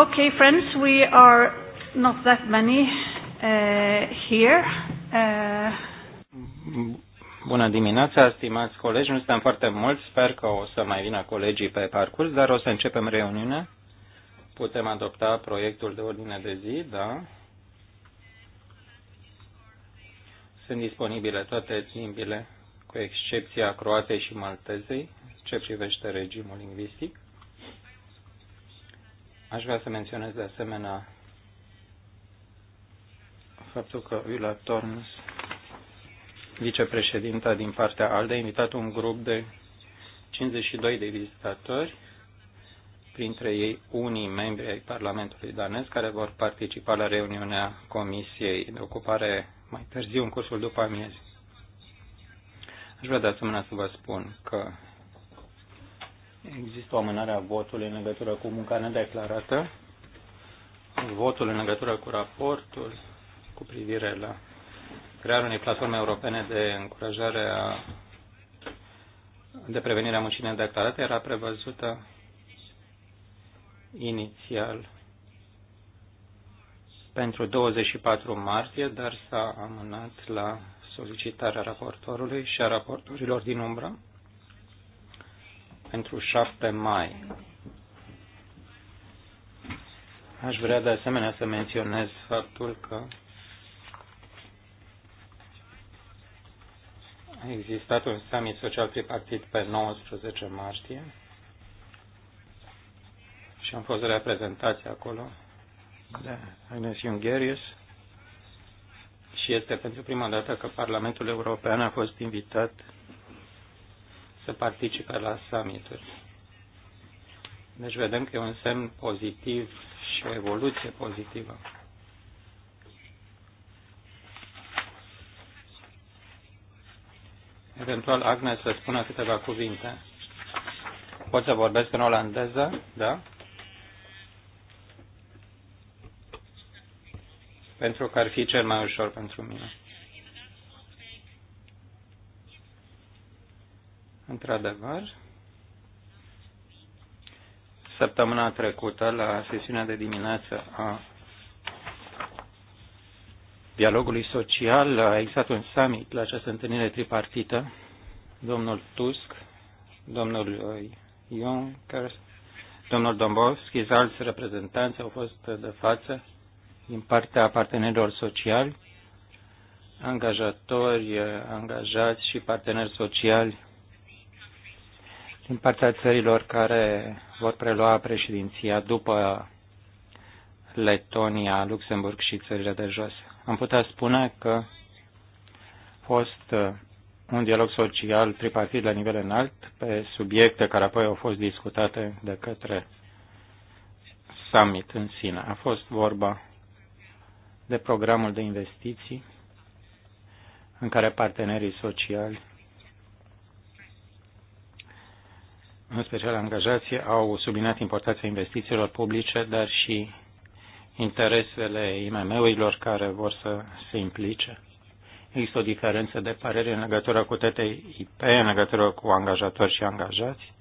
Okay, friends, we are not that many uh, here. Uh... Bună dimineața, stimați colegi, nu suntem foarte mulți, sper că o să mai vină colegii pe parcurs, dar o să începem reuniunea. Putem adopta proiectul de ordine de zi, da? Sunt disponibile toate limbile, cu excepția croatei și maltezei, ce privește regimul lingvistic. Aș vrea să menționez de asemenea faptul că Ulla Torns, vicepreședinta din partea ALDE, a invitat un grup de 52 de vizitatori, printre ei unii membri ai Parlamentului danez, care vor participa la reuniunea Comisiei de Ocupare mai târziu, în cursul după amiezii. Aș vrea de asemenea să vă spun că Există o amânare a votului în legătură cu munca nedeclarată, votul în legătură cu raportul cu privire la crearea unei platforme europene de încurajare a de prevenire a muncii nedeclarate era prevăzută inițial pentru 24 martie, dar s-a amânat la solicitarea raportorului și a raportorilor din umbră pentru 7 mai. Aș vrea de asemenea să menționez faptul că a existat un summit social tripartit pe 19 martie și am fost reprezentați acolo de da, Agnes Jungerius și este pentru prima dată că Parlamentul European a fost invitat să participe la summituri. Deci vedem că e un semn pozitiv și o evoluție pozitivă. Eventual Agnes să spună câteva cuvinte. Pot să vorbesc în olandeză? Da? Pentru că ar fi cel mai ușor pentru mine. Într-adevăr, săptămâna trecută, la sesiunea de dimineață a dialogului social, a existat un summit la această întâlnire tripartită. Domnul Tusk, domnul uh, Juncker, domnul Dombovski, alți reprezentanți au fost de față din partea partenerilor sociali, angajatori, uh, angajați și parteneri sociali din partea țărilor care vor prelua președinția după Letonia, Luxemburg și țările de jos. Am putea spune că a fost un dialog social tripartit la nivel înalt pe subiecte care apoi au fost discutate de către summit în sine. A fost vorba de programul de investiții în care partenerii sociali în special angajații, au subliniat importanța investițiilor publice, dar și interesele IMM-urilor care vor să se implice. Există o diferență de părere în legătură cu TTIP, în legătură cu angajatori și angajați.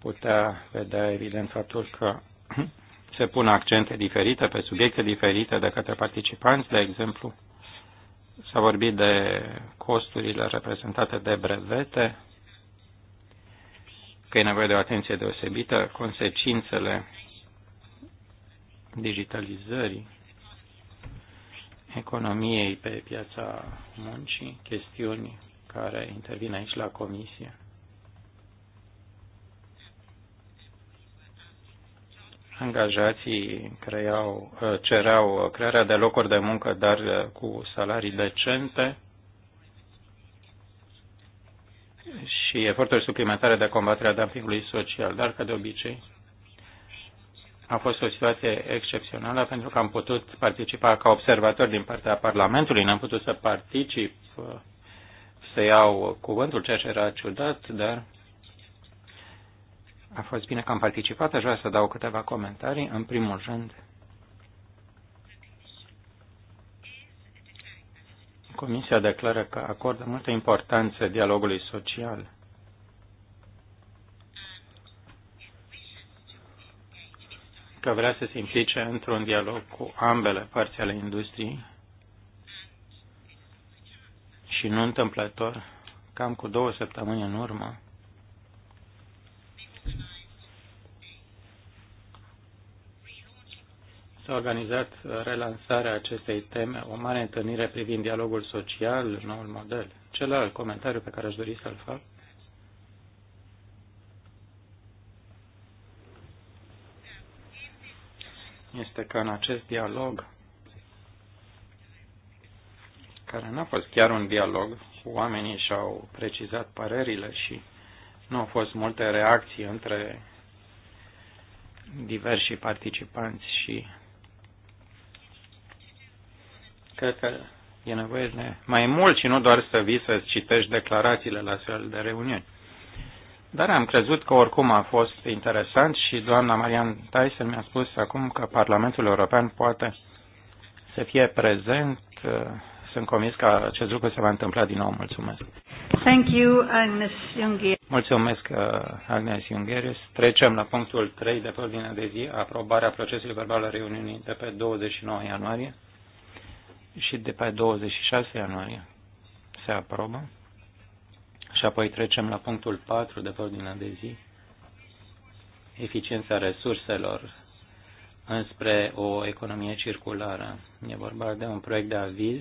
Putea vedea evident faptul că se pun accente diferite pe subiecte diferite de către participanți, de exemplu, S-a vorbit de costurile reprezentate de brevete, că e nevoie de o atenție deosebită, consecințele digitalizării economiei pe piața muncii, chestiuni care intervin aici la comisie. angajații creau, uh, cereau uh, crearea de locuri de muncă, dar uh, cu salarii decente și eforturi suplimentare de combaterea dumpingului social, dar ca de obicei a fost o situație excepțională pentru că am putut participa ca observator din partea Parlamentului, n-am putut să particip, să iau cuvântul, ceea ce era ciudat, dar a fost bine că am participat, aș vrea să dau câteva comentarii. În primul rând, Comisia declară că acordă multă importanță dialogului social că vrea să se implice într-un dialog cu ambele părți ale industriei și nu întâmplător, cam cu două săptămâni în urmă, S-a organizat uh, relansarea acestei teme, o mare întâlnire privind dialogul social, noul model. Celălalt comentariu pe care aș dori să-l fac este că în acest dialog, care n-a fost chiar un dialog, oamenii și-au precizat părerile și nu au fost multe reacții între diversi participanți și Cred că e nevoie de mai mult și nu doar să vii să citești declarațiile la astfel de reuniuni. Dar am crezut că oricum a fost interesant și doamna Marian Tyson mi-a spus acum că Parlamentul European poate să fie prezent. Sunt convins că acest lucru se va întâmpla din nou. Mulțumesc. Thank you, Agnes Mulțumesc, uh, Agnes Jungerius. Trecem la punctul 3 de pe ordinea de zi, aprobarea procesului verbal al reuniunii de pe 29 ianuarie și de pe 26 ianuarie se aprobă. Și apoi trecem la punctul 4 de pe ordinea de zi, eficiența resurselor înspre o economie circulară. E vorba de un proiect de aviz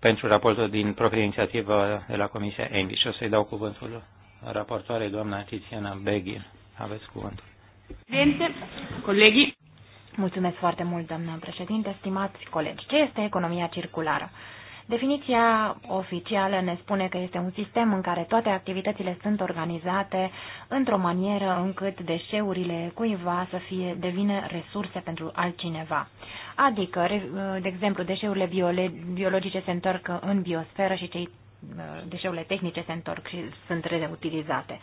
pentru raportul din proprie inițiativă de la Comisia ENVI și o să-i dau cuvântul raportoarei doamna Tiziana Beghi. Aveți cuvântul. Colegii, Mulțumesc foarte mult, doamnă președinte, stimați colegi. Ce este economia circulară? Definiția oficială ne spune că este un sistem în care toate activitățile sunt organizate într-o manieră încât deșeurile cuiva să fie devină resurse pentru altcineva. Adică, de exemplu, deșeurile biologice se întorc în biosferă și cei deșeurile tehnice se întorc și sunt reutilizate.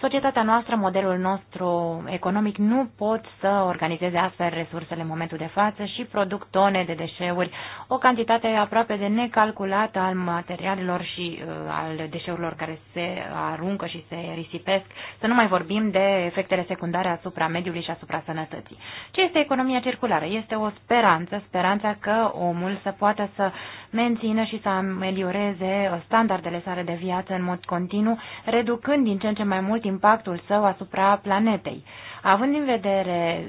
Societatea noastră, modelul nostru economic nu pot să organizeze astfel resursele în momentul de față și produc tone de deșeuri, o cantitate aproape de necalculată al materialelor și uh, al deșeurilor care se aruncă și se risipesc, să nu mai vorbim de efectele secundare asupra mediului și asupra sănătății. Ce este economia circulară? Este o speranță, speranța că omul să poată să mențină și să amelioreze standardele sale de viață în mod continuu, reducând din ce în ce mai mult impactul său asupra planetei. Având în vedere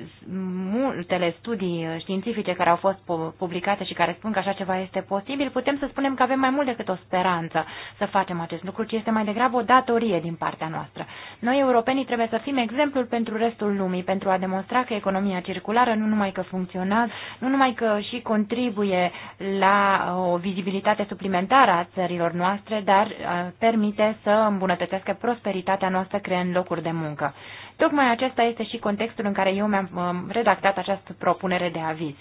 multele studii științifice care au fost publicate și care spun că așa ceva este posibil, putem să spunem că avem mai mult decât o speranță să facem acest lucru, ci este mai degrabă o datorie din partea noastră. Noi, europenii, trebuie să fim exemplul pentru restul lumii, pentru a demonstra că economia circulară nu numai că funcționează, nu numai că și contribuie la o vizibilitate suplimentară a țărilor noastre, dar uh, permite să îmbunătățească prosperitatea noastră creând locuri de muncă. Tocmai acesta este și contextul în care eu mi-am redactat această propunere de aviz.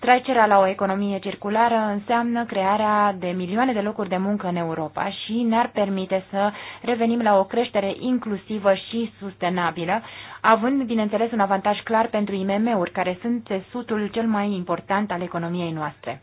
Trecerea la o economie circulară înseamnă crearea de milioane de locuri de muncă în Europa și ne-ar permite să revenim la o creștere inclusivă și sustenabilă, având, bineînțeles, un avantaj clar pentru IMM-uri, care sunt țesutul cel mai important al economiei noastre.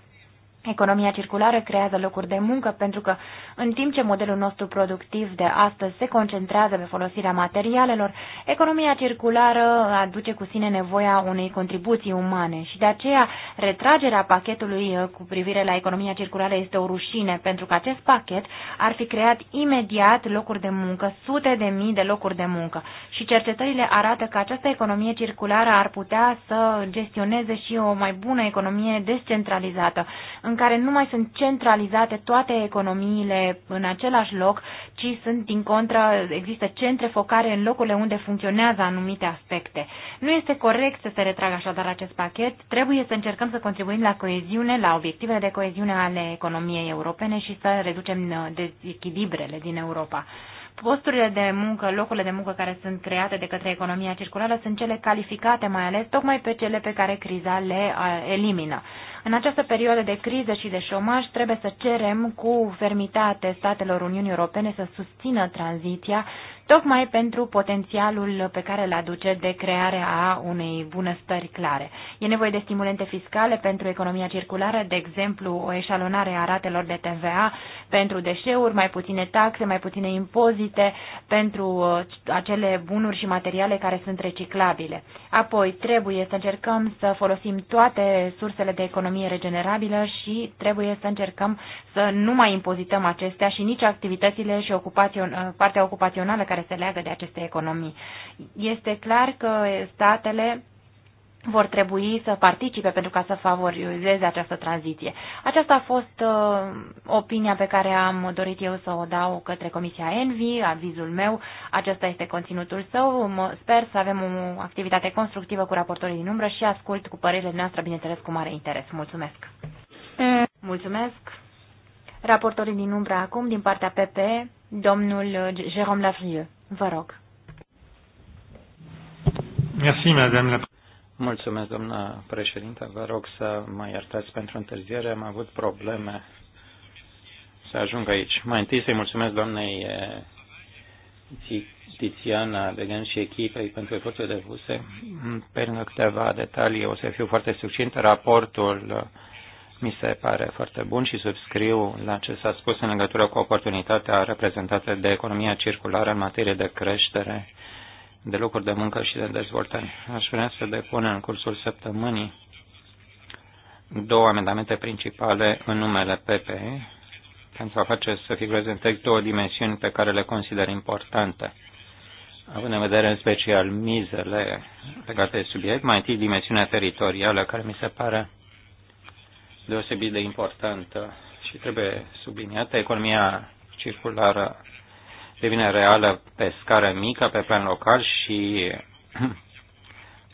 Economia circulară creează locuri de muncă pentru că, în timp ce modelul nostru productiv de astăzi se concentrează pe folosirea materialelor, economia circulară aduce cu sine nevoia unei contribuții umane și de aceea retragerea pachetului uh, cu privire la economia circulară este o rușine pentru că acest pachet ar fi creat imediat locuri de muncă, sute de mii de locuri de muncă și cercetările arată că această economie circulară ar putea să gestioneze și o mai bună economie descentralizată în care nu mai sunt centralizate toate economiile în același loc, ci sunt din contră, există centre focare în locurile unde funcționează anumite aspecte. Nu este corect să se retragă așadar acest pachet, trebuie să încercăm să contribuim la coeziune, la obiectivele de coeziune ale economiei europene și să reducem uh, dezechilibrele din Europa. Posturile de muncă, locurile de muncă care sunt create de către economia circulară sunt cele calificate mai ales tocmai pe cele pe care criza le uh, elimină. În această perioadă de criză și de șomaj trebuie să cerem cu fermitate statelor Uniunii Europene să susțină tranziția, tocmai pentru potențialul pe care îl aduce de creare a unei bunăstări clare. E nevoie de stimulente fiscale pentru economia circulară, de exemplu o eșalonare a ratelor de TVA pentru deșeuri, mai puține taxe, mai puține impozite pentru uh, acele bunuri și materiale care sunt reciclabile. Apoi trebuie să încercăm să folosim toate sursele de economie economie regenerabilă și trebuie să încercăm să nu mai impozităm acestea și nici activitățile și ocupațion, uh, partea ocupațională care se leagă de aceste economii. Este clar că statele vor trebui să participe pentru ca să favorizeze această tranziție. Aceasta a fost uh, opinia pe care am dorit eu să o dau către Comisia Envi, avizul meu, acesta este conținutul său. Mă, sper să avem o activitate constructivă cu raportorii din umbră și ascult cu părerile noastre, bineînțeles, cu mare interes. Mulțumesc! Mulțumesc! Raportorii din umbră acum, din partea PP, domnul Jérôme Lafrieux. Vă rog. Merci, madame la Mulțumesc, doamnă președinte. Vă rog să mă iertați pentru întârziere. Am avut probleme să ajung aici. Mai întâi să-i mulțumesc doamnei Tiziana Degen și echipei pentru eforturile depuse. Pe lângă câteva detalii o să fiu foarte succint. Raportul mi se pare foarte bun și subscriu la ce s-a spus în legătură cu oportunitatea reprezentată de economia circulară în materie de creștere de locuri de muncă și de dezvoltare. Aș vrea să depun în cursul săptămânii două amendamente principale în numele PPE pentru a face să figureze în două dimensiuni pe care le consider importante. Având în vedere în special mizele legate de subiect, mai întâi dimensiunea teritorială, care mi se pare deosebit de importantă și trebuie subliniată. Economia circulară devine reală pe scară mică, pe plan local și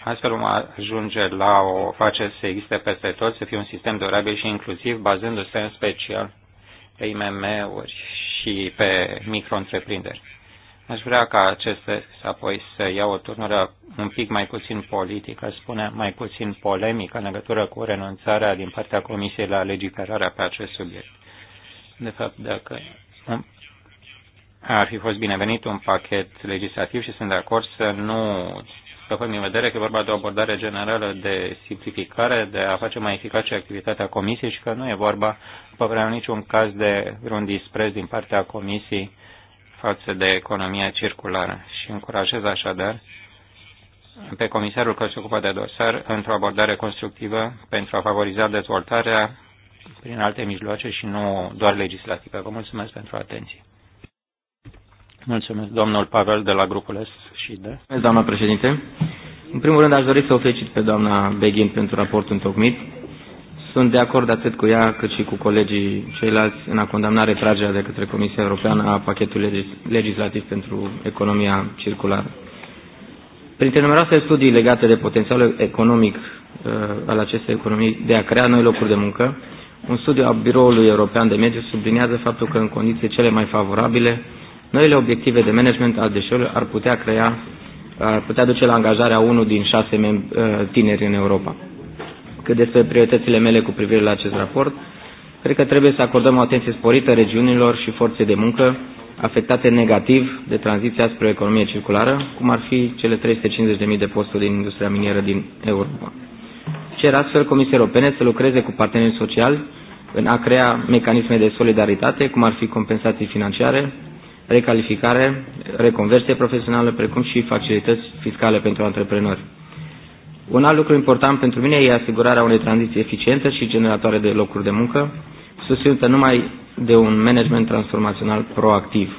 astfel vom ajunge la o face să existe peste tot, să fie un sistem durabil și inclusiv, bazându-se în special pe IMM-uri și pe micro-întreprinderi. Aș vrea ca acest să apoi să ia o turnură un pic mai puțin politică, spune mai puțin polemică în legătură cu renunțarea din partea Comisiei la legiferarea pe acest subiect. De fapt, dacă un ar fi fost binevenit un pachet legislativ și sunt de acord să nu scăpăm din vedere că e vorba de o abordare generală de simplificare, de a face mai eficace activitatea comisiei și că nu e vorba, după părerea niciun caz, de vreun dispreț din partea comisiei față de economia circulară. Și încurajez așadar pe comisarul care se ocupă de dosar într-o abordare constructivă pentru a favoriza dezvoltarea prin alte mijloace și nu doar legislative. Vă mulțumesc pentru atenție. Mulțumesc, domnul Pavel, de la grupul S și de. Mulțumesc, doamna președinte. În primul rând, aș dori să o felicit pe doamna Beghin pentru raportul întocmit. Sunt de acord atât cu ea cât și cu colegii ceilalți în a condamna retragerea de către Comisia Europeană a pachetului legis legislativ pentru economia circulară. Printre numeroase studii legate de potențialul economic uh, al acestei economii de a crea noi locuri de muncă, un studiu al Biroului European de Mediu subliniază faptul că în condiții cele mai favorabile, Noile obiective de management al deșeurilor ar putea crea, ar putea duce la angajarea unul din șase ă, tineri în Europa. Cât despre prioritățile mele cu privire la acest raport, cred că trebuie să acordăm o atenție sporită regiunilor și forțe de muncă afectate negativ de tranziția spre o economie circulară, cum ar fi cele 350.000 de posturi din industria minieră din Europa. Cer astfel Comisia Europene să lucreze cu partenerii sociali în a crea mecanisme de solidaritate, cum ar fi compensații financiare, recalificare, reconversie profesională, precum și facilități fiscale pentru antreprenori. Un alt lucru important pentru mine e asigurarea unei tranziții eficiente și generatoare de locuri de muncă, susținută numai de un management transformațional proactiv.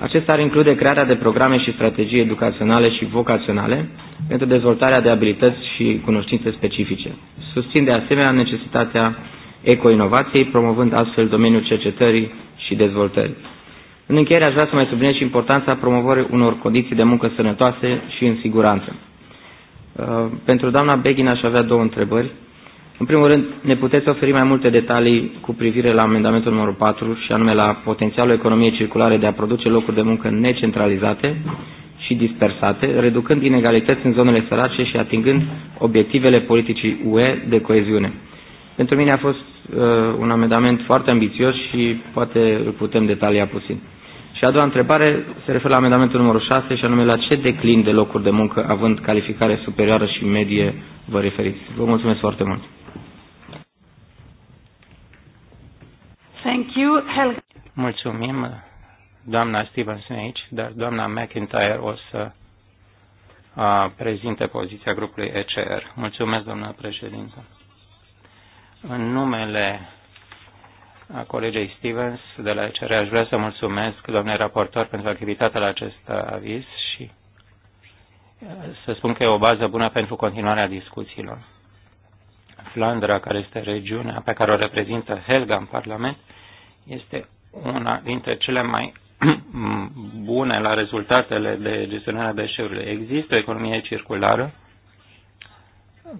Acesta ar include crearea de programe și strategii educaționale și vocaționale pentru dezvoltarea de abilități și cunoștințe specifice. Susțin de asemenea necesitatea ecoinovației, promovând astfel domeniul cercetării și dezvoltării. În încheiere aș vrea să mai subliniez și importanța promovării unor condiții de muncă sănătoase și în siguranță. Uh, pentru doamna Beghin aș avea două întrebări. În primul rând, ne puteți oferi mai multe detalii cu privire la amendamentul numărul 4 și anume la potențialul economiei circulare de a produce locuri de muncă necentralizate și dispersate, reducând inegalități în zonele sărace și atingând obiectivele politicii UE de coeziune. Pentru mine a fost uh, un amendament foarte ambițios și poate îl putem detalia puțin. Și a doua întrebare se referă la amendamentul numărul 6 și anume la ce declin de locuri de muncă având calificare superioară și medie vă referiți. Vă mulțumesc foarte mult. Thank you, Helga. Mulțumim, doamna Stevenson aici, dar doamna McIntyre o să a, prezinte poziția grupului ECR. Mulțumesc, doamna președintă. În numele a colegei Stevens de la ECR. Aș vrea să mulțumesc, domnule raportor, pentru activitatea la acest uh, aviz și uh, să spun că e o bază bună pentru continuarea discuțiilor. Flandra, care este regiunea pe care o reprezintă Helga în Parlament, este una dintre cele mai bune la rezultatele de gestionare a deșeurilor. Există o economie circulară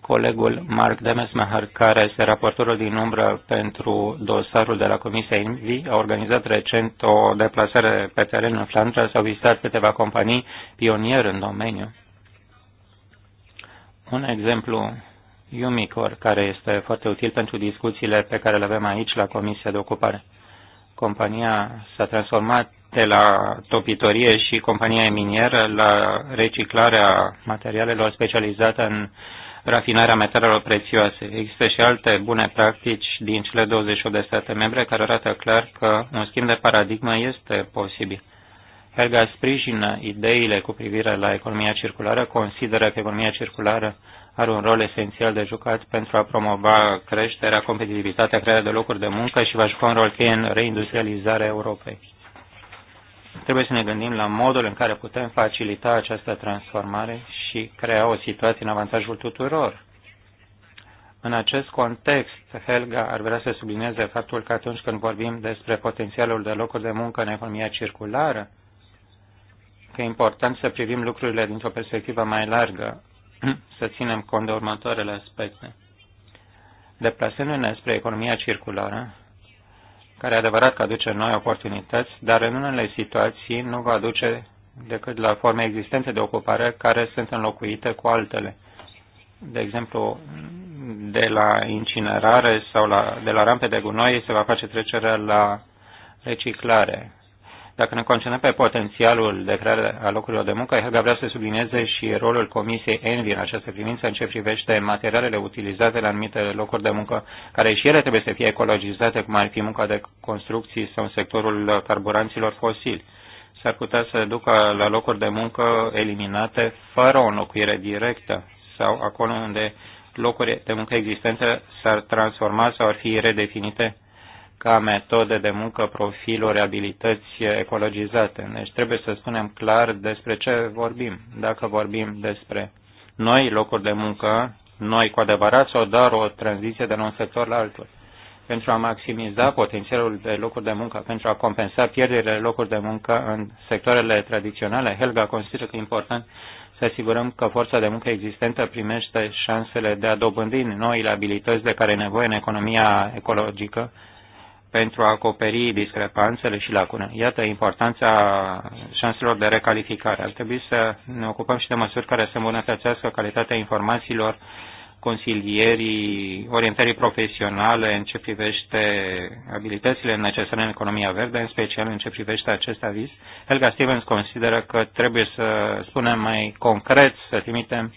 colegul Mark Demesmacher, care este raportorul din umbră pentru dosarul de la Comisia INVI, a organizat recent o deplasare pe teren în Flandra, s-au vizitat câteva companii pionier în domeniu. Un exemplu, Umicor, care este foarte util pentru discuțiile pe care le avem aici la Comisia de Ocupare. Compania s-a transformat de la topitorie și compania minieră la reciclarea materialelor specializată în uh, rafinarea metalelor prețioase. Există și alte bune practici din cele 28 de state membre care arată clar că un schimb de paradigmă este posibil. Helga sprijină ideile cu privire la economia circulară, consideră că economia circulară are un rol esențial de jucat pentru a promova creșterea, competitivitatea, crearea de locuri de muncă și va juca un rol cheie în reindustrializarea Europei. Trebuie să ne gândim la modul în care putem facilita această transformare și crea o situație în avantajul tuturor. În acest context, Helga ar vrea să sublinieze faptul că atunci când vorbim despre potențialul de locuri de muncă în economia circulară, că e important să privim lucrurile dintr-o perspectivă mai largă, să ținem cont de următoarele aspecte. Deplasându-ne spre economia circulară, care e adevărat că aduce noi oportunități, dar în unele situații nu va aduce decât la forme existente de ocupare care sunt înlocuite cu altele. De exemplu, de la incinerare sau la, de la rampe de gunoi se va face trecerea la reciclare. Dacă ne concentrăm pe potențialul de creare a locurilor de muncă, Helga vrea să sublinieze și rolul Comisiei Envi în această privință în ce privește materialele utilizate la anumite locuri de muncă, care și ele trebuie să fie ecologizate, cum ar fi munca de construcții sau în sectorul carburanților fosili. S-ar putea să ducă la locuri de muncă eliminate fără o înlocuire directă sau acolo unde locuri de muncă existente s-ar transforma sau ar fi redefinite ca metode de muncă profiluri abilități ecologizate. Deci trebuie să spunem clar despre ce vorbim. Dacă vorbim despre noi locuri de muncă, noi cu adevărat sau doar o tranziție de la un sector la altul. Pentru a maximiza potențialul de locuri de muncă, pentru a compensa pierderile locuri de muncă în sectoarele tradiționale, Helga consideră că e important să asigurăm că forța de muncă existentă primește șansele de a dobândi noile abilități de care e nevoie în economia ecologică, pentru a acoperi discrepanțele și lacune. Iată importanța șanselor de recalificare. Ar trebui să ne ocupăm și de măsuri care să îmbunătățească calitatea informațiilor consilierii, orientării profesionale în ce privește abilitățile necesare în economia verde, în special în ce privește acest aviz. Helga Stevens consideră că trebuie să spunem mai concret, să trimitem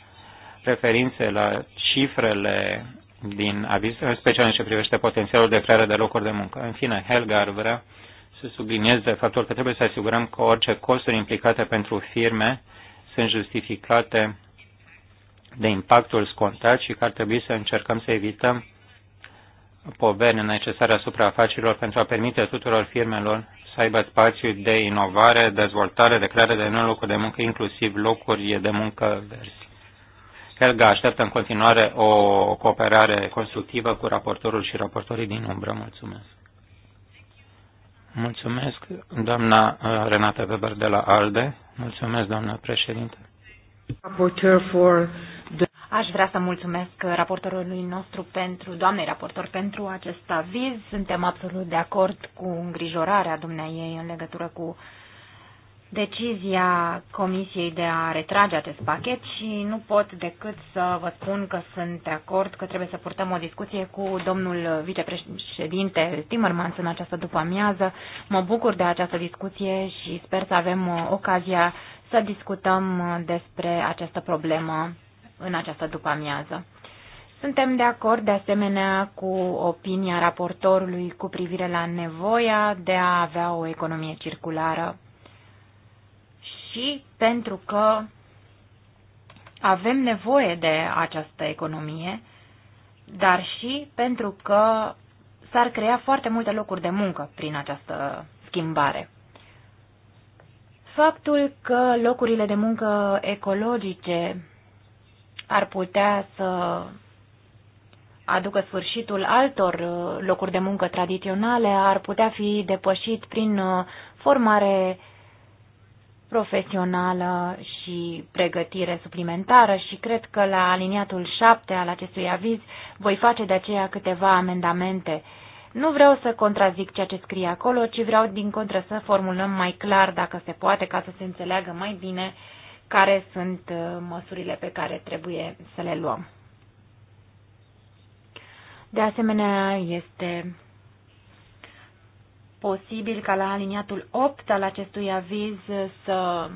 referințe la cifrele din aviz, special în ce privește potențialul de creare de locuri de muncă. În fine, Helga ar vrea să sublinieze faptul că trebuie să asigurăm că orice costuri implicate pentru firme sunt justificate de impactul scontat și că ar trebui să încercăm să evităm poveri necesare asupra afacerilor pentru a permite tuturor firmelor să aibă spațiu de inovare, dezvoltare, de creare de noi locuri de muncă, inclusiv locuri de muncă verzi. Helga așteaptă în continuare o cooperare constructivă cu raportorul și raportorii din umbră. Mulțumesc. Mulțumesc, doamna uh, Renata Weber de la ALDE. Mulțumesc, doamna președinte. Aș vrea să mulțumesc raportorului nostru pentru, doamnei raportor, pentru acest aviz. Suntem absolut de acord cu îngrijorarea dumneai în legătură cu uh, decizia Comisiei de a retrage acest pachet și nu pot decât să vă spun că sunt de acord că trebuie să purtăm o discuție cu domnul vicepreședinte Timmermans în această după-amiază. Mă bucur de această discuție și sper să avem uh, ocazia să discutăm uh, despre această problemă în această după-amiază. Suntem de acord de asemenea cu opinia raportorului cu privire la nevoia de a avea o economie circulară și pentru că avem nevoie de această economie, dar și pentru că s-ar crea foarte multe locuri de muncă prin această schimbare. Faptul că locurile de muncă ecologice ar putea să aducă sfârșitul altor uh, locuri de muncă tradiționale ar putea fi depășit prin uh, formare profesională și pregătire suplimentară și cred că la aliniatul 7 al acestui aviz voi face de aceea câteva amendamente. Nu vreau să contrazic ceea ce scrie acolo, ci vreau din contră să formulăm mai clar, dacă se poate, ca să se înțeleagă mai bine care sunt uh, măsurile pe care trebuie să le luăm. De asemenea, este posibil ca la aliniatul 8 al acestui aviz să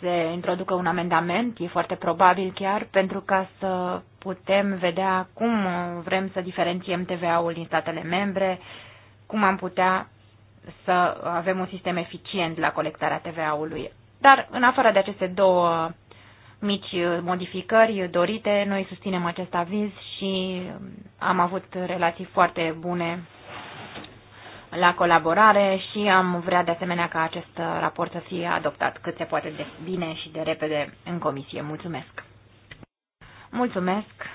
se introducă un amendament, e foarte probabil chiar, pentru ca să putem vedea cum vrem să diferențiem TVA-ul din statele membre, cum am putea să avem un sistem eficient la colectarea TVA-ului. Dar, în afară de aceste două mici modificări dorite, noi susținem acest aviz și am avut relații foarte bune la colaborare și am vrea de asemenea ca acest raport să fie adoptat cât se poate de bine și de repede în comisie. Mulțumesc! Mulțumesc!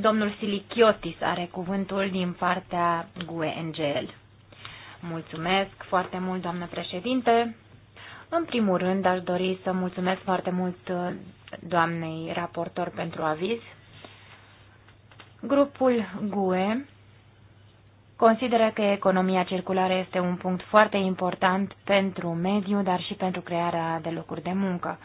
Domnul Silichiotis are cuvântul din partea GUE-NGL. Mulțumesc foarte mult, doamnă președinte! În primul rând, aș dori să mulțumesc foarte mult uh, doamnei raportor pentru aviz. Grupul GUE consideră că economia circulară este un punct foarte important pentru mediu, dar și pentru crearea de locuri de muncă.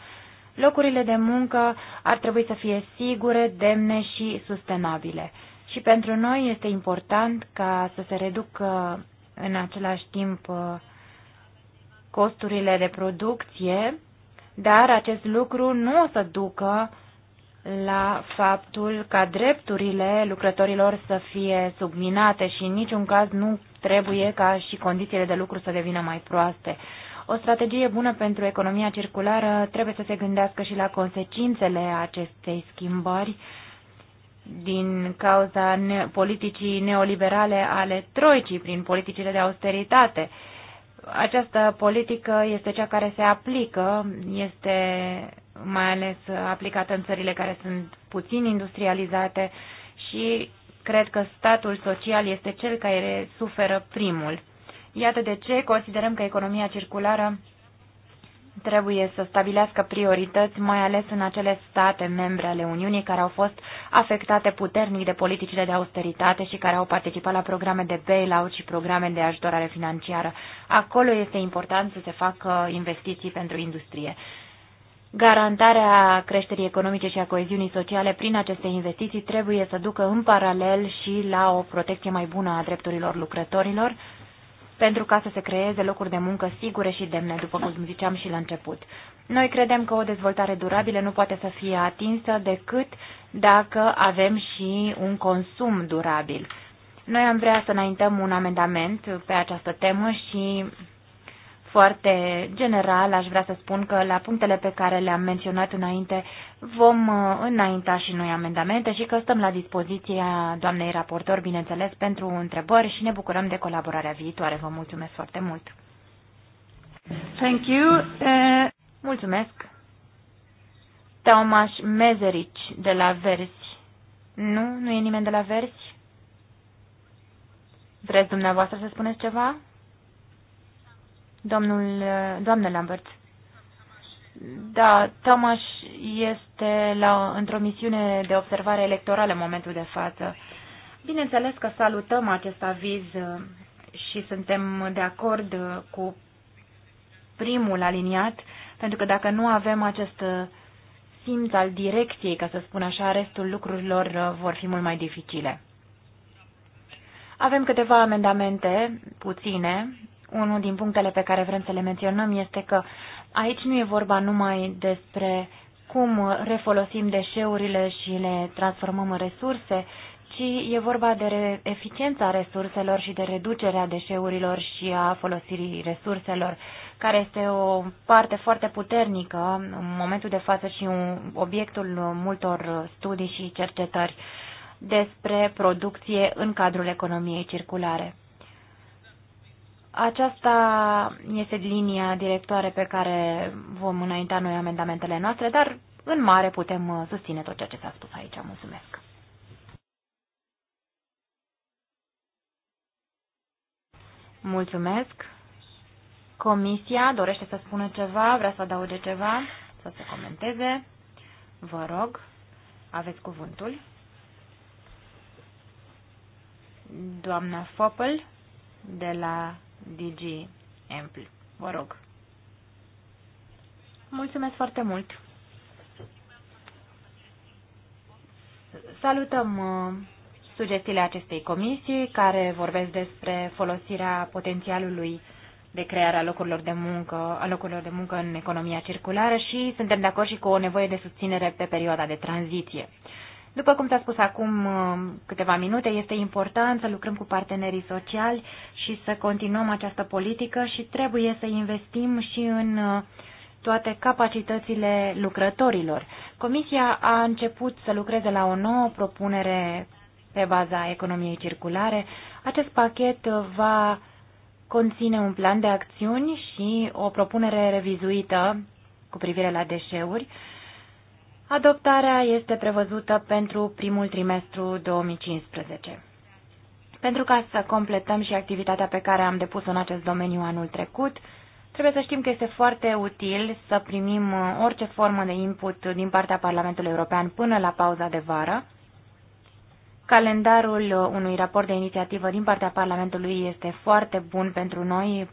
Locurile de muncă ar trebui să fie sigure, demne și sustenabile. Și pentru noi este important ca să se reducă în același timp costurile de producție, dar acest lucru nu o să ducă la faptul ca drepturile lucrătorilor să fie subminate și în niciun caz nu trebuie ca și condițiile de lucru să devină mai proaste. O strategie bună pentru economia circulară trebuie să se gândească și la consecințele acestei schimbări din cauza ne politicii neoliberale ale troicii prin politicile de austeritate. Această politică este cea care se aplică, este mai ales aplicată în țările care sunt puțin industrializate și cred că statul social este cel care suferă primul. Iată de ce considerăm că economia circulară trebuie să stabilească priorități, mai ales în acele state membre ale Uniunii care au fost afectate puternic de politicile de austeritate și care au participat la programe de bailout și programe de ajutorare financiară. Acolo este important să se facă investiții pentru industrie. Garantarea creșterii economice și a coeziunii sociale prin aceste investiții trebuie să ducă în paralel și la o protecție mai bună a drepturilor lucrătorilor, pentru ca să se creeze locuri de muncă sigure și demne, după cum ziceam și la început. Noi credem că o dezvoltare durabilă nu poate să fie atinsă decât dacă avem și un consum durabil. Noi am vrea să înaintăm un amendament pe această temă și foarte general, aș vrea să spun că la punctele pe care le-am menționat înainte vom uh, înainta și noi amendamente și că stăm la dispoziția doamnei raportor, bineînțeles, pentru întrebări și ne bucurăm de colaborarea viitoare. Vă mulțumesc foarte mult! Thank you. Uh... Mulțumesc! Taumaș Mezerici de la Versi. Nu? Nu e nimeni de la Versi? Vreți dumneavoastră să spuneți ceva? Domnul, doamnă Lambert, da, Thomas este la, într-o misiune de observare electorală în momentul de față. Bineînțeles că salutăm acest aviz uh, și suntem de acord uh, cu primul aliniat, pentru că dacă nu avem acest uh, simț al direcției, ca să spun așa, restul lucrurilor vor fi mult mai dificile. Avem câteva amendamente, puține, unul din punctele pe care vrem să le menționăm este că aici nu e vorba numai despre cum refolosim deșeurile și le transformăm în resurse, ci e vorba de eficiența resurselor și de reducerea deșeurilor și a folosirii resurselor, care este o parte foarte puternică în momentul de față și un obiectul multor studii și cercetări despre producție în cadrul economiei circulare. Aceasta este linia directoare pe care vom înainta noi amendamentele noastre, dar în mare putem uh, susține tot ceea ce s-a spus aici. Mulțumesc! Mulțumesc! Comisia dorește să spună ceva, vrea să adauge ceva, să se comenteze. Vă rog, aveți cuvântul. Doamna Fopel de la DG Ampli. Vă rog. Mulțumesc foarte mult. Salutăm uh, sugestiile acestei comisii care vorbesc despre folosirea potențialului de creare a locurilor de muncă, a locurilor de muncă în economia circulară și suntem de acord și cu o nevoie de susținere pe perioada de tranziție. După cum s-a spus acum uh, câteva minute, este important să lucrăm cu partenerii sociali și să continuăm această politică și trebuie să investim și în uh, toate capacitățile lucrătorilor. Comisia a început să lucreze la o nouă propunere pe baza economiei circulare. Acest pachet va conține un plan de acțiuni și o propunere revizuită cu privire la deșeuri Adoptarea este prevăzută pentru primul trimestru 2015. Pentru ca să completăm și activitatea pe care am depus-o în acest domeniu anul trecut, trebuie să știm că este foarte util să primim uh, orice formă de input din partea Parlamentului European până la pauza de vară. Calendarul uh, unui raport de inițiativă din partea Parlamentului este foarte bun pentru noi,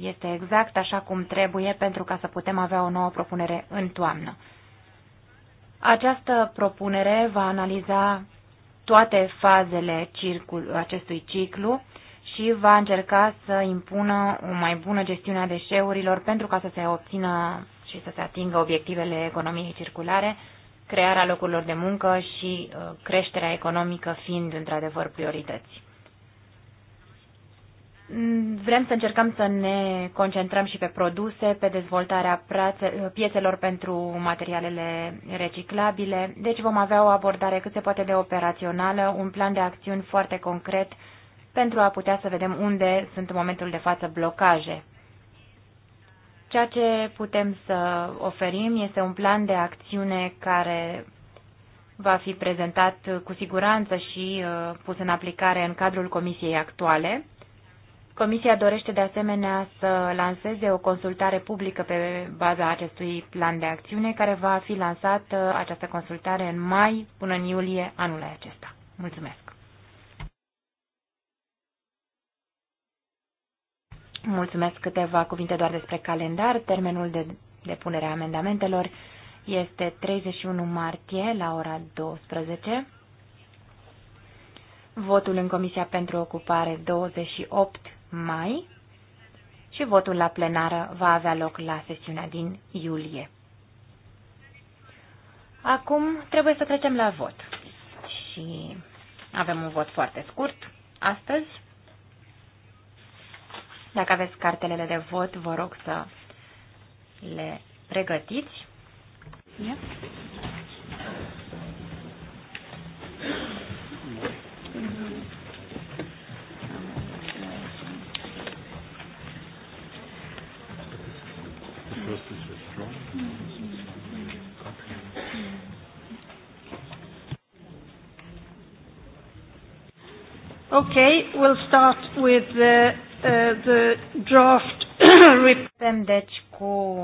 este exact așa cum trebuie pentru ca să putem avea o nouă propunere în toamnă. Această propunere va analiza toate fazele circul, acestui ciclu și va încerca să impună o mai bună gestiune a deșeurilor pentru ca să se obțină și să se atingă obiectivele economiei circulare, crearea locurilor de muncă și uh, creșterea economică fiind într-adevăr priorități. Mm, vrem să încercăm să ne concentrăm și pe produse, pe dezvoltarea piețelor pentru materialele reciclabile, deci vom avea o abordare cât se poate de operațională, un plan de acțiuni foarte concret pentru a putea să vedem unde sunt în momentul de față blocaje. Ceea ce putem să oferim este un plan de acțiune care va fi prezentat cu siguranță și uh, pus în aplicare în cadrul comisiei actuale Comisia dorește de asemenea să lanseze o consultare publică pe baza acestui plan de acțiune, care va fi lansat uh, această consultare în mai până în iulie anul acesta. Mulțumesc! Mulțumesc câteva cuvinte doar despre calendar. Termenul de depunere a amendamentelor este 31 martie la ora 12. Votul în Comisia pentru Ocupare 28 mai și votul la plenară va avea loc la sesiunea din iulie. Acum trebuie să trecem la vot și avem un vot foarte scurt astăzi. Dacă aveți cartelele de vot, vă rog să le pregătiți. Yeah. Okay, we'll start with the, uh, the draft report. deci cu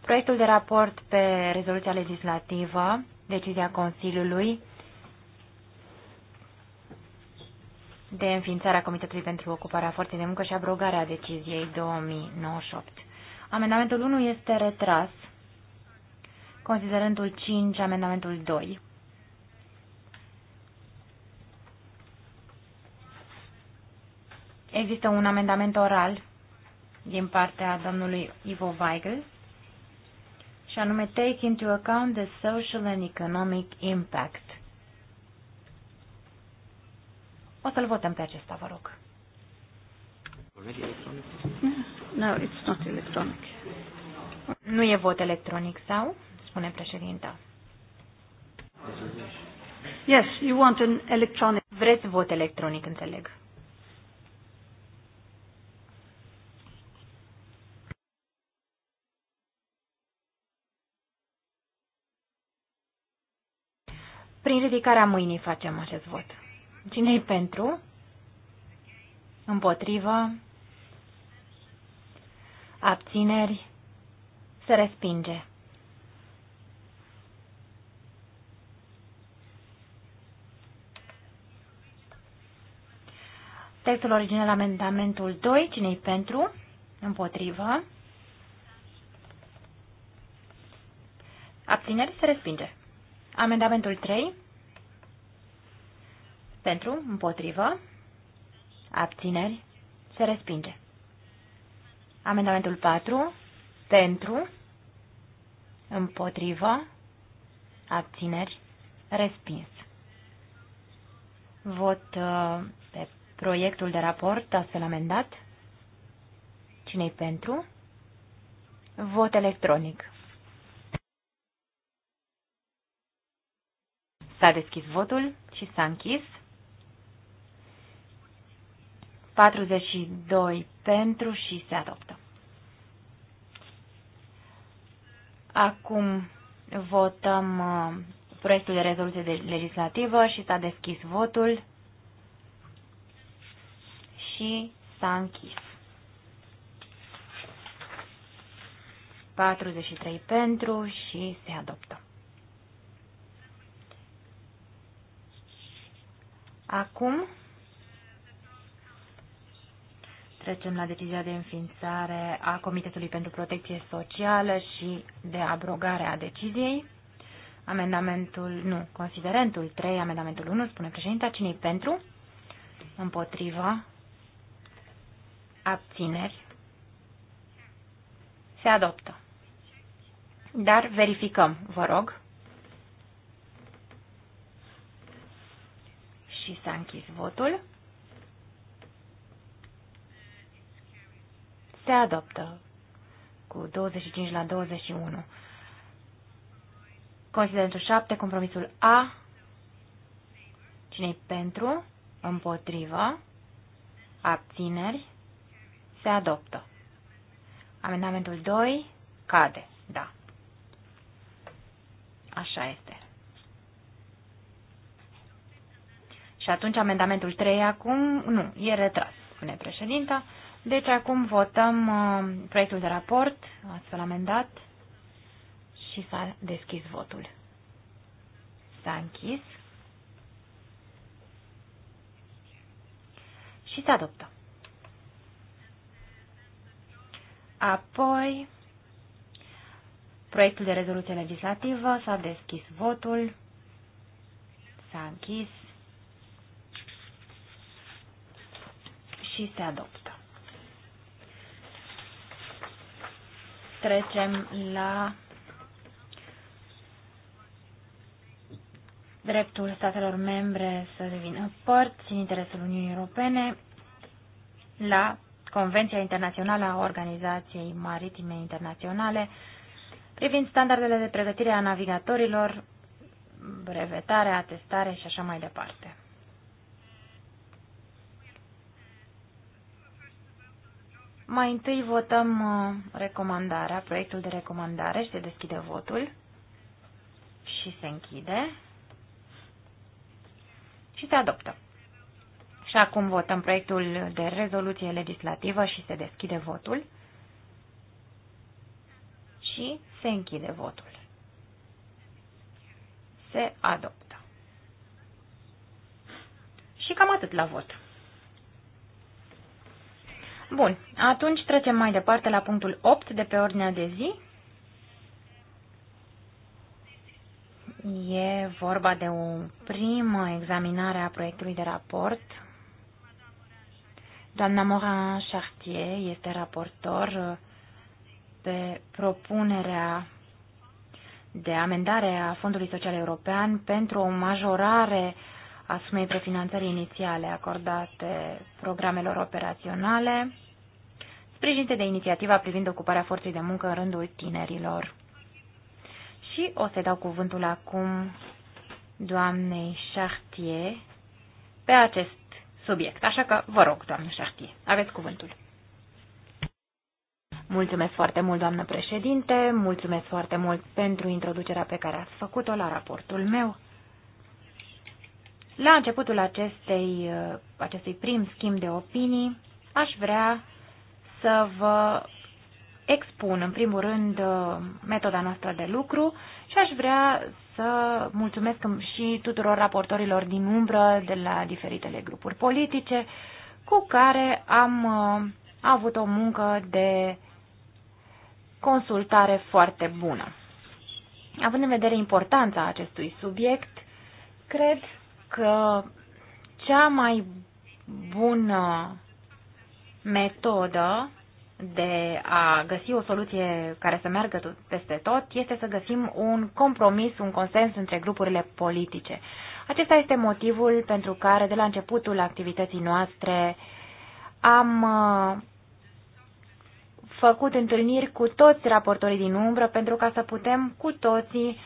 proiectul de raport pe rezoluția legislativă, decizia Consiliului de înființarea Comitetului pentru Ocuparea Forței de Muncă și abrogarea deciziei 2098. Amendamentul 1 este retras, considerândul 5, amendamentul 2. Există un amendament oral din partea domnului Ivo Weigel și anume Take into account the social and economic impact. O să-l votăm pe acesta, vă rog. No, it's not electronic. Nu e vot electronic sau? Spune președinta. Yes, you want an electronic. Vreți vot electronic, înțeleg. Prin ridicarea mâinii facem acest vot. Cine-i pentru? Împotrivă? Abțineri? Se respinge. Textul original amendamentul 2, cine-i pentru? Împotrivă. Abțineri se respinge. Amendamentul 3, pentru, împotrivă, abțineri, se respinge. Amendamentul 4, pentru, împotrivă, abțineri, respins. Vot uh, pe proiectul de raport astfel amendat. cine pentru? Vot electronic. S-a deschis votul și s-a închis. 42 pentru și se adoptă. Acum votăm uh, proiectul de rezoluție de legislativă și s-a deschis votul și s-a închis. 43 pentru și se adoptă. Acum Trecem la decizia de înființare a Comitetului pentru Protecție Socială și de abrogare a deciziei. Amendamentul, nu, considerentul 3, amendamentul 1, spune președinta, cine pentru? Împotriva? Abțineri? Se adoptă. Dar verificăm, vă rog. Și s-a închis votul. se adoptă cu 25 la 21. Considerentul 7, compromisul A. Cine-i pentru? Împotrivă. Abțineri. Se adoptă. Amendamentul 2 cade. Da. Așa este. Și atunci amendamentul 3 acum, nu, e retras, spune președinta. Deci acum votăm uh, proiectul de raport, astfel amendat, și s-a deschis votul. S-a închis și se adoptă. Apoi, proiectul de rezoluție legislativă s-a deschis votul, s-a închis și se adoptă. trecem la dreptul statelor membre să devină părți în interesul Uniunii Europene la Convenția Internațională a Organizației Maritime Internaționale privind standardele de pregătire a navigatorilor, brevetare, atestare și așa mai departe. Mai întâi votăm uh, recomandarea, proiectul de recomandare și se deschide votul și se închide și se adoptă. Și acum votăm proiectul de rezoluție legislativă și se deschide votul și se închide votul. Se adoptă. Și cam atât la vot. Bun, atunci trecem mai departe la punctul 8 de pe ordinea de zi. E vorba de o primă examinare a proiectului de raport. Doamna Morin Chartier este raportor pe propunerea de amendare a Fondului Social European pentru o majorare uh, sumei prefinanțării inițiale acordate programelor operaționale, sprijinite de inițiativa privind ocuparea forței de muncă în rândul tinerilor. Și o să-i dau cuvântul acum doamnei Chartier pe acest subiect. Așa că vă rog, doamnă Chartier, aveți cuvântul. Mulțumesc foarte mult, doamnă președinte, mulțumesc foarte mult pentru introducerea pe care ați făcut-o la raportul meu. La începutul acestei, uh, acestui prim schimb de opinii, aș vrea să vă expun, în primul rând, uh, metoda noastră de lucru și aș vrea să mulțumesc și tuturor raportorilor din umbră de la diferitele grupuri politice cu care am uh, avut o muncă de consultare foarte bună. Având în vedere importanța acestui subiect, cred că cea mai bună metodă de a găsi o soluție care să meargă peste tot este să găsim un compromis, un consens între grupurile politice. Acesta este motivul pentru care de la începutul activității noastre am uh, făcut întâlniri cu toți raportorii din umbră pentru ca să putem cu toții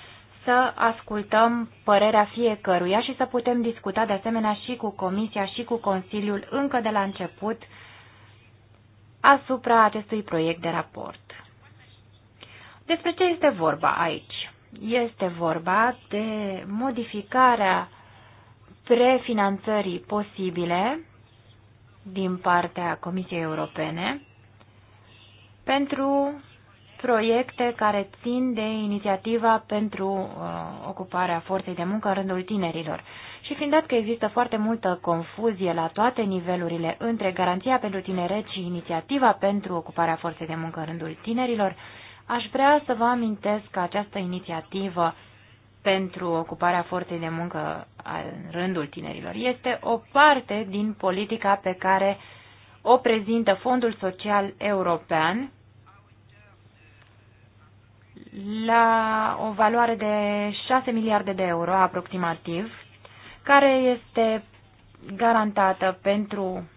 să ascultăm părerea fiecăruia și să putem discuta de asemenea și cu Comisia și cu Consiliul încă de la început asupra acestui proiect de raport. Despre ce este vorba aici? Este vorba de modificarea prefinanțării posibile din partea Comisiei Europene pentru proiecte care țin de inițiativa pentru uh, ocuparea forței de muncă în rândul tinerilor. Și fiind dat că există foarte multă confuzie la toate nivelurile între garanția pentru tineret și inițiativa pentru ocuparea forței de muncă în rândul tinerilor, aș vrea să vă amintesc că această inițiativă pentru ocuparea forței de muncă în rândul tinerilor este o parte din politica pe care o prezintă Fondul Social European la o valoare de 6 miliarde de euro aproximativ, care este garantată pentru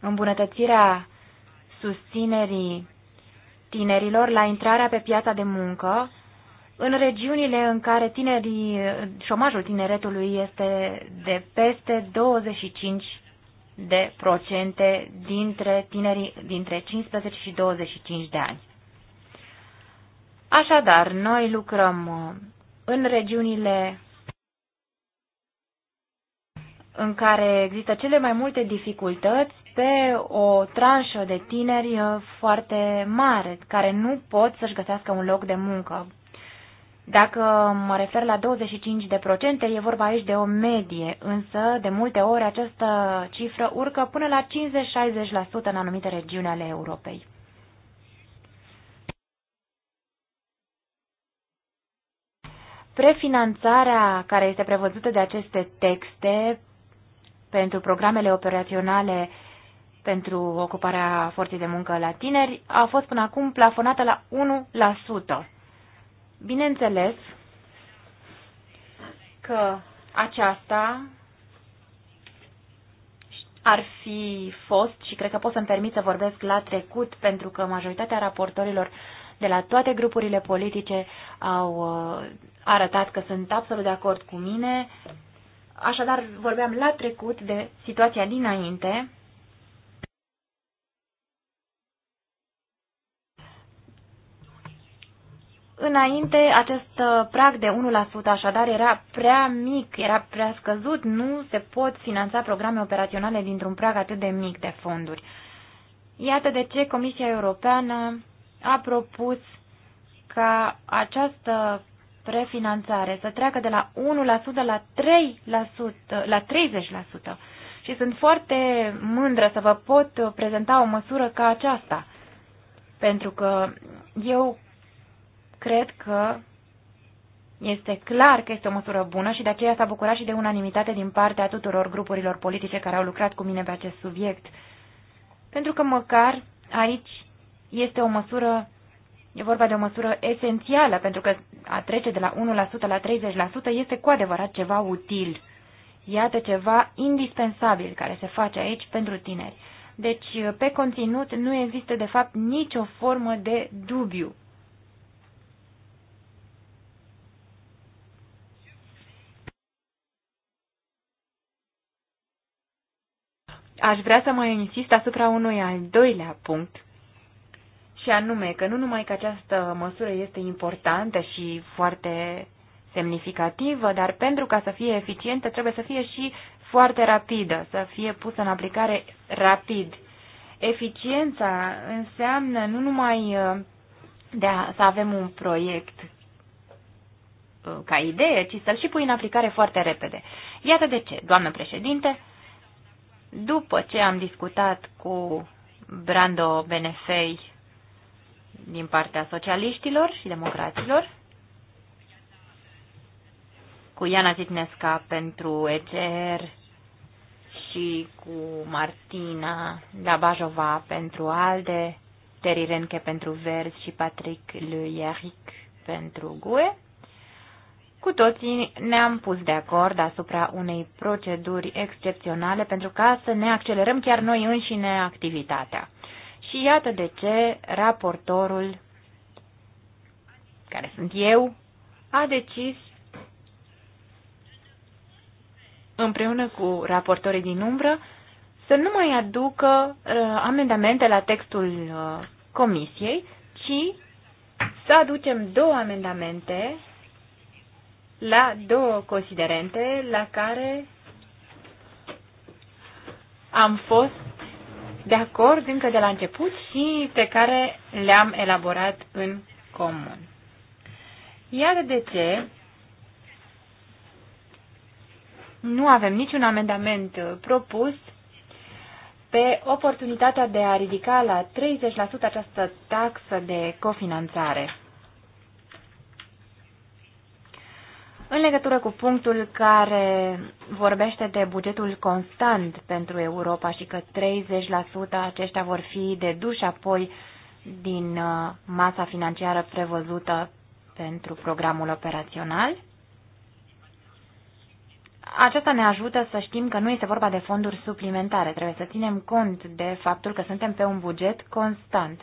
îmbunătățirea susținerii tinerilor la intrarea pe piața de muncă în regiunile în care tinerii, șomajul tineretului este de peste 25 de procente dintre tinerii dintre 15 și 25 de ani. Așadar, noi lucrăm uh, în regiunile în care există cele mai multe dificultăți pe o tranșă de tineri uh, foarte mare, care nu pot să-și găsească un loc de muncă. Dacă mă refer la 25%, e vorba aici de o medie, însă de multe ori această cifră urcă până la 50-60% în anumite regiuni ale Europei. Prefinanțarea care este prevăzută de aceste texte pentru programele operaționale pentru ocuparea forței de muncă la tineri a fost până acum plafonată la 1%. Bineînțeles că aceasta ar fi fost, și cred că pot să-mi permit să vorbesc la trecut, pentru că majoritatea raportorilor de la toate grupurile politice au uh, arătat că sunt absolut de acord cu mine. Așadar, vorbeam la trecut de situația dinainte. Înainte, acest uh, prag de 1% așadar era prea mic, era prea scăzut, nu se pot finanța programe operaționale dintr-un prag atât de mic de fonduri. Iată de ce Comisia Europeană a propus ca această prefinanțare să treacă de la 1% la 3%, la 30%. Și sunt foarte mândră să vă pot prezenta o măsură ca aceasta, pentru că eu cred că este clar că este o măsură bună și de aceea s-a bucurat și de unanimitate din partea tuturor grupurilor politice care au lucrat cu mine pe acest subiect. Pentru că măcar aici este o măsură, e vorba de o măsură esențială, pentru că a trece de la 1% la 30% este cu adevărat ceva util. Iată ceva indispensabil care se face aici pentru tineri. Deci, pe conținut nu există, de fapt, nicio formă de dubiu. Aș vrea să mai insist asupra unui al doilea punct și anume că nu numai că această măsură este importantă și foarte semnificativă, dar pentru ca să fie eficientă trebuie să fie și foarte rapidă, să fie pusă în aplicare rapid. Eficiența înseamnă nu numai uh, de a, să avem un proiect uh, ca idee, ci să-l și pui în aplicare foarte repede. Iată de ce, doamnă președinte, după ce am discutat cu Brando Benefei din partea socialiștilor și democraților, cu Iana Zitnesca pentru ECR și cu Martina Labajova pentru ALDE, Terry Renke pentru Verzi și Patrick Le pentru GUE. Cu toții ne-am pus de acord asupra unei proceduri excepționale pentru ca să ne accelerăm chiar noi înșine activitatea. Și iată de ce raportorul, care sunt eu, a decis împreună cu raportorii din umbră să nu mai aducă uh, amendamente la textul uh, comisiei, ci să aducem două amendamente la două considerente la care am fost de acord încă de la început și pe care le-am elaborat în comun. Iar de ce nu avem niciun amendament uh, propus pe oportunitatea de a ridica la 30% această taxă de cofinanțare. În legătură cu punctul care vorbește de bugetul constant pentru Europa și că 30% aceștia vor fi deduși apoi din uh, masa financiară prevăzută pentru programul operațional, aceasta ne ajută să știm că nu este vorba de fonduri suplimentare. Trebuie să ținem cont de faptul că suntem pe un buget constant.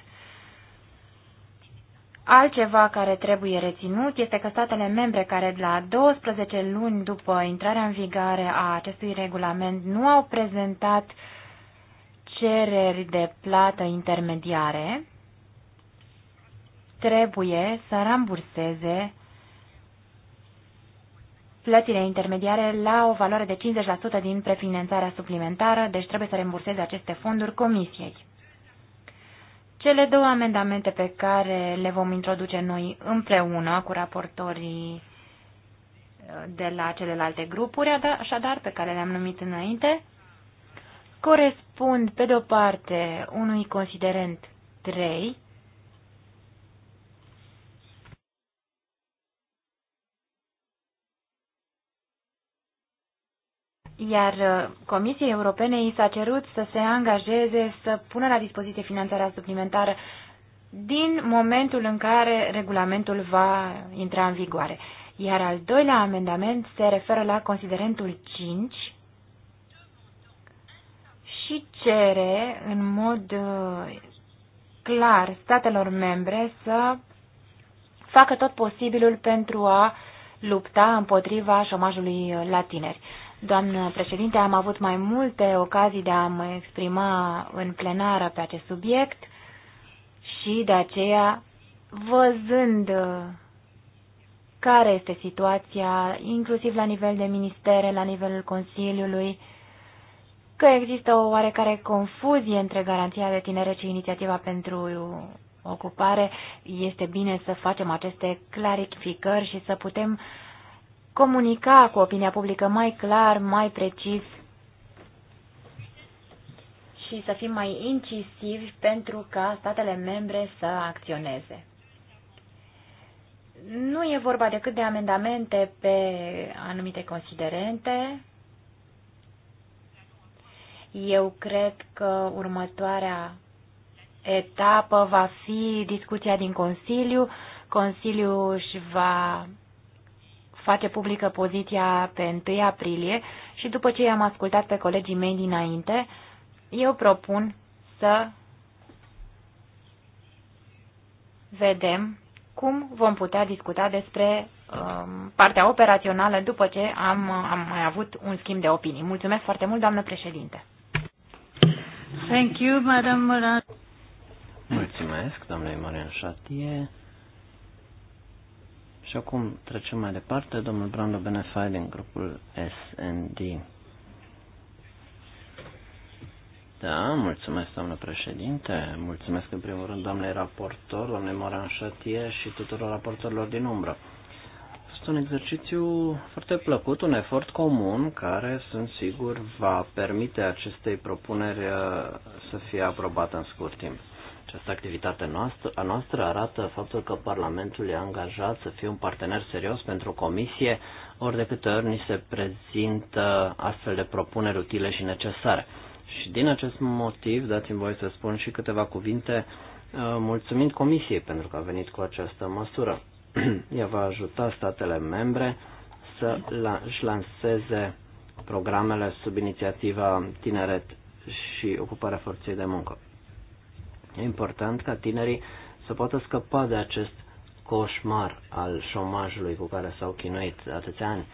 Altceva care trebuie reținut este că statele membre care la 12 luni după intrarea în vigoare a acestui regulament nu au prezentat cereri de plată intermediare trebuie să ramburseze plățile intermediare la o valoare de 50% din prefinanțarea suplimentară, deci trebuie să rembursezi aceste fonduri comisiei. Cele două amendamente pe care le vom introduce noi împreună cu raportorii uh, de la celelalte grupuri, așadar, pe care le-am numit înainte, corespund, pe de-o parte, unui considerent 3, iar uh, Comisiei Europene i s-a cerut să se angajeze să pună la dispoziție finanțarea suplimentară din momentul în care regulamentul va intra în vigoare. Iar al doilea amendament se referă la considerentul 5 și cere în mod uh, clar statelor membre să facă tot posibilul pentru a lupta împotriva șomajului la tineri. Doamnă președinte, am avut mai multe ocazii de a mă exprima în plenară pe acest subiect și de aceea, văzând uh, care este situația, inclusiv la nivel de ministere, la nivelul Consiliului, că există o oarecare confuzie între garanția de tinere și inițiativa pentru ocupare, este bine să facem aceste clarificări și să putem uh, comunica cu opinia publică mai clar, mai precis și să fim mai incisivi pentru ca statele membre să acționeze. Nu e vorba decât de amendamente pe anumite considerente. Eu cred că următoarea etapă va fi discuția din Consiliu. Consiliul își va face publică poziția pe 1 aprilie și după ce i-am ascultat pe colegii mei dinainte, eu propun să vedem cum vom putea discuta despre um, partea operațională după ce am, am mai avut un schimb de opinii. Mulțumesc foarte mult, doamnă președinte. Thank you, Madam Moran. Mulțumesc, domnule Marian Șatie. Și acum trecem mai departe, domnul Brando Benefai din grupul SND. Da, mulțumesc, doamnă președinte, mulțumesc în primul rând doamnei raportor, doamnei Moran Șatie și tuturor raportorilor din umbră. Este un exercițiu foarte plăcut, un efort comun care, sunt sigur, va permite acestei propuneri uh, să fie aprobată în scurt timp. Această activitate noastră, a noastră arată faptul că Parlamentul e angajat să fie un partener serios pentru Comisie, ori de câte ori ni se prezintă astfel de propuneri utile și necesare. Și din acest motiv, dați-mi voie să spun și câteva cuvinte uh, mulțumind Comisiei pentru că a venit cu această măsură. Ea va ajuta statele membre să își lanseze programele sub inițiativa Tineret și Ocuparea Forței de Muncă. E important ca tinerii să poată scăpa de acest coșmar al șomajului cu care s-au chinuit atâția ani.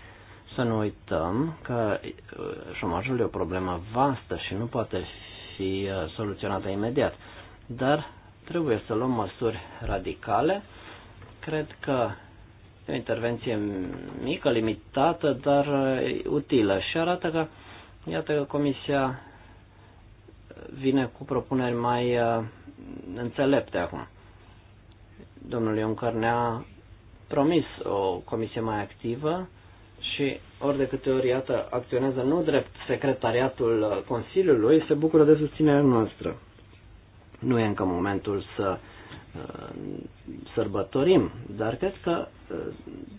Să nu uităm că uh, șomajul e o problemă vastă și nu poate fi uh, soluționată imediat, dar trebuie să luăm măsuri radicale. Cred că e o intervenție mică, limitată, dar uh, utilă și arată că, iată că Comisia vine cu propuneri mai înțelepte acum. Domnul Juncker ne-a promis o comisie mai activă și ori de câte ori, iată, acționează nu drept secretariatul Consiliului, se bucură de susținerea noastră. Nu e încă momentul să uh, sărbătorim, dar cred că uh,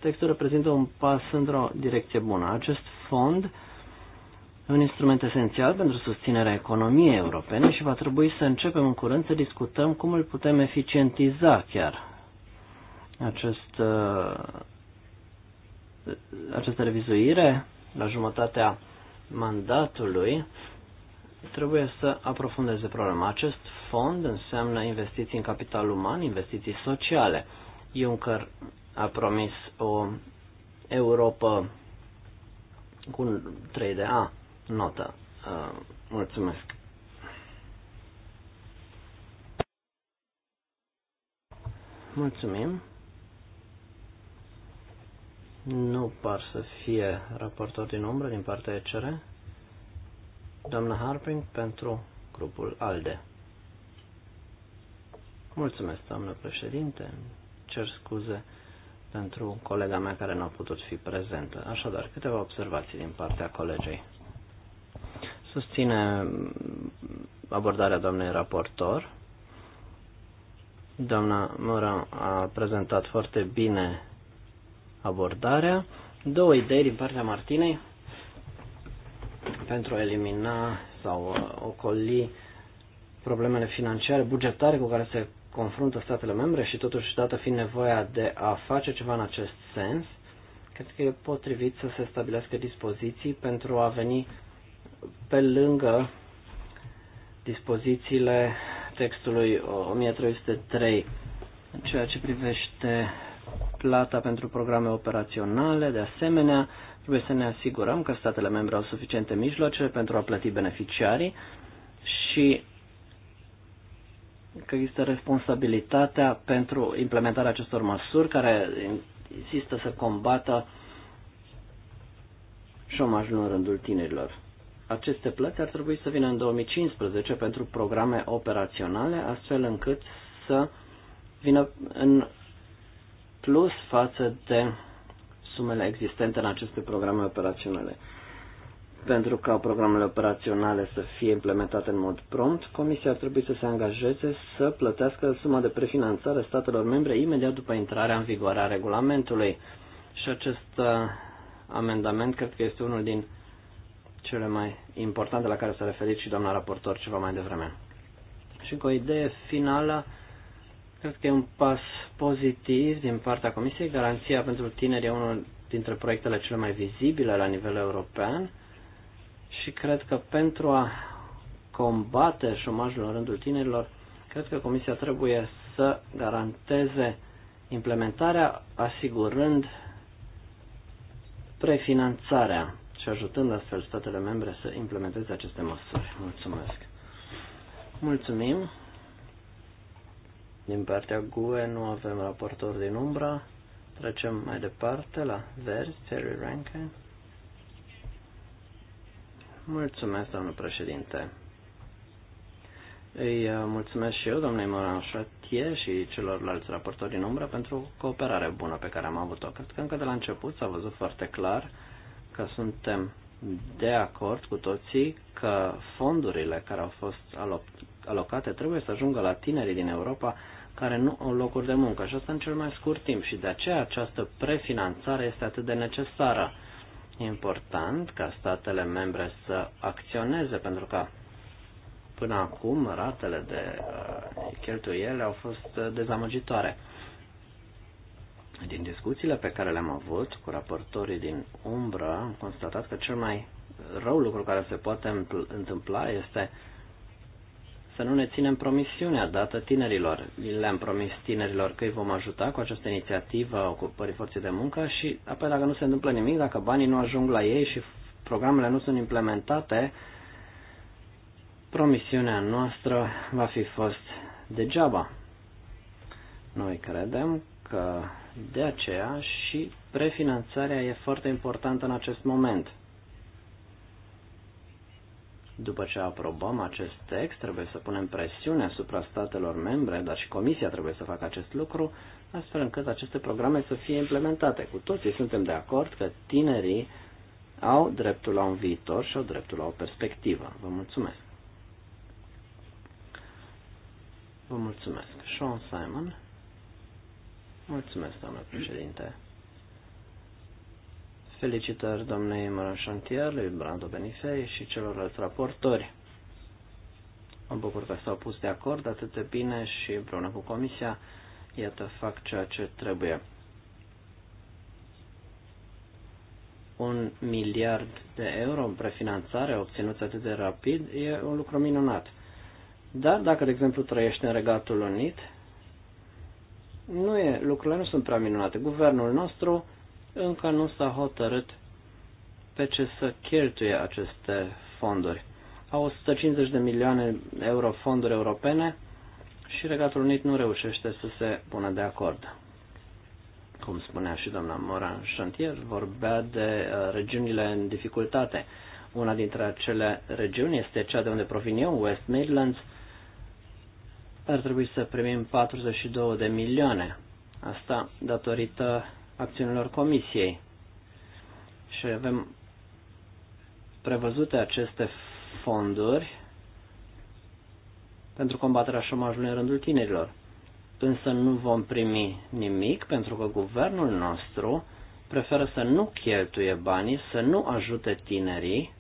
textul reprezintă un pas într-o direcție bună. Acest fond uh, E un instrument esențial pentru susținerea economiei europene și va trebui să începem în curând să discutăm cum îl putem eficientiza chiar. Acest, uh, această revizuire la jumătatea mandatului trebuie să aprofundeze problema. Acest fond înseamnă investiții în capital uman, investiții sociale. Juncker a promis o Europa cu 3 de A nota. Uh, mulțumesc. Mulțumim. Nu par să fie raportor din umbră din partea ECR. Doamna Harping pentru grupul ALDE. Mulțumesc, doamnă președinte. Cer scuze pentru colega mea care nu a putut fi prezentă. Așadar, câteva observații din partea colegei susține abordarea doamnei raportor. Doamna Mără a prezentat foarte bine abordarea. Două idei din partea Martinei pentru a elimina sau ocoli problemele financiare, bugetare cu care se confruntă statele membre și totuși, dată fiind nevoia de a face ceva în acest sens, cred că e potrivit să se stabilească dispoziții pentru a veni pe lângă dispozițiile textului 1303 în ceea ce privește plata pentru programe operaționale, de asemenea, trebuie să ne asigurăm că statele membre au suficiente mijloace pentru a plăti beneficiarii și că există responsabilitatea pentru implementarea acestor măsuri care insistă să combată șomajul în rândul tinerilor aceste plăți ar trebui să vină în 2015 pentru programe operaționale, astfel încât să vină în plus față de sumele existente în aceste programe operaționale. Pentru ca programele operaționale să fie implementate în mod prompt, Comisia ar trebui să se angajeze să plătească suma de prefinanțare statelor membre imediat după intrarea în vigoare a regulamentului. Și acest uh, amendament cred că este unul din cele mai importante la care s-a referit și doamna raportor ceva mai devreme. Și cu o idee finală, cred că e un pas pozitiv din partea Comisiei. Garanția pentru tineri e unul dintre proiectele cele mai vizibile la nivel european și cred că pentru a combate șomajul în rândul tinerilor, cred că Comisia trebuie să garanteze implementarea asigurând prefinanțarea și ajutând astfel statele membre să implementeze aceste măsuri. Mulțumesc! Mulțumim! Din partea GUE nu avem raportor din umbra. Trecem mai departe la Verzi, Terry Rankin. Mulțumesc, domnul președinte. Îi uh, mulțumesc și eu, domnului Moran Șatie și celorlalți raportori din umbră pentru cooperare bună pe care am avut-o. Cred că încă de la început s-a văzut foarte clar că suntem de acord cu toții că fondurile care au fost alocate trebuie să ajungă la tinerii din Europa care nu au locuri de muncă și asta în cel mai scurt timp și de aceea această prefinanțare este atât de necesară. E important ca statele membre să acționeze pentru că până acum ratele de uh, cheltuiele au fost uh, dezamăgitoare. Din discuțiile pe care le-am avut cu raportorii din umbră, am constatat că cel mai rău lucru care se poate întâmpla este să nu ne ținem promisiunea dată tinerilor. Le-am promis tinerilor că îi vom ajuta cu această inițiativă a ocupării forței de muncă și apoi dacă nu se întâmplă nimic, dacă banii nu ajung la ei și programele nu sunt implementate, promisiunea noastră va fi fost degeaba. Noi credem că de aceea și prefinanțarea e foarte importantă în acest moment. După ce aprobăm acest text, trebuie să punem presiune asupra statelor membre, dar și Comisia trebuie să facă acest lucru, astfel încât aceste programe să fie implementate. Cu toții suntem de acord că tinerii au dreptul la un viitor și au dreptul la o perspectivă. Vă mulțumesc! Vă mulțumesc! Sean Simon Mulțumesc, doamnă președinte. Felicitări domnei Șantier, lui Brando Benifei și celorlalți raportori. Mă bucur că s-au pus de acord atât de bine și împreună cu Comisia, iată, fac ceea ce trebuie. Un miliard de euro în prefinanțare obținut atât de rapid e un lucru minunat. Dar dacă, de exemplu, trăiești în Regatul Unit, nu e, lucrurile nu sunt prea minunate. Guvernul nostru încă nu s-a hotărât pe ce să cheltuie aceste fonduri. Au 150 de milioane euro fonduri europene și Regatul Unit nu reușește să se pună de acord. Cum spunea și doamna Moran Chantier, vorbea de uh, regiunile în dificultate. Una dintre acele regiuni este cea de unde provin eu, West Midlands, ar trebui să primim 42 de milioane. Asta datorită acțiunilor comisiei. Și avem prevăzute aceste fonduri pentru combaterea șomajului în rândul tinerilor. Însă nu vom primi nimic pentru că guvernul nostru preferă să nu cheltuie banii, să nu ajute tinerii,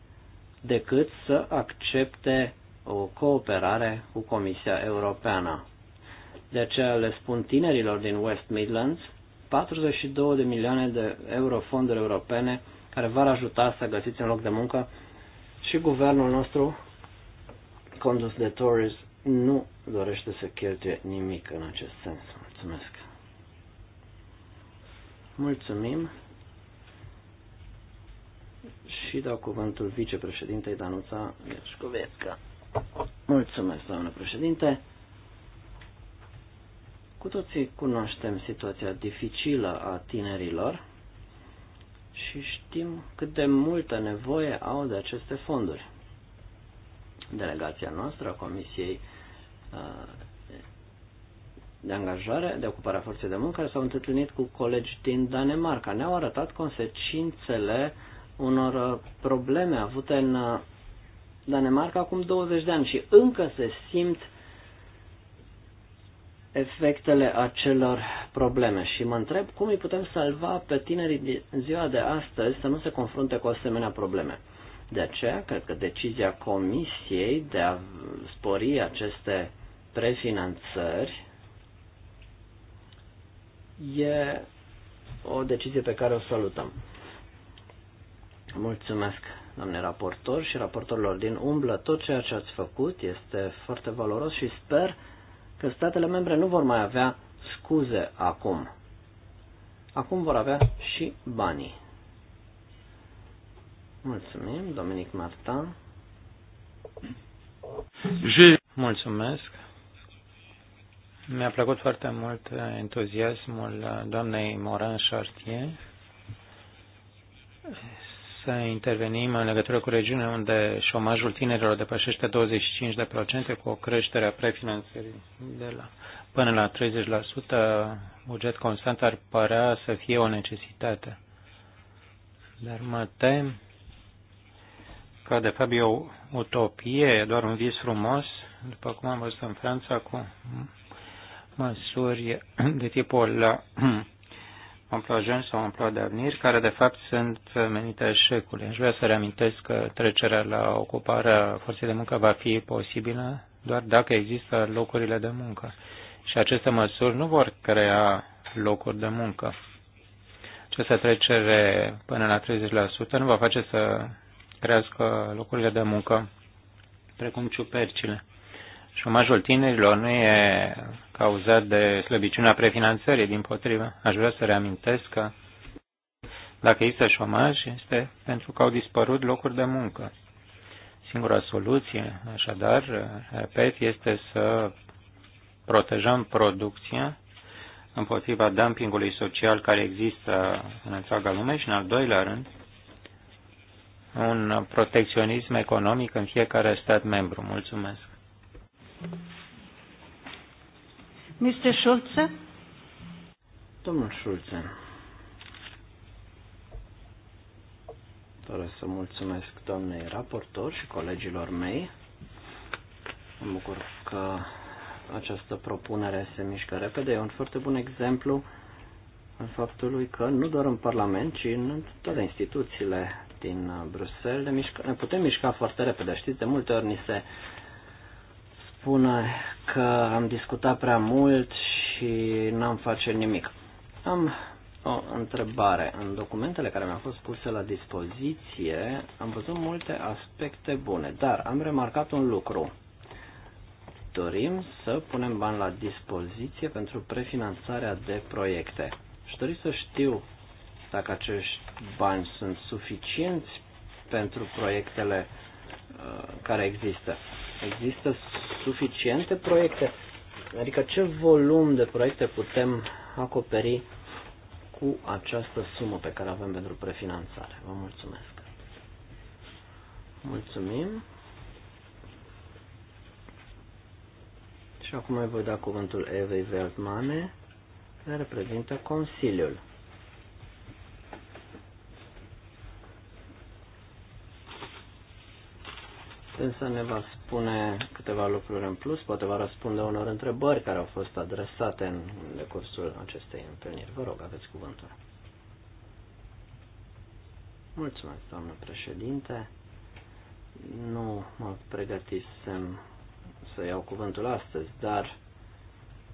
decât să accepte o cooperare cu Comisia Europeană. De aceea le spun tinerilor din West Midlands, 42 de milioane de euro fonduri europene care v-ar ajuta să găsiți un loc de muncă și guvernul nostru, condus de Tories, nu dorește să cheltuie nimic în acest sens. Mulțumesc! Mulțumim! și dau cuvântul vicepreședintei Danuța Iașcovețca. Mulțumesc, doamnă președinte. Cu toții cunoaștem situația dificilă a tinerilor și știm cât de multă nevoie au de aceste fonduri. Delegația noastră a Comisiei uh, de angajare, de ocupare a forței de muncă, s-au întâlnit cu colegi din Danemarca. Ne-au arătat consecințele unor uh, probleme avute în uh, Danemarca acum 20 de ani și încă se simt efectele acelor probleme și mă întreb cum îi putem salva pe tinerii din ziua de astăzi să nu se confrunte cu asemenea probleme. De aceea, cred că decizia Comisiei de a spori aceste prefinanțări e o decizie pe care o salutăm. Mulțumesc, doamne raportor și raportorilor din umblă. Tot ceea ce ați făcut este foarte valoros și sper că statele membre nu vor mai avea scuze acum. Acum vor avea și banii. Mulțumim, Dominic Martin. Mulțumesc. Mi-a plăcut foarte mult entuziasmul doamnei Moran Chartier să intervenim în legătură cu regiune unde șomajul tinerilor depășește 25% cu o creștere a prefinanțării de la până la 30%, buget constant ar părea să fie o necesitate. Dar mă tem că de fapt e o utopie, doar un vis frumos, după cum am văzut în Franța, cu măsuri de tipul emploi jeune sau emploi de avenir, care de fapt sunt menite eșecului. Aș vrea să reamintesc că trecerea la ocuparea forței de muncă va fi posibilă doar dacă există locurile de muncă. Și aceste măsuri nu vor crea locuri de muncă. Această trecere până la 30% nu va face să crească locurile de muncă precum ciupercile. Șomajul tinerilor nu e cauzat de slăbiciunea prefinanțării, din potrivă. Aș vrea să reamintesc că dacă există șomaj, este pentru că au dispărut locuri de muncă. Singura soluție, așadar, repet, este să protejăm producția împotriva dumpingului social care există în întreaga lume și, în al doilea rând, un protecționism economic în fiecare stat membru. Mulțumesc. Mr. Schulze? Domnul Schulze, doresc să mulțumesc doamnei raportor și colegilor mei. Mă bucur că această propunere se mișcă repede. E un foarte bun exemplu în faptului că nu doar în Parlament, ci în toate instituțiile din Bruxelles ne, mișcă, ne putem mișca foarte repede. Știți, de multe ori ni se spune că am discutat prea mult și n-am face nimic. Am o întrebare. În documentele care mi-au fost puse la dispoziție am văzut multe aspecte bune, dar am remarcat un lucru. Dorim să punem bani la dispoziție pentru prefinanțarea de proiecte. Și dori să știu dacă acești bani sunt suficienți pentru proiectele uh, care există. Există suficiente proiecte? Adică ce volum de proiecte putem acoperi cu această sumă pe care avem pentru prefinanțare? Vă mulțumesc! Mulțumim! Și acum îi voi da cuvântul Evei Veltmane, care reprezintă Consiliul. însă ne va spune câteva lucruri în plus, poate va răspunde unor întrebări care au fost adresate în decursul acestei întâlniri. Vă rog, aveți cuvântul. Mulțumesc, doamnă președinte. Nu mă pregătisem să iau cuvântul astăzi, dar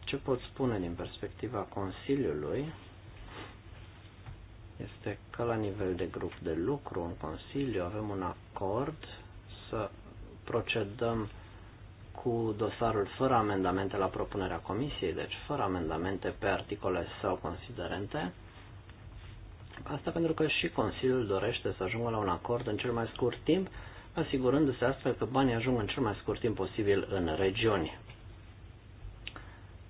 ce pot spune din perspectiva Consiliului este că la nivel de grup de lucru în Consiliu avem un acord să procedăm cu dosarul fără amendamente la propunerea comisiei, deci fără amendamente pe articole sau considerente. Asta pentru că și Consiliul dorește să ajungă la un acord în cel mai scurt timp, asigurându-se astfel că banii ajung în cel mai scurt timp posibil în regiuni.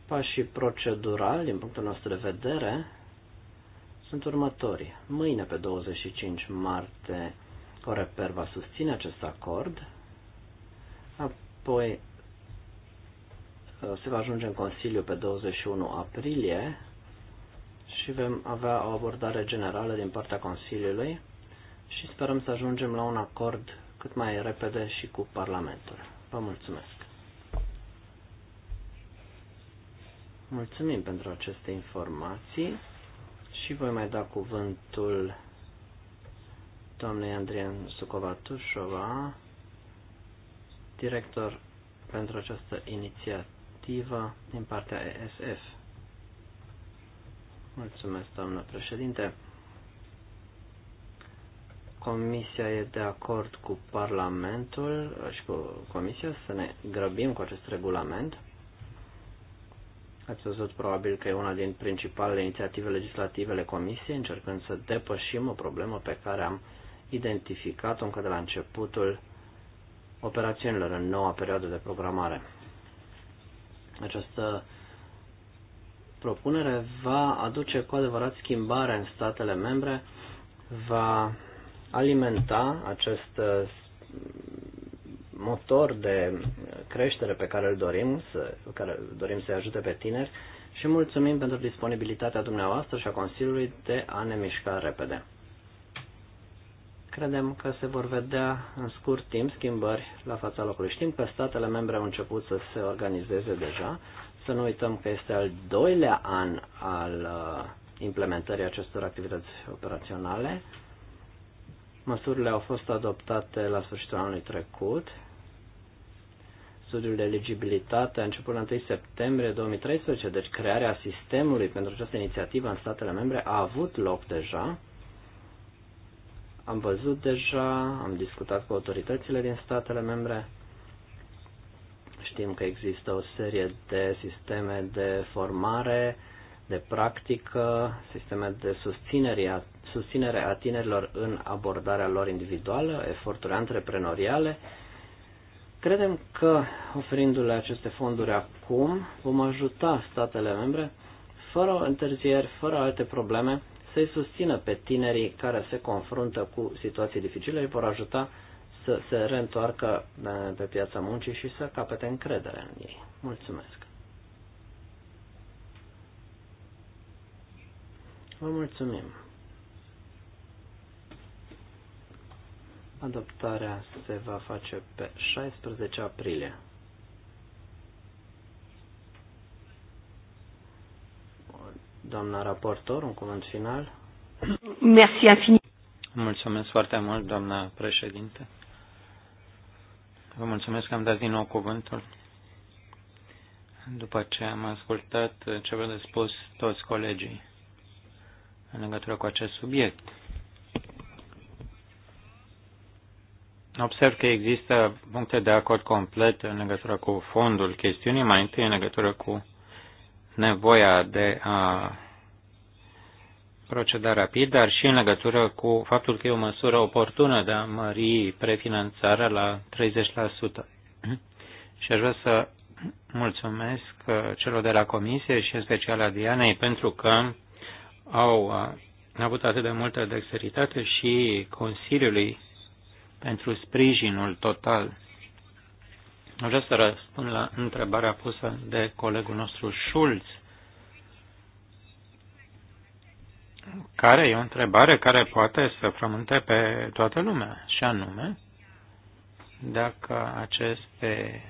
Pașii procedurali, din punctul nostru de vedere, sunt următorii. Mâine, pe 25 martie, Coreper va susține acest acord, Apoi uh, se va ajunge în Consiliu pe 21 aprilie și vom avea o abordare generală din partea Consiliului și sperăm să ajungem la un acord cât mai repede și cu Parlamentul. Vă mulțumesc! Mulțumim pentru aceste informații și voi mai da cuvântul doamnei Andrian Sucovatușova, director pentru această inițiativă din partea ESF. Mulțumesc, doamnă președinte. Comisia e de acord cu Parlamentul și cu Comisia să ne grăbim cu acest regulament. Ați văzut probabil că e una din principalele inițiative legislative ale Comisiei, încercând să depășim o problemă pe care am identificat-o încă de la începutul operațiunilor în noua perioadă de programare. Această propunere va aduce cu adevărat schimbare în statele membre, va alimenta acest uh, motor de creștere pe care îl dorim, să, care dorim să-i ajute pe tineri și mulțumim pentru disponibilitatea dumneavoastră și a Consiliului de a ne mișca repede. Credem că se vor vedea în scurt timp schimbări la fața locului. Știm că statele membre au început să se organizeze deja. Să nu uităm că este al doilea an al uh, implementării acestor activități operaționale. Măsurile au fost adoptate la sfârșitul anului trecut. Studiul de eligibilitate a început la 1 septembrie 2013, deci crearea sistemului pentru această inițiativă în statele membre a avut loc deja. Am văzut deja, am discutat cu autoritățile din statele membre. Știm că există o serie de sisteme de formare, de practică, sisteme de susținere a, susținere a tinerilor în abordarea lor individuală, eforturi antreprenoriale. Credem că oferindu-le aceste fonduri acum vom ajuta statele membre fără întârzieri, fără alte probleme, să-i susțină pe tinerii care se confruntă cu situații dificile, îi vor ajuta să se reîntoarcă eh, pe piața muncii și să capete încredere în ei. Mulțumesc! Vă mulțumim! Adoptarea se va face pe 16 aprilie. Doamna raportor, un cuvânt final. Merci infinit. Mulțumesc foarte mult, doamna președinte. Vă mulțumesc că am dat din nou cuvântul. După ce am ascultat ce vreau de spus toți colegii în legătură cu acest subiect. Observ că există puncte de acord complet în legătură cu fondul chestiunii, mai întâi în legătură cu nevoia de a proceda rapid, dar și în legătură cu faptul că e o măsură oportună de a mări prefinanțarea la 30%. Și aș vrea să mulțumesc uh, celor de la Comisie și în special a Dianei pentru că au uh, avut atât de multă dexteritate și Consiliului pentru sprijinul total Aș vrea să răspund la întrebarea pusă de colegul nostru Schulz, care e o întrebare care poate să frământe pe toată lumea, și anume, dacă aceste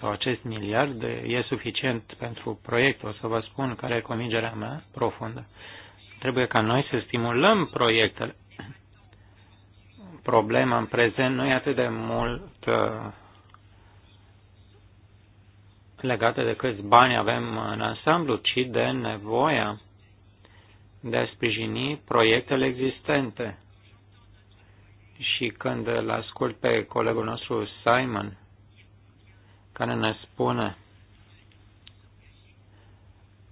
sau acest miliard e suficient pentru proiect, o să vă spun care e convingerea mea profundă. Trebuie ca noi să stimulăm proiectele. Problema în prezent nu e atât de mult uh, legate de câți bani avem în ansamblu, ci de nevoia de a sprijini proiectele existente. Și când îl ascult pe colegul nostru Simon, care ne spune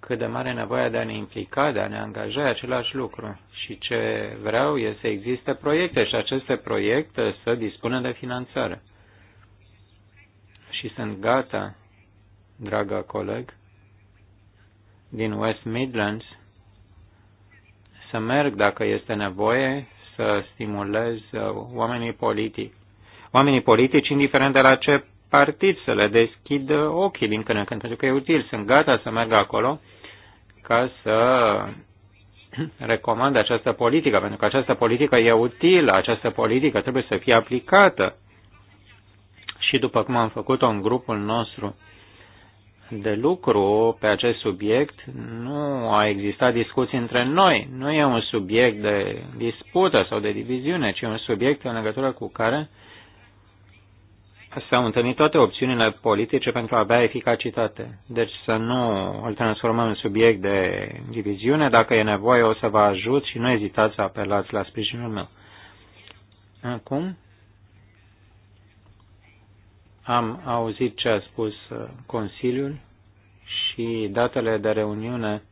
cât de mare nevoie de a ne implica, de a ne angaja, același lucru. Și ce vreau e să existe proiecte și aceste proiecte să dispună de finanțare. Și sunt gata dragă coleg, din West Midlands, să merg dacă este nevoie să stimulez uh, oamenii politici. Oamenii politici, indiferent de la ce partid, să le deschid uh, ochii din când în când, pentru că e util. Sunt gata să merg acolo ca să recomand această politică, pentru că această politică e utilă, această politică trebuie să fie aplicată. Și după cum am făcut-o în grupul nostru, de lucru pe acest subiect, nu a existat discuții între noi. Nu e un subiect de dispută sau de diviziune, ci un subiect în legătură cu care s-au întâlnit toate opțiunile politice pentru a avea eficacitate. Deci să nu îl transformăm în subiect de diviziune. Dacă e nevoie, o să vă ajut și nu ezitați să apelați la sprijinul meu. Acum, am auzit ce a spus uh, Consiliul și datele de reuniune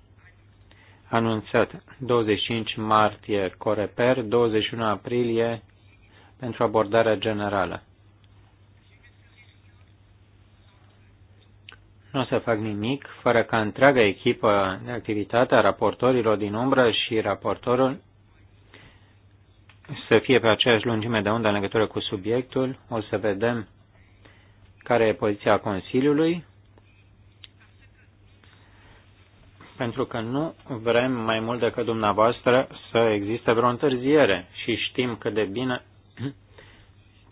anunțate. 25 martie Coreper, 21 aprilie pentru abordarea generală. Nu o să fac nimic fără ca întreaga echipă de activitate a raportorilor din umbră și raportorul să fie pe aceeași lungime de undă în legătură cu subiectul. O să vedem care e poziția Consiliului, pentru că nu vrem mai mult decât dumneavoastră să existe vreo întârziere și știm cât de bine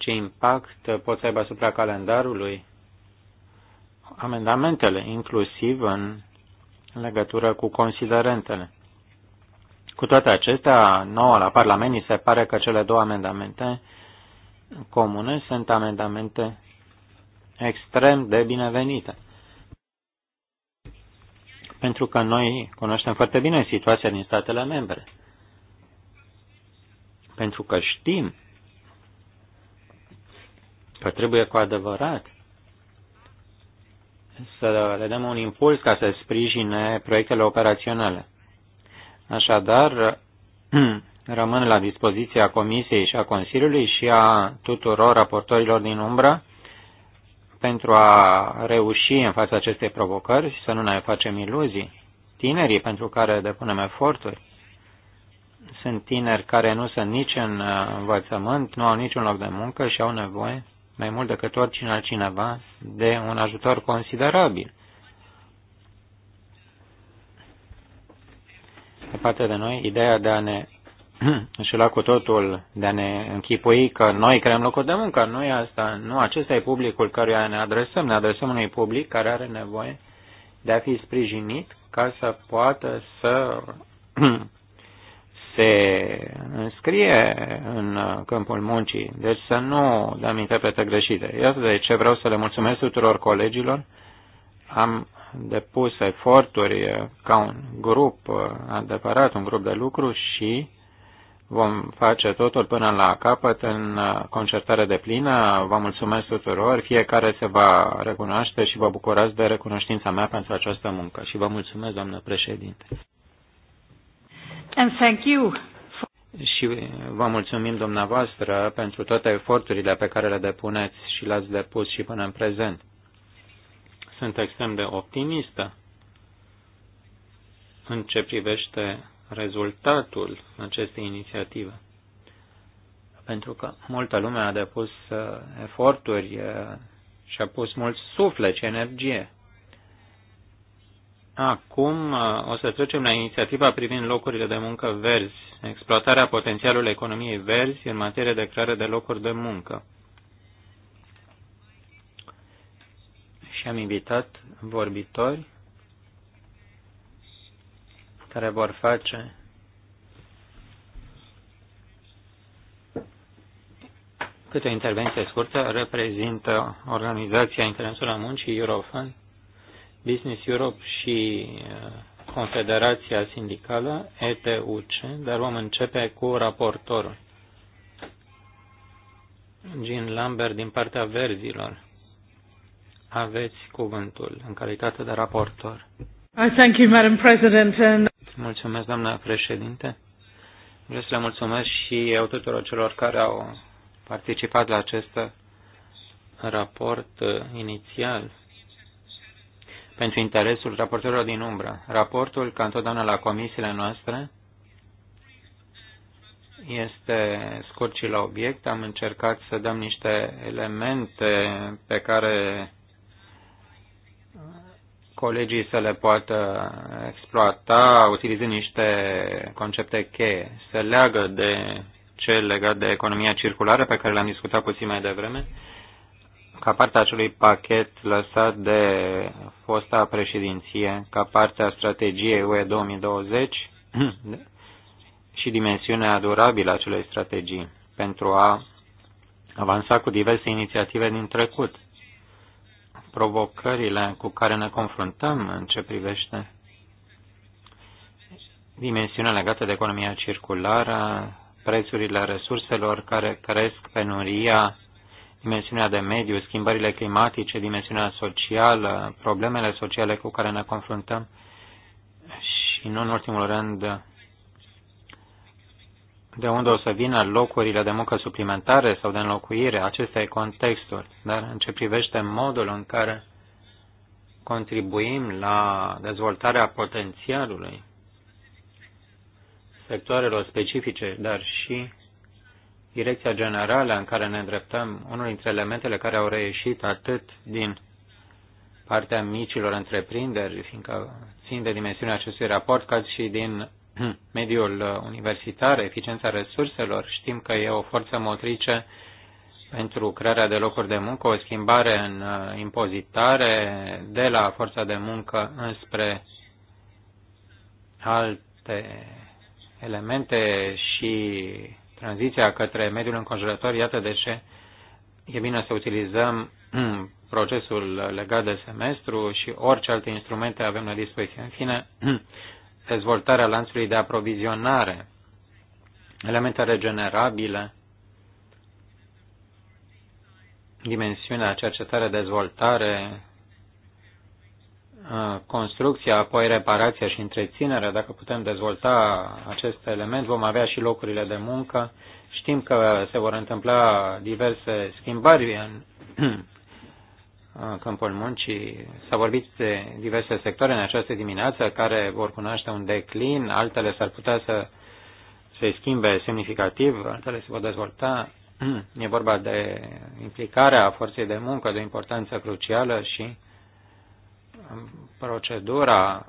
ce impact pot să aibă asupra calendarului amendamentele, inclusiv în legătură cu considerentele. Cu toate acestea, nouă la Parlament, se pare că cele două amendamente comune sunt amendamente extrem de binevenită, Pentru că noi cunoaștem foarte bine situația din statele membre. Pentru că știm că trebuie cu adevărat să le dăm un impuls ca să sprijine proiectele operaționale. Așadar, rămân la dispoziția Comisiei și a Consiliului și a tuturor raportorilor din umbră pentru a reuși în fața acestei provocări și să nu ne facem iluzii. Tinerii pentru care depunem eforturi sunt tineri care nu sunt nici în învățământ, nu au niciun loc de muncă și au nevoie, mai mult decât oricine altcineva, de un ajutor considerabil. Pe partea de noi, ideea de a ne și la cu totul de a ne închipui că noi creăm locuri de muncă. Nu e asta. Nu, acesta e publicul căruia ne adresăm. Ne adresăm unui public care are nevoie de a fi sprijinit ca să poată să se înscrie în câmpul muncii. Deci să nu dăm interprete greșite. Iată de ce vreau să le mulțumesc tuturor colegilor. Am depus eforturi ca un grup adevărat, un grup de lucru și Vom face totul până la capăt în uh, concertare de plină. Vă mulțumesc tuturor. Fiecare se va recunoaște și vă bucurați de recunoștința mea pentru această muncă. Și vă mulțumesc, doamnă președinte. And thank you. Și vă mulțumim dumneavoastră pentru toate eforturile pe care le depuneți și le-ați depus și până în prezent. Sunt extrem de optimistă în ce privește rezultatul acestei inițiative. Pentru că multă lume a depus uh, eforturi uh, și a pus mult suflet și energie. Acum uh, o să trecem la inițiativa privind locurile de muncă verzi, exploatarea potențialului economiei verzi în materie de creare de locuri de muncă. Și am invitat vorbitori care vor face câte o intervenție scurtă reprezintă Organizația Internațională a Muncii, Eurofund, Business Europe și uh, Confederația Sindicală, ETUC, dar vom începe cu raportorul. Jean Lambert din partea verzilor. Aveți cuvântul în calitate de raportor. I uh, Thank you, Madam President. Mulțumesc, doamna președinte. Vreau să le mulțumesc și eu tuturor celor care au participat la acest raport uh, inițial pentru interesul raportorilor din umbră. Raportul, ca întotdeauna la comisiile noastre, este scurt și la obiect. Am încercat să dăm niște elemente pe care colegii să le poată exploata utilizând niște concepte cheie, să leagă de cel legat de economia circulară pe care l-am discutat puțin mai devreme, ca parte a acelui pachet lăsat de fosta președinție, ca parte a strategiei UE 2020 și dimensiunea durabilă a acelei strategii pentru a avansa cu diverse inițiative din trecut provocările cu care ne confruntăm în ce privește dimensiunea legată de economia circulară, prețurile resurselor care cresc, penuria, dimensiunea de mediu, schimbările climatice, dimensiunea socială, problemele sociale cu care ne confruntăm și, nu în ultimul rând, de unde o să vină locurile de muncă suplimentare sau de înlocuire. Acesta e contextul. Dar în ce privește modul în care contribuim la dezvoltarea potențialului sectoarelor specifice, dar și direcția generală în care ne îndreptăm, unul dintre elementele care au reieșit atât din partea micilor întreprinderi, fiindcă țin de dimensiunea acestui raport, cât și din mediul uh, universitar, eficiența resurselor. Știm că e o forță motrice pentru crearea de locuri de muncă, o schimbare în uh, impozitare de la forța de muncă înspre alte elemente și tranziția către mediul înconjurător. Iată de ce e bine să utilizăm procesul legat de semestru și orice alte instrumente avem la dispoziție. În fine, dezvoltarea lanțului de aprovizionare, elemente regenerabile, dimensiunea cercetare-dezvoltare, construcția, apoi reparația și întreținerea, dacă putem dezvolta acest element, vom avea și locurile de muncă. Știm că se vor întâmpla diverse schimbări în câmpul muncii. S-a vorbit de diverse sectoare în această dimineață care vor cunoaște un declin, altele s-ar putea să se schimbe semnificativ, altele se vor dezvolta. E vorba de implicarea forței de muncă de importanță crucială și procedura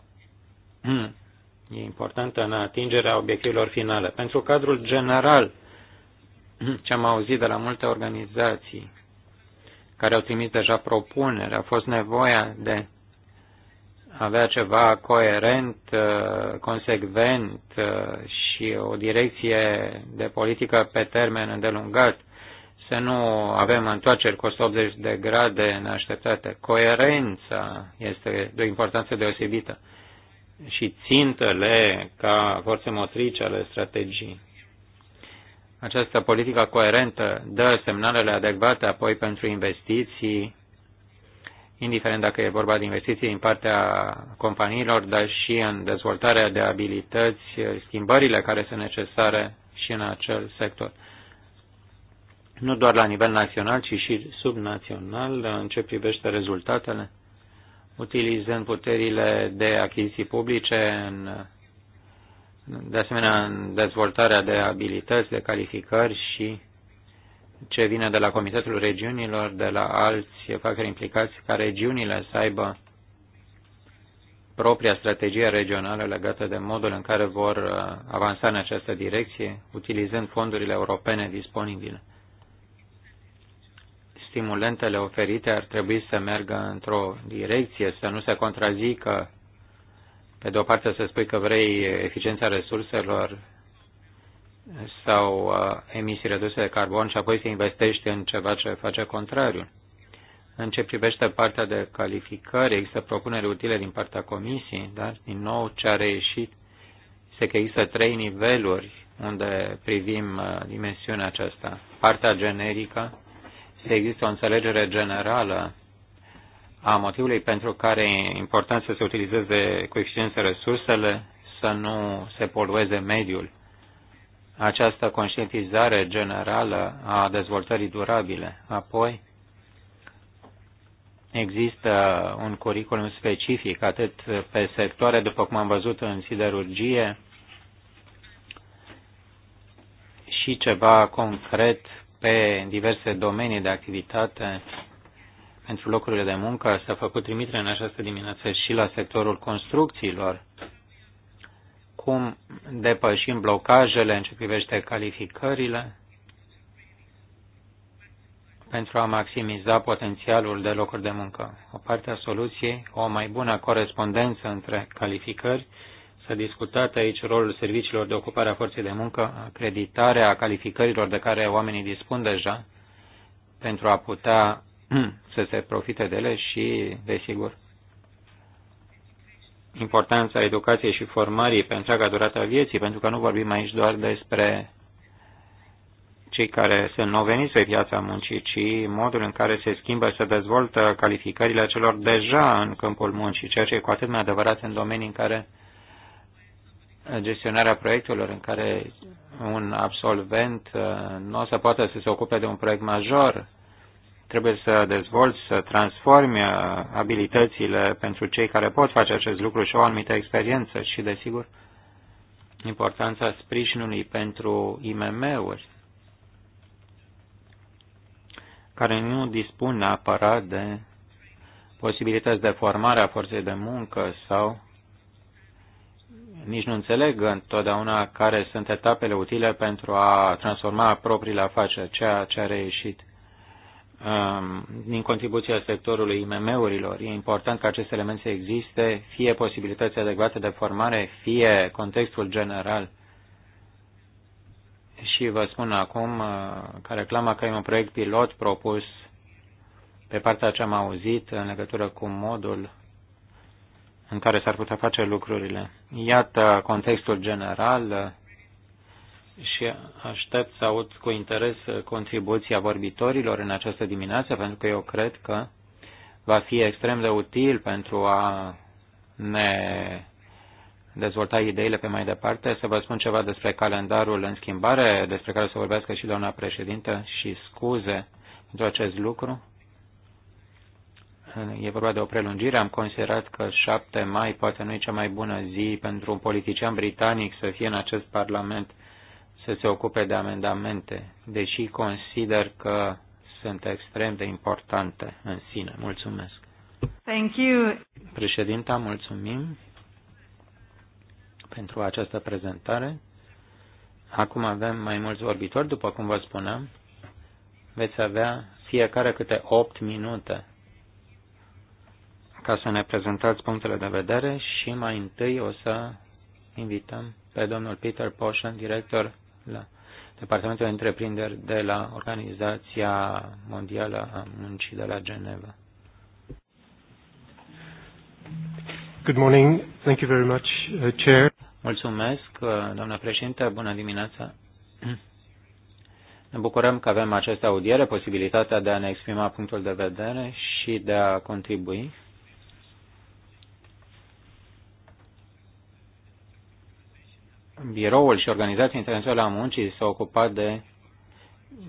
e importantă în atingerea obiectivelor finale. Pentru cadrul general, ce am auzit de la multe organizații, care au trimis deja propuneri. A fost nevoia de a avea ceva coerent, uh, consecvent uh, și o direcție de politică pe termen îndelungat. Să nu avem întoarceri cu 180 de grade neașteptate. Coerența este de o importanță deosebită și țintele ca forțe motrice ale strategiei. Această politică coerentă dă semnalele adecvate apoi pentru investiții, indiferent dacă e vorba de investiții din partea companiilor, dar și în dezvoltarea de abilități, schimbările care sunt necesare și în acel sector. Nu doar la nivel național, ci și subnațional, în ce privește rezultatele, utilizând puterile de achiziții publice în de asemenea în dezvoltarea de abilități, de calificări și ce vine de la Comitetul Regiunilor, de la alți factori implicați, ca regiunile să aibă propria strategie regională legată de modul în care vor uh, avansa în această direcție, utilizând fondurile europene disponibile. Stimulentele oferite ar trebui să meargă într-o direcție, să nu se contrazică pe de o parte să spui că vrei eficiența resurselor sau uh, emisii reduse de carbon și apoi să investești în ceva ce face contrariul. În ce privește partea de calificări, există propuneri utile din partea comisiei, dar din nou ce a reieșit este că există trei niveluri unde privim uh, dimensiunea aceasta. Partea generică, există o înțelegere generală a motivului pentru care e important să se utilizeze cu eficiență resursele, să nu se polueze mediul. Această conștientizare generală a dezvoltării durabile. Apoi, există un curriculum specific, atât pe sectoare, după cum am văzut în siderurgie, și ceva concret pe diverse domenii de activitate pentru locurile de muncă s-a făcut trimitere în această dimineață și la sectorul construcțiilor. Cum depășim blocajele în ce privește calificările pentru a maximiza potențialul de locuri de muncă. O parte a soluției, o mai bună corespondență între calificări, s-a discutat aici rolul serviciilor de ocupare a forței de muncă, acreditarea calificărilor de care oamenii dispun deja pentru a putea Hmm. să se profite de ele și, desigur, importanța educației și formării pe întreaga durată a vieții, pentru că nu vorbim aici doar despre cei care sunt nou veniți pe piața muncii, ci modul în care se schimbă, se dezvoltă calificările celor deja în câmpul muncii, ceea ce e cu atât mai adevărat în domenii în care gestionarea proiectelor, în care un absolvent uh, nu o să poată să se ocupe de un proiect major Trebuie să dezvolți, să transformi uh, abilitățile pentru cei care pot face acest lucru și o anumită experiență și, desigur, importanța sprijinului pentru IMM-uri care nu dispun neapărat de posibilități de formare a forței de muncă sau nici nu înțeleg întotdeauna care sunt etapele utile pentru a transforma propriile afaceri, ceea ce a reieșit Um, din contribuția sectorului IMM-urilor. E important ca acest element să existe, fie posibilități adecvate de formare, fie contextul general. Și vă spun acum uh, că reclama că e un proiect pilot propus pe partea ce am auzit în legătură cu modul în care s-ar putea face lucrurile. Iată contextul general, și aștept să aud cu interes contribuția vorbitorilor în această dimineață, pentru că eu cred că va fi extrem de util pentru a ne dezvolta ideile pe mai departe. Să vă spun ceva despre calendarul în schimbare, despre care să vorbească și doamna președintă, și scuze pentru acest lucru. E vorba de o prelungire. Am considerat că 7 mai poate nu e cea mai bună zi pentru un politician britanic să fie în acest parlament să se ocupe de amendamente, deși consider că sunt extrem de importante în sine. Mulțumesc. Thank you. Președinta, mulțumim pentru această prezentare. Acum avem mai mulți vorbitori, după cum vă spuneam. Veți avea fiecare câte 8 minute ca să ne prezentați punctele de vedere și mai întâi o să invităm pe domnul Peter Poșan, director la Departamentul de Întreprinderi de la Organizația Mondială a Muncii de la Geneva. Good morning. Thank you very much, uh, Chair. Mulțumesc, uh, doamna președinte. Bună dimineața. Ne bucurăm că avem această audiere, posibilitatea de a ne exprima punctul de vedere și de a contribui biroul și Organizația Internațională a Muncii s au ocupat de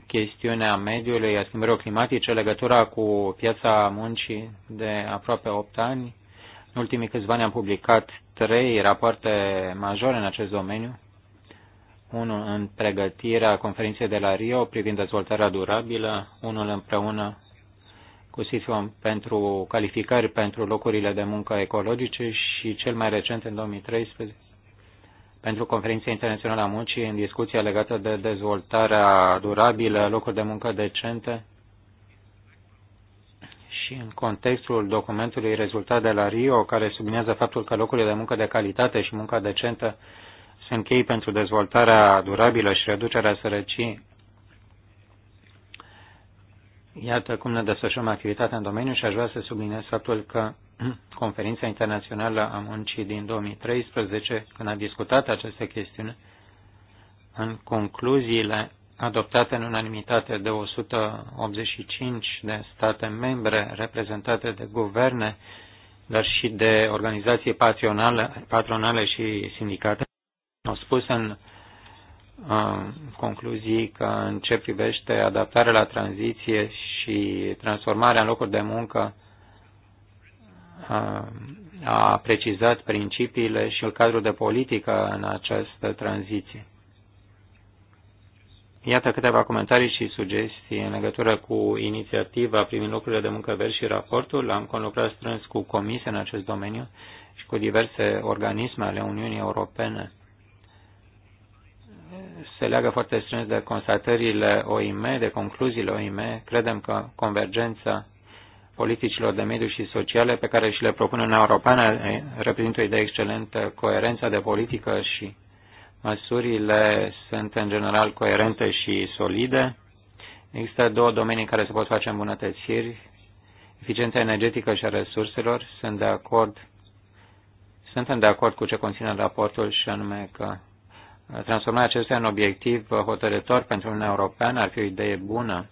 chestiunea mediului, a schimbărilor climatice, legătura cu piața muncii de aproape 8 ani. În ultimii câțiva ani am publicat trei rapoarte majore în acest domeniu. Unul în pregătirea conferinței de la Rio privind dezvoltarea durabilă, unul împreună cu SIFIOM pentru calificări pentru locurile de muncă ecologice și cel mai recent în 2013 pentru conferința internațională a muncii în discuția legată de dezvoltarea durabilă, locuri de muncă decente și în contextul documentului rezultat de la Rio, care sublinează faptul că locurile de muncă de calitate și munca decentă sunt chei pentru dezvoltarea durabilă și reducerea sărăciei. Iată cum ne desfășurăm activitatea în domeniu și aș vrea să subliniez faptul că Conferința Internațională a Muncii din 2013, când a discutat această chestiune, în concluziile adoptate în unanimitate de 185 de state membre reprezentate de guverne, dar și de organizații patronale, patronale și sindicate, au spus în uh, concluzii că în ce privește adaptarea la tranziție și transformarea în locuri de muncă a precizat principiile și cadrul de politică în această tranziție. Iată câteva comentarii și sugestii în legătură cu inițiativa privind lucrurile de muncă verzi și raportul. Am conlucrat strâns cu comise în acest domeniu și cu diverse organisme ale Uniunii Europene. Se leagă foarte strâns de constatările OIM, de concluziile OIM. Credem că convergența politicilor de mediu și sociale pe care și le propune Uniunea Europeană reprezintă o idee excelentă. Coerența de politică și măsurile sunt în general coerente și solide. Există două domenii în care se pot face îmbunătățiri. Eficiența energetică și a resurselor. Sunt de acord. Suntem de acord cu ce conține raportul și anume că transformarea acestuia în obiectiv hotărător pentru Uniunea Europeană ar fi o idee bună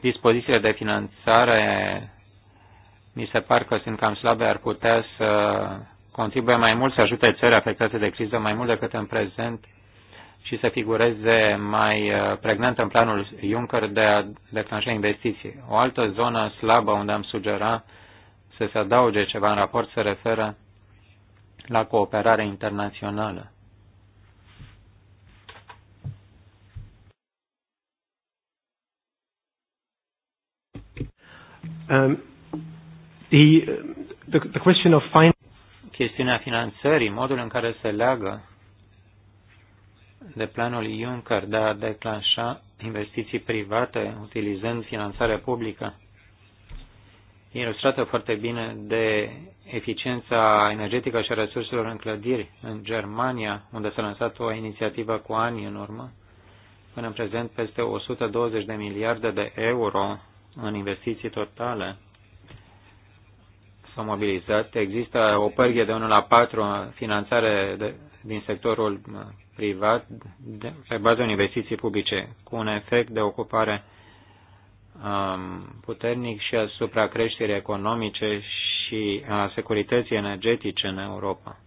dispozițiile de finanțare mi se par că sunt cam slabe, ar putea să contribuie mai mult, să ajute țări afectate de criză mai mult decât în prezent și să figureze mai uh, pregnant în planul Juncker de a declanșa investiții. O altă zonă slabă unde am sugera să se adauge ceva în raport se referă la cooperare internațională. Um, the, the, the question of fin- chestiunea finanțării, modul în care se leagă de planul Juncker de a declanșa investiții private utilizând finanțarea publică, ilustrată foarte bine de eficiența energetică și a resurselor în clădiri în Germania, unde s-a lansat o inițiativă cu ani în urmă, până în prezent peste 120 de miliarde de euro în investiții totale sau mobilizate. Există o pârghie de 1 la 4 finanțare de, din sectorul uh, privat de, pe bază în investiții publice cu un efect de ocupare um, puternic și asupra creșterii economice și a securității energetice în Europa.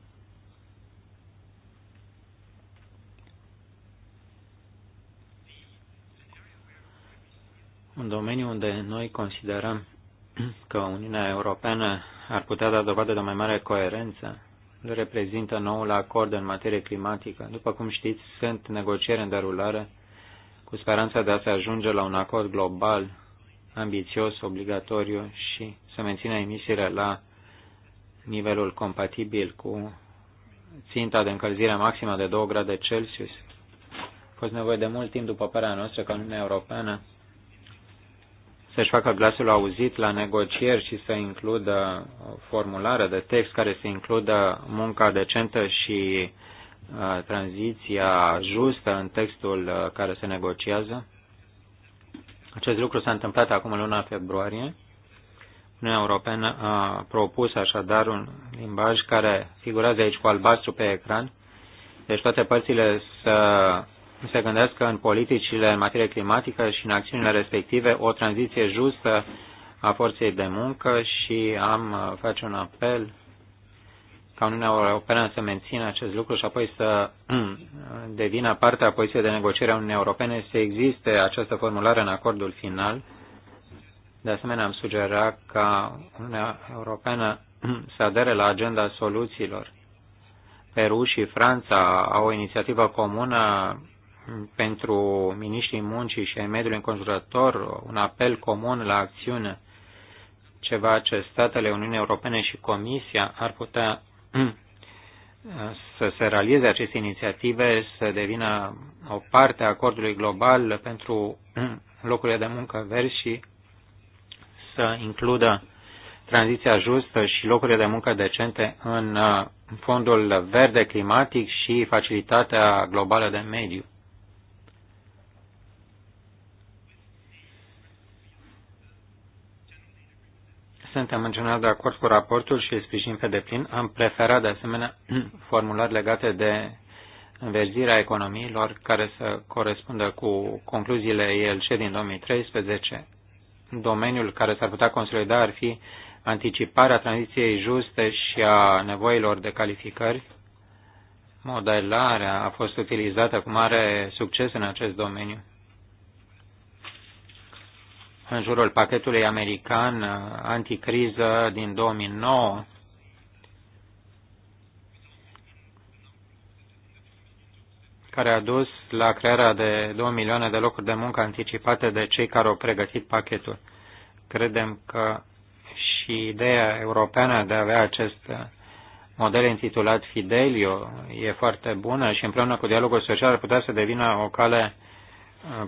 un domeniu unde noi considerăm că Uniunea Europeană ar putea da dovadă de o mai mare coerență le reprezintă noul acord în materie climatică. După cum știți, sunt negocieri în derulare cu speranța de a se ajunge la un acord global, ambițios, obligatoriu și să mențină emisiile la nivelul compatibil cu ținta de încălzire maximă de 2 grade Celsius. A fost nevoie de mult timp după părerea noastră ca Uniunea Europeană să-și facă glasul auzit la negocieri și să includă formulare de text care să includă munca decentă și uh, tranziția justă în textul uh, care se negociază. Acest lucru s-a întâmplat acum în luna februarie. Uniunea Europeană a propus așadar un limbaj care figurează aici cu albastru pe ecran. Deci toate părțile să se gândesc că în politicile în materie climatică și în acțiunile respective o tranziție justă a forței de muncă și am uh, face un apel ca Uniunea Europeană să mențină acest lucru și apoi să uh, devină parte a poziției de negociere a Uniunii Europene, să existe această formulare în acordul final. De asemenea, am sugera ca Uniunea Europeană uh, să adere la agenda soluțiilor. Peru și Franța au o inițiativă comună pentru miniștrii muncii și ai mediului înconjurător, un apel comun la acțiune, ceva ce statele Uniunii Europene și Comisia ar putea să se realizeze aceste inițiative, să devină o parte a acordului global pentru locurile de muncă verzi și să includă tranziția justă și locurile de muncă decente în fondul verde climatic și facilitatea globală de mediu. Suntem în general de acord cu raportul și îl sprijin pe deplin. Am preferat de asemenea formulări legate de înverzirea economiilor care să corespundă cu concluziile ELC din 2013. Domeniul care s-ar putea consolida ar fi anticiparea tranziției juste și a nevoilor de calificări. Modelarea a fost utilizată cu mare succes în acest domeniu în jurul pachetului american uh, anticriză din 2009, care a dus la crearea de 2 milioane de locuri de muncă anticipate de cei care au pregătit pachetul. Credem că și ideea europeană de a avea acest uh, model intitulat Fidelio e foarte bună și împreună cu dialogul social ar putea să devină o cale uh,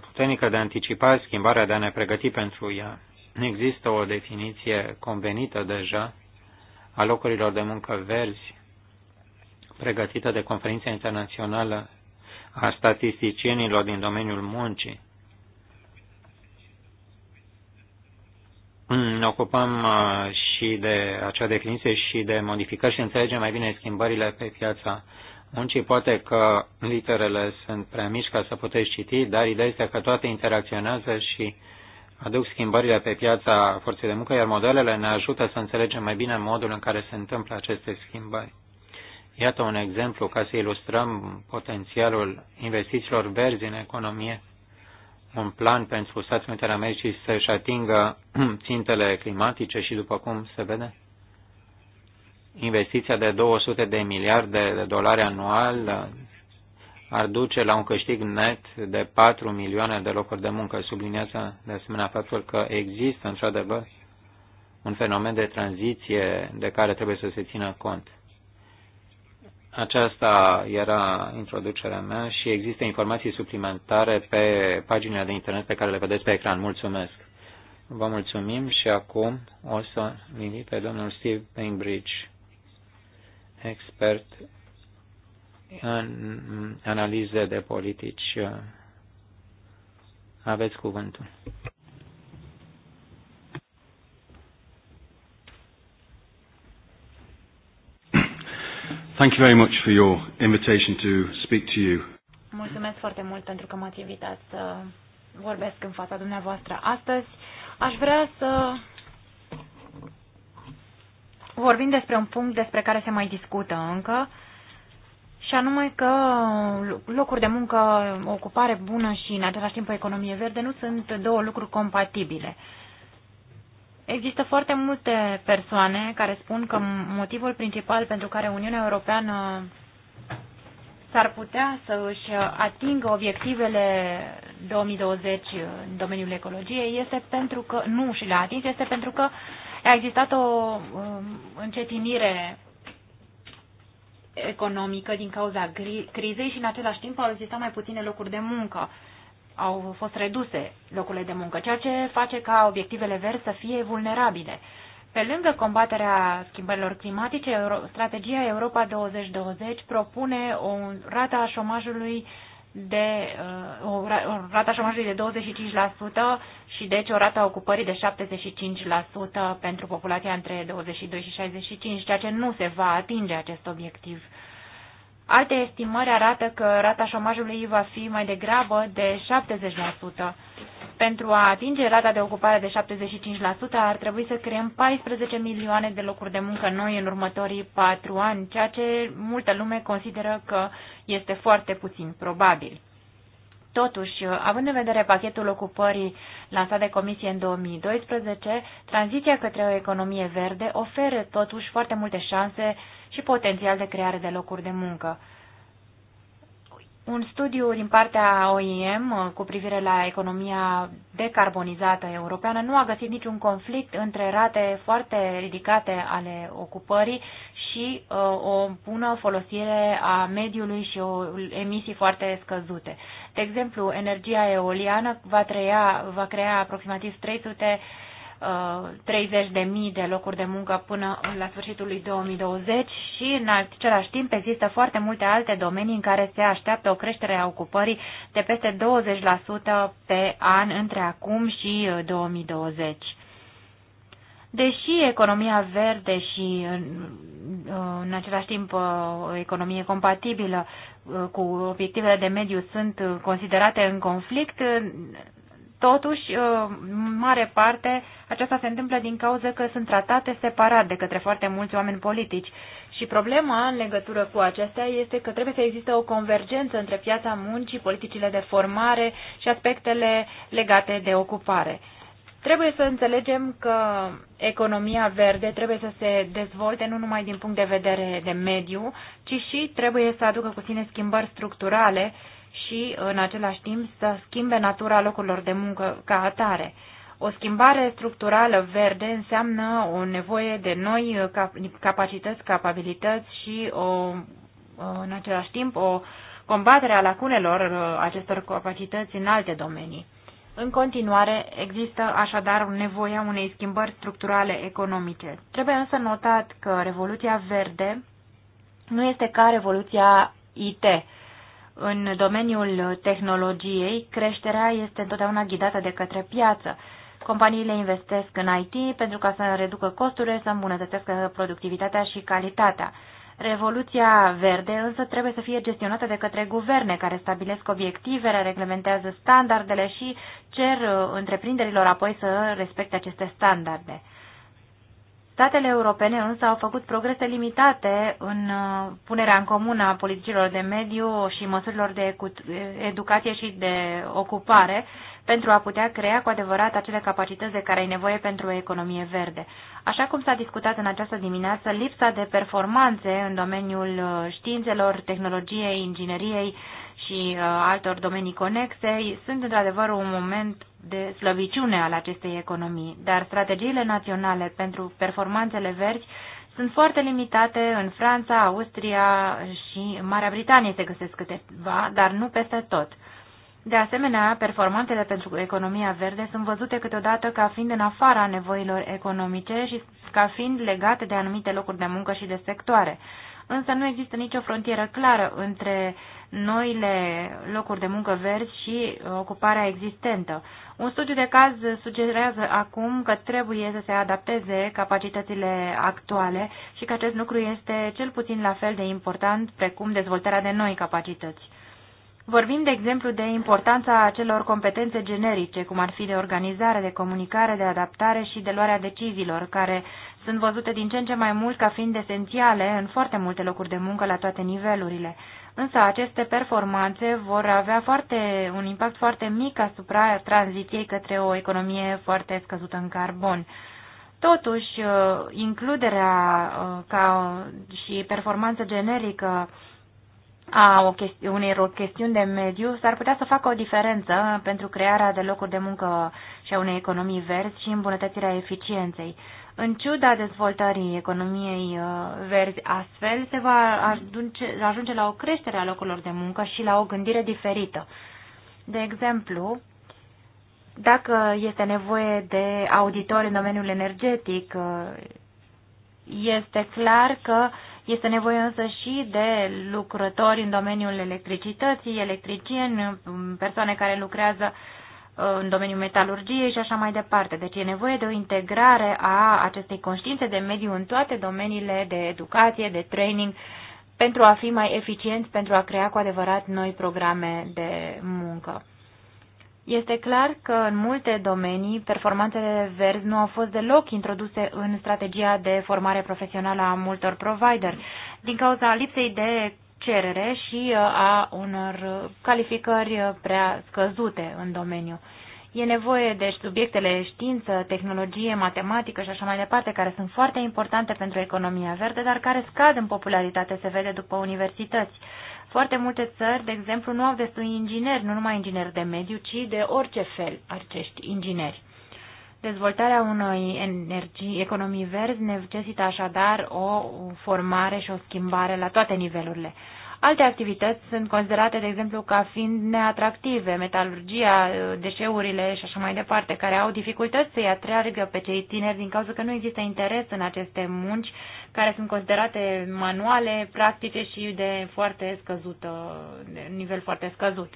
puternică de a anticipa schimbarea, de a ne pregăti pentru ea. Există o definiție convenită deja a locurilor de muncă verzi, pregătită de conferința internațională a statisticienilor din domeniul muncii. Mm, ne ocupăm uh, și de acea definiție și de modificări și înțelegem mai bine schimbările pe piața muncii. Poate că literele sunt prea mici ca să puteți citi, dar ideea este că toate interacționează și aduc schimbările pe piața forței de muncă, iar modelele ne ajută să înțelegem mai bine modul în care se întâmplă aceste schimbări. Iată un exemplu ca să ilustrăm potențialul investițiilor verzi în economie, un plan pentru Statele Unite ale Americii să-și atingă țintele climatice și, după cum se vede, investiția de 200 de miliarde de dolari anual ar duce la un câștig net de 4 milioane de locuri de muncă. Subliniază de asemenea faptul că există într-adevăr un fenomen de tranziție de care trebuie să se țină cont. Aceasta era introducerea mea și există informații suplimentare pe paginile de internet pe care le vedeți pe ecran. Mulțumesc! Vă mulțumim și acum o să invit pe domnul Steve Bainbridge expert în analize de politici. Aveți cuvântul. Thank you very much for your invitation to speak to you. Mulțumesc foarte mult pentru că m-ați invitat să vorbesc în fața dumneavoastră astăzi. Aș vrea să vorbim despre un punct despre care se mai discută încă, și anume că locuri de muncă, ocupare bună și în același timp o economie verde nu sunt două lucruri compatibile. Există foarte multe persoane care spun că motivul principal pentru care Uniunea Europeană s-ar putea să își atingă obiectivele 2020 în domeniul ecologiei este pentru că nu și le-a atins, este pentru că uh, a existat o um, încetinire economică din cauza crizei și în același timp au existat mai puține locuri de muncă. Au fost reduse locurile de muncă, ceea ce face ca obiectivele verzi să fie vulnerabile. Pe lângă combaterea schimbărilor climatice, strategia Europa 2020 propune o rată a șomajului uh, de uh, o, o rata șomajului de 25% și deci o rata ocupării de 75% pentru populația între 22 și 65, ceea ce nu se va atinge acest obiectiv. Alte estimări arată că rata șomajului va fi mai degrabă de 70%. Pentru a atinge rata de ocupare de 75%, ar trebui să creăm 14 milioane de locuri de muncă noi în următorii 4 ani, ceea ce multă lume consideră că este foarte puțin probabil. Totuși, având în vedere pachetul ocupării lansat de Comisie în 2012, tranziția către o economie verde oferă totuși foarte multe șanse și potențial de creare de locuri de muncă. Un studiu din partea OIM uh, cu privire la economia decarbonizată europeană nu a găsit niciun conflict între rate foarte ridicate ale ocupării și uh, o bună folosire a mediului și o emisii foarte scăzute. De exemplu, energia eoliană va, treia, va crea aproximativ 300 30.000 de locuri de muncă până la sfârșitul lui 2020 și în același timp există foarte multe alte domenii în care se așteaptă o creștere a ocupării de peste 20% pe an între acum și 2020. Uh, Deși economia verde și în uh, același timp uh, o economie compatibilă cu obiectivele de mediu sunt considerate în conflict, Totuși, uh, în mare parte, aceasta se întâmplă din cauza că sunt tratate separat de către foarte mulți oameni politici. Și problema în legătură cu acestea este că trebuie să există o convergență între piața muncii, politicile de formare și aspectele legate de ocupare. Trebuie să înțelegem că economia verde trebuie să se dezvolte nu numai din punct de vedere de mediu, ci și trebuie să aducă cu sine schimbări structurale și, în același timp, să schimbe natura locurilor de muncă ca atare. O schimbare structurală verde înseamnă o nevoie de noi uh, capacități, capabilități și, o, uh, în același timp, o combatere a lacunelor uh, acestor capacități în alte domenii. În continuare, există așadar nevoia unei schimbări structurale economice. Trebuie însă notat că Revoluția Verde nu este ca Revoluția IT, în domeniul tehnologiei, creșterea este întotdeauna ghidată de către piață. Companiile investesc în IT pentru ca să reducă costurile, să îmbunătățească productivitatea și calitatea. Revoluția verde însă trebuie să fie gestionată de către guverne care stabilesc obiectivele, reglementează standardele și cer uh, întreprinderilor apoi să respecte aceste standarde. Statele europene însă au făcut progrese limitate în uh, punerea în comună a politicilor de mediu și măsurilor de educație și de ocupare pentru a putea crea cu adevărat acele capacități de care ai nevoie pentru o economie verde. Așa cum s-a discutat în această dimineață, lipsa de performanțe în domeniul uh, științelor, tehnologiei, ingineriei, și uh, altor domenii conexe sunt într-adevăr un moment de slăbiciune al acestei economii, dar strategiile naționale pentru performanțele verzi sunt foarte limitate în Franța, Austria și Marea Britanie se găsesc câteva, dar nu peste tot. De asemenea, performanțele pentru economia verde sunt văzute câteodată ca fiind în afara nevoilor economice și ca fiind legate de anumite locuri de muncă și de sectoare. Însă nu există nicio frontieră clară între noile locuri de muncă verzi și uh, ocuparea existentă. Un studiu de caz sugerează acum că trebuie să se adapteze capacitățile actuale și că acest lucru este cel puțin la fel de important precum dezvoltarea de noi capacități. Vorbim, de exemplu, de importanța acelor competențe generice, cum ar fi de organizare, de comunicare, de adaptare și de luarea deciziilor, care sunt văzute din ce în ce mai mult ca fiind esențiale în foarte multe locuri de muncă la toate nivelurile. Însă aceste performanțe vor avea foarte, un impact foarte mic asupra tranziției către o economie foarte scăzută în carbon. Totuși, uh, includerea uh, ca și performanță generică a o chesti- unei chestiuni de mediu s-ar putea să facă o diferență pentru crearea de locuri de muncă și a unei economii verzi și îmbunătățirea eficienței. În ciuda dezvoltării economiei uh, verzi astfel, se va ajunge, ajunge la o creștere a locurilor de muncă și la o gândire diferită. De exemplu, dacă este nevoie de auditori în domeniul energetic, uh, este clar că este nevoie însă și de lucrători în domeniul electricității, electricieni, persoane care lucrează în domeniul metalurgiei și așa mai departe. Deci e nevoie de o integrare a acestei conștiințe de mediu în toate domeniile de educație, de training, pentru a fi mai eficienți, pentru a crea cu adevărat noi programe de muncă. Este clar că în multe domenii performanțele verzi nu au fost deloc introduse în strategia de formare profesională a multor provider din cauza lipsei de cerere și uh, a unor calificări prea scăzute în domeniu. E nevoie de deci, subiectele știință, tehnologie, matematică și așa mai departe, care sunt foarte importante pentru economia verde, dar care scad în popularitate, se vede după universități. Foarte multe țări, de exemplu, nu au destui ingineri, nu numai ingineri de mediu, ci de orice fel acești ingineri. Dezvoltarea unei energii, economii verzi necesită așadar o formare și o schimbare la toate nivelurile. Alte activități sunt considerate, de exemplu, ca fiind neatractive, metalurgia, deșeurile și așa mai departe, care au dificultăți să-i atragă pe cei tineri din cauza că nu există interes în aceste munci, care sunt considerate manuale, practice și de foarte scăzută, de nivel foarte scăzut.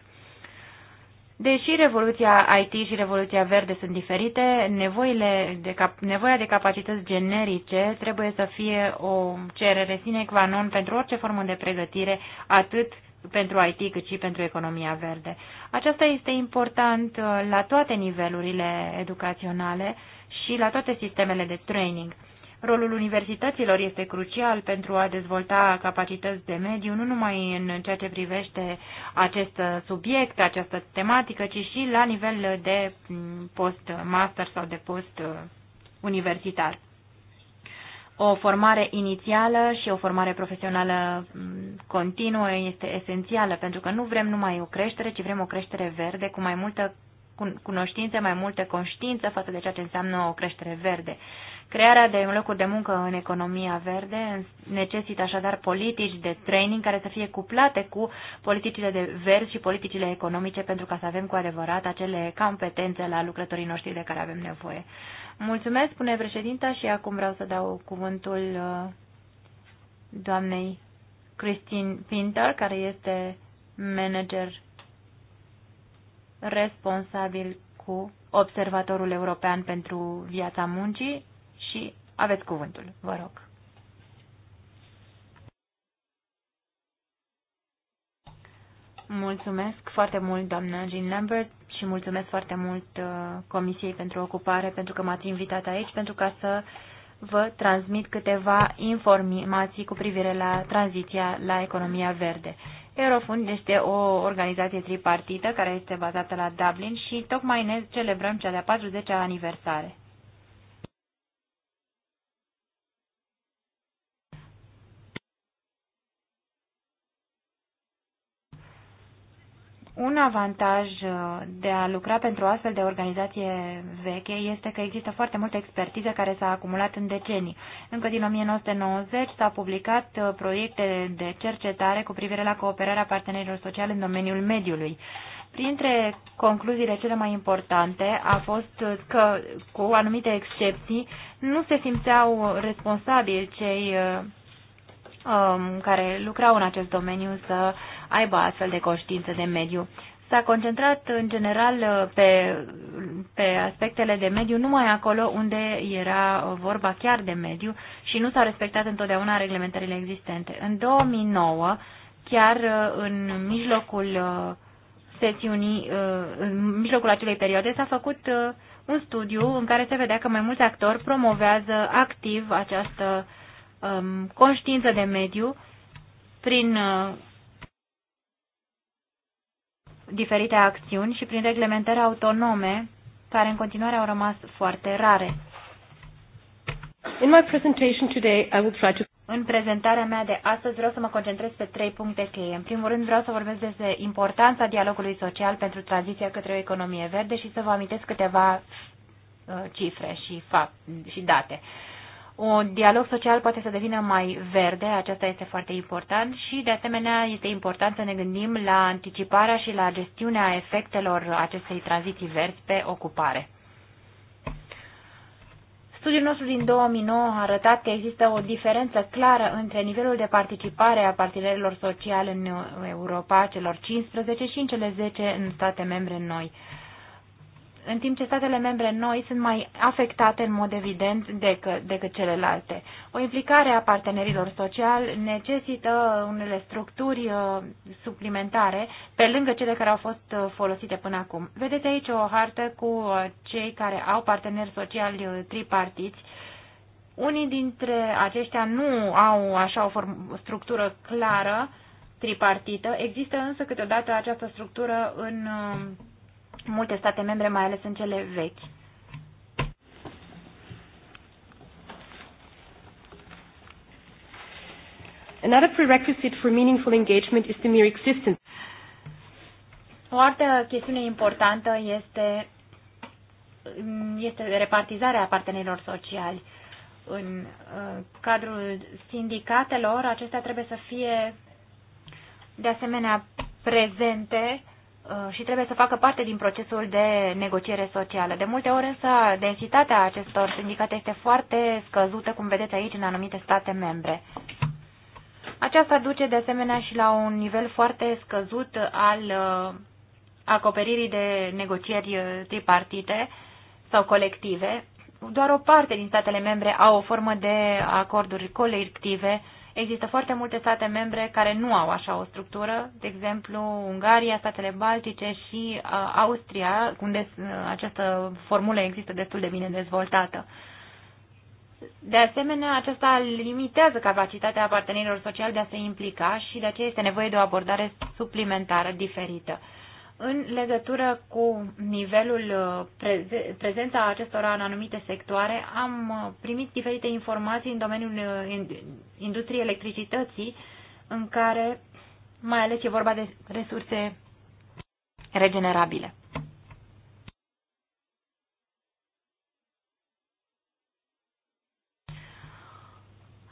Deși revoluția IT și revoluția verde sunt diferite, nevoile de cap- nevoia de capacități generice trebuie să fie o cerere sine qua non pentru orice formă de pregătire, atât pentru IT cât și pentru economia verde. Aceasta este important uh, la toate nivelurile educaționale și la toate sistemele de training. Rolul universităților este crucial pentru a dezvolta capacități de mediu, nu numai în ceea ce privește acest subiect, această tematică, ci și la nivel de post-master sau de post-universitar. O formare inițială și o formare profesională mm, continuă este esențială, pentru că nu vrem numai o creștere, ci vrem o creștere verde cu mai multă cunoștință, mai multă conștiință față de ceea ce înseamnă o creștere verde. Crearea de locuri de muncă în economia verde necesită așadar politici de training care să fie cuplate cu politicile de verzi și politicile economice pentru ca să avem cu adevărat acele competențe la lucrătorii noștri de care avem nevoie. Mulțumesc, spune președinta, și acum vreau să dau cuvântul uh, doamnei Christine Pinter, care este manager responsabil cu Observatorul European pentru Viața Muncii și aveți cuvântul, vă rog. Mulțumesc foarte mult, doamna Jean Lambert, și mulțumesc foarte mult uh, Comisiei pentru Ocupare pentru că m-ați invitat aici, pentru ca să vă transmit câteva informații cu privire la tranziția la economia verde. Eurofund este o organizație tripartită care este bazată la Dublin și tocmai ne celebrăm cea de-a 40-a aniversare. Un avantaj uh, de a lucra pentru o astfel de organizație veche este că există foarte multă expertiză care s-a acumulat în decenii. Încă din 1990 s-au publicat uh, proiecte de cercetare cu privire la cooperarea partenerilor sociale în domeniul mediului. Printre concluziile cele mai importante a fost uh, că, cu anumite excepții, nu se simțeau responsabili cei Um, care lucrau în acest domeniu să aibă astfel de conștiință de mediu. S-a concentrat în general pe, pe aspectele de mediu numai acolo unde era vorba chiar de mediu și nu s-au respectat întotdeauna reglementările existente. În 2009, chiar uh, în mijlocul uh, sesiunii, uh, în mijlocul acelei perioade s-a făcut un studiu în care se vedea că mai mulți actori promovează activ această um, conștiință de mediu prin uh, diferite acțiuni și prin reglementări autonome care în continuare au rămas foarte rare. In my presentation today, I will try to... În prezentarea mea de astăzi vreau să mă concentrez pe trei puncte cheie. În primul rând vreau să vorbesc despre importanța dialogului social pentru tranziția către o economie verde și să vă amintesc câteva uh, cifre și, fapt, și date. Un dialog social poate să devină mai verde, aceasta este foarte important și, de asemenea, este important să ne gândim la anticiparea și la gestiunea efectelor acestei tranziții verzi pe ocupare. Studiul nostru din 2009 a arătat că există o diferență clară între nivelul de participare a partenerilor sociale în Europa, celor 15 și în cele 10 în state membre noi în timp ce statele membre noi sunt mai afectate în mod evident decât, decât celelalte. O implicare a partenerilor sociali necesită unele structuri uh, suplimentare pe lângă cele care au fost uh, folosite până acum. Vedeți aici o hartă cu uh, cei care au parteneri sociali tripartiți. Unii dintre aceștia nu au așa o structură clară tripartită. Există însă câteodată această structură în multe state membre, mai ales în cele vechi. Another prerequisite for meaningful engagement is the mere existence. O altă chestiune importantă este, este repartizarea partenerilor sociali. În uh, cadrul sindicatelor, acestea trebuie să fie de asemenea prezente Uh, și trebuie să facă parte din procesul de negociere socială. De multe ori însă densitatea acestor sindicate este foarte scăzută, cum vedeți aici, în anumite state membre. Aceasta duce de asemenea și la un nivel foarte scăzut al uh, acoperirii de negocieri tripartite sau colective. Doar o parte din statele membre au o formă de acorduri colective Există foarte multe state membre care nu au așa o structură, de exemplu Ungaria, statele Baltice și uh, Austria, unde uh, această formulă există destul de bine dezvoltată. De asemenea, aceasta limitează capacitatea partenerilor sociali de a se implica și de aceea este nevoie de o abordare suplimentară diferită în legătură cu nivelul uh, prezența acestora în anumite sectoare, am uh, primit diferite informații în domeniul uh, industriei electricității, în care mai ales e vorba de resurse regenerabile.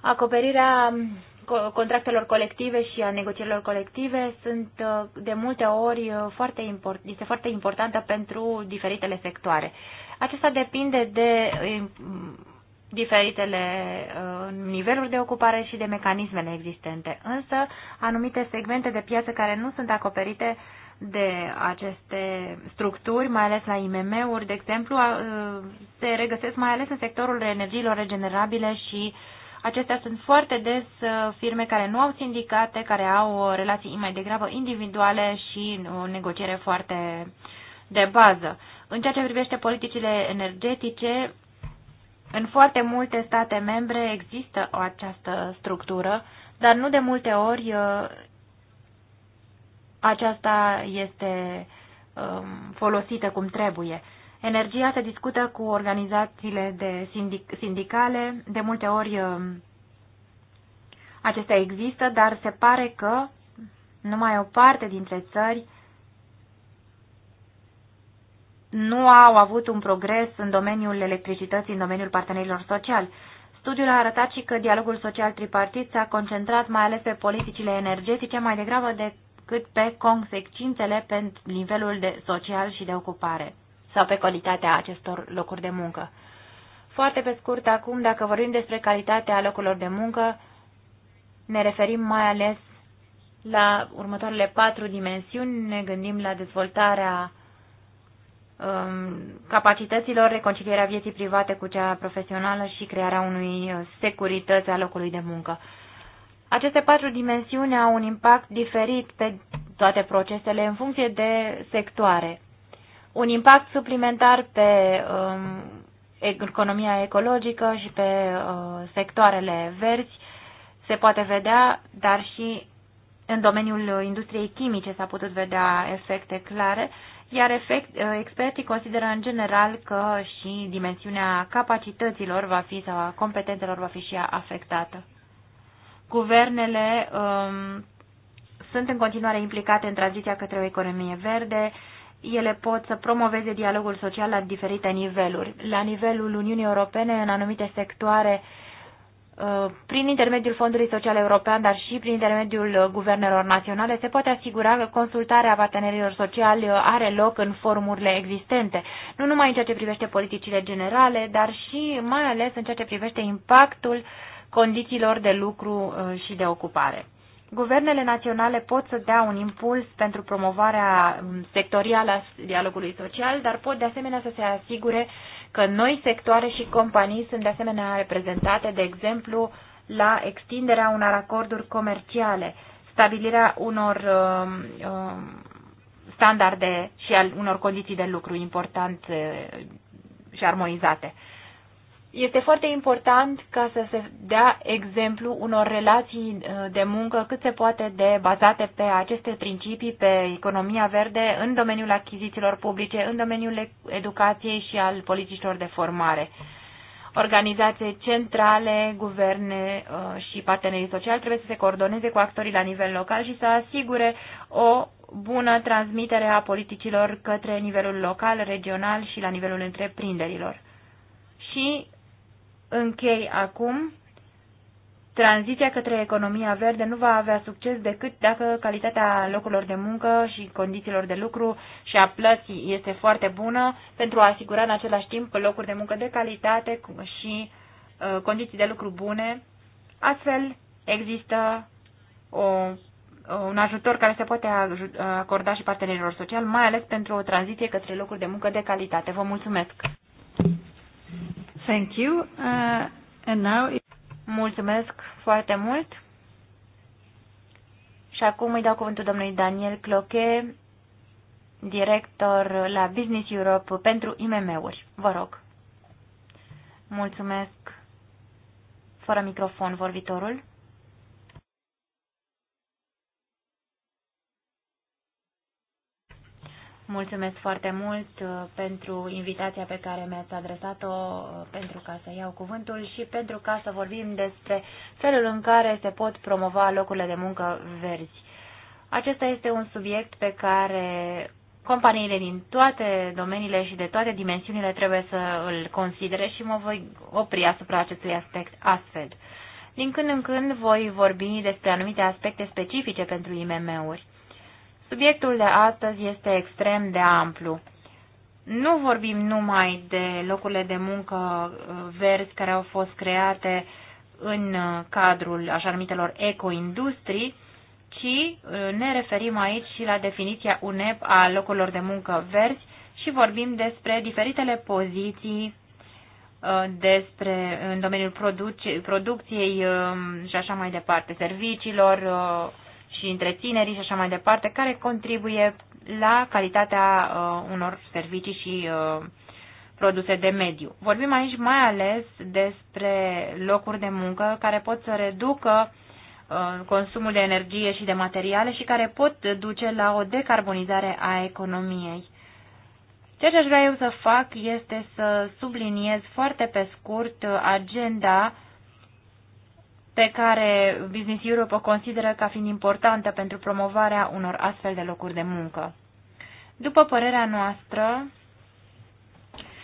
Acoperirea contractelor colective și a negocierilor colective sunt uh, de multe ori uh, foarte import, este foarte importantă pentru diferitele sectoare. Acesta depinde de uh, diferitele niveluri de ocupare și de mecanismele existente. Însă, anumite segmente de piață care nu sunt acoperite de aceste structuri, mai ales la IMM-uri, de exemplu, se regăsesc mai ales în sectorul energiilor regenerabile și uh, Acestea sunt foarte des uh, firme care nu au sindicate, care au uh, relații mai degrabă individuale și o negociere foarte de bază. În ceea ce privește politicile energetice, în foarte multe state membre există o această structură, dar nu de multe ori uh, aceasta este um, folosită cum trebuie. Energia se discută cu organizațiile de sindic sindicale, de multe ori um, acestea există, dar se pare că numai o parte dintre țări nu au avut un progres în domeniul electricității, în domeniul partenerilor sociali. Studiul a arătat și că dialogul social tripartit s-a concentrat mai ales pe politicile energetice mai degrabă decât pe consecințele pentru nivelul de social și de ocupare sau pe calitatea acestor locuri de muncă. Foarte pe scurt, acum, dacă vorbim despre calitatea locurilor de muncă, ne referim mai ales la următoarele patru dimensiuni, ne gândim la dezvoltarea um, capacităților, reconcilierea vieții private cu cea profesională și crearea unui uh, securități a locului de muncă. Aceste patru dimensiuni au un impact diferit pe toate procesele în funcție de sectoare un impact suplimentar pe um, economia ecologică și pe uh, sectoarele verzi se poate vedea, dar și în domeniul industriei chimice s-a putut vedea efecte clare, iar efect, uh, experții consideră în general că și dimensiunea capacităților va fi sau a competențelor va fi și ea afectată. Guvernele um, sunt în continuare implicate în tranziția către o economie verde, uh, ele pot să promoveze dialogul social la diferite niveluri. La nivelul Uniunii Europene, în anumite sectoare, uh, prin intermediul Fondului Social European, dar și prin intermediul uh, guvernelor naționale, se poate asigura că consultarea partenerilor sociali uh, are loc în formurile existente, nu numai în ceea ce privește politicile generale, dar și mai ales în ceea ce privește impactul condițiilor de lucru și de ocupare. Guvernele naționale pot să dea un impuls pentru promovarea sectorială a dialogului social, dar pot de asemenea să se asigure că noi sectoare și companii sunt de asemenea reprezentate, de exemplu, la extinderea unor acorduri comerciale, stabilirea unor um, um, standarde și al unor condiții de lucru importante și armonizate. Este foarte important ca să se dea exemplu unor relații uh, de muncă cât se poate de bazate pe aceste principii, pe economia verde, în domeniul achizițiilor publice, în domeniul educației și al politicilor de formare. Organizații centrale, guverne uh, și partenerii sociali trebuie să se coordoneze cu actorii la nivel local și să asigure o bună transmitere a politicilor către nivelul local, regional și la nivelul întreprinderilor și închei acum. Tranziția către economia verde nu va avea succes decât dacă calitatea locurilor de muncă și condițiilor de lucru și a plății este foarte bună pentru a asigura în același timp locuri de muncă de calitate și uh, condiții de lucru bune. Astfel există o, un ajutor care se poate acorda și partenerilor sociali, mai ales pentru o tranziție către locuri de muncă de calitate. Vă mulțumesc! Thank you. Uh, and now it... Mulțumesc foarte mult. Și acum îi dau cuvântul domnului Daniel Cloche, director la Business Europe pentru IMM-uri. Vă rog. Mulțumesc. Fără microfon vorbitorul. Mulțumesc foarte mult uh, pentru invitația pe care mi-ați adresat-o uh, pentru ca să iau cuvântul și pentru ca să vorbim despre felul în care se pot promova locurile de muncă verzi. Acesta este un subiect pe care companiile din toate domeniile și de toate dimensiunile trebuie să îl considere și mă voi opri asupra acestui aspect astfel. Din când în când voi vorbi despre anumite aspecte specifice pentru IMM-uri. Subiectul de astăzi este extrem de amplu. Nu vorbim numai de locurile de muncă uh, verzi care au fost create în uh, cadrul așa numitelor ecoindustrii, ci uh, ne referim aici și la definiția UNEP a locurilor de muncă verzi și vorbim despre diferitele poziții despre în domeniul produc- producției um, și așa mai departe, serviciilor, și tinerii și așa mai departe, care contribuie la calitatea uh, unor servicii și uh, produse de mediu. Vorbim aici mai ales despre locuri de muncă care pot să reducă uh, consumul de energie și de materiale și care pot duce la o decarbonizare a economiei. Ceea ce aș vrea eu să fac este să subliniez foarte pe scurt uh, agenda pe care Business Europe o consideră ca fiind importantă pentru promovarea unor astfel de locuri de muncă. După părerea noastră,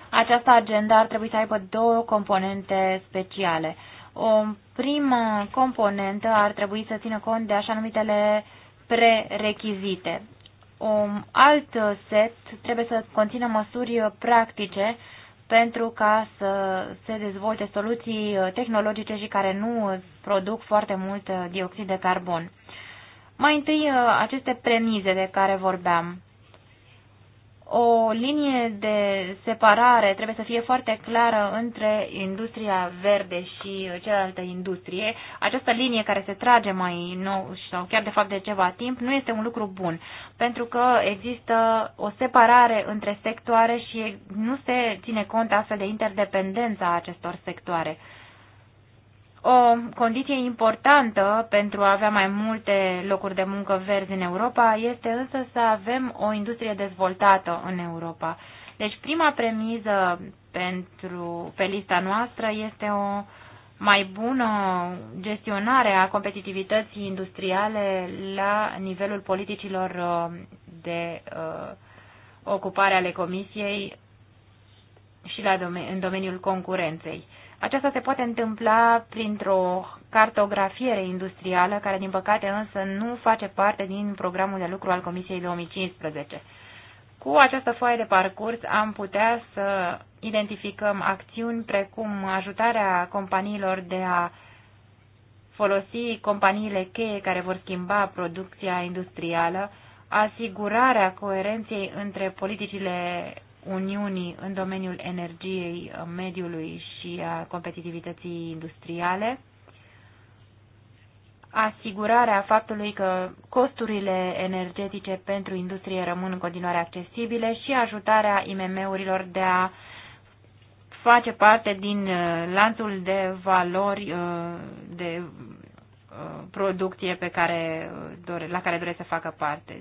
această agenda ar trebui să aibă două componente speciale. O primă componentă ar trebui să țină cont de așa numitele prerechizite. Un alt set trebuie să conțină măsuri practice pentru ca să se dezvolte soluții uh, tehnologice și care nu produc foarte mult uh, dioxid de carbon. Mai întâi, uh, aceste premize de care vorbeam. O linie de separare trebuie să fie foarte clară între industria verde și cealaltă industrie. Această linie care se trage mai nou sau chiar de fapt de ceva timp nu este un lucru bun, pentru că există o separare între sectoare și nu se ține cont astfel de interdependența acestor sectoare. O condiție importantă pentru a avea mai multe locuri de muncă verzi în Europa este însă să avem o industrie dezvoltată în Europa. Deci prima premiză pentru, pe lista noastră este o mai bună gestionare a competitivității industriale la nivelul politicilor uh, de uh, ocupare ale Comisiei și la, în domeniul concurenței. Aceasta se poate întâmpla printr-o cartografiere industrială, care din păcate însă nu face parte din programul de lucru al Comisiei 2015. Cu această foaie de parcurs am putea să identificăm acțiuni precum ajutarea companiilor de a folosi companiile cheie care vor schimba producția industrială, asigurarea coerenței între politicile Uniunii în domeniul energiei, mediului și a competitivității industriale, asigurarea faptului că costurile energetice pentru industrie rămân în continuare accesibile și ajutarea IMM-urilor de a face parte din uh, lanțul de valori uh, de uh, producție pe care, la care doresc să facă parte.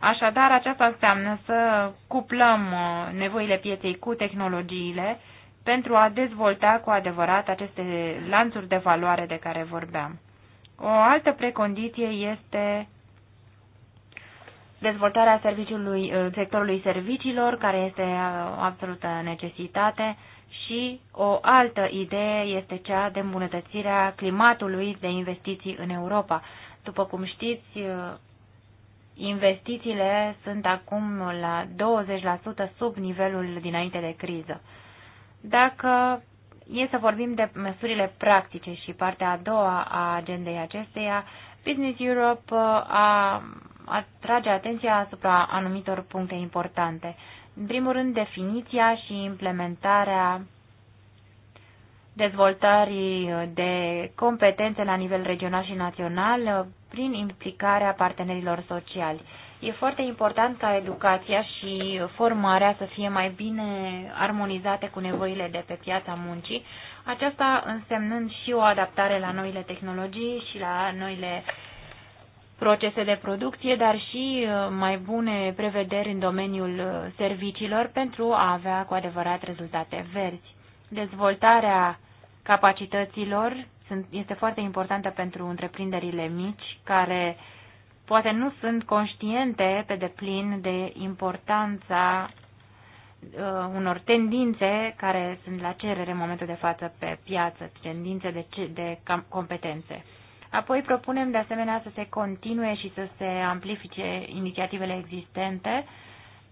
Așadar, aceasta înseamnă să cuplăm uh, nevoile pieței cu tehnologiile pentru a dezvolta cu adevărat aceste lanțuri de valoare de care vorbeam. O altă precondiție este dezvoltarea serviciului, uh, sectorului serviciilor, care este o uh, absolută necesitate, și o altă idee este cea de îmbunătățirea climatului de investiții în Europa. După cum știți, Investițiile sunt acum la 20% sub nivelul dinainte de criză. Dacă e să vorbim de măsurile practice și partea a doua a agendei acesteia, Business Europe uh, a atrage atenția asupra anumitor puncte importante. În primul rând, definiția și implementarea dezvoltării de competențe la nivel regional și național uh, prin implicarea partenerilor sociali. E foarte important ca educația și formarea să fie mai bine armonizate cu nevoile de pe piața muncii, aceasta însemnând și o adaptare la noile tehnologii și la noile procese de producție, dar și uh, mai bune prevederi în domeniul uh, serviciilor pentru a avea cu adevărat rezultate verzi. Dezvoltarea capacităților sunt, este foarte importantă pentru întreprinderile mici care poate nu sunt conștiente pe deplin de importanța uh, unor tendințe care sunt la cerere în momentul de față pe piață, tendințe de, de competențe. Apoi propunem de asemenea să se continue și să se amplifice inițiativele existente uh,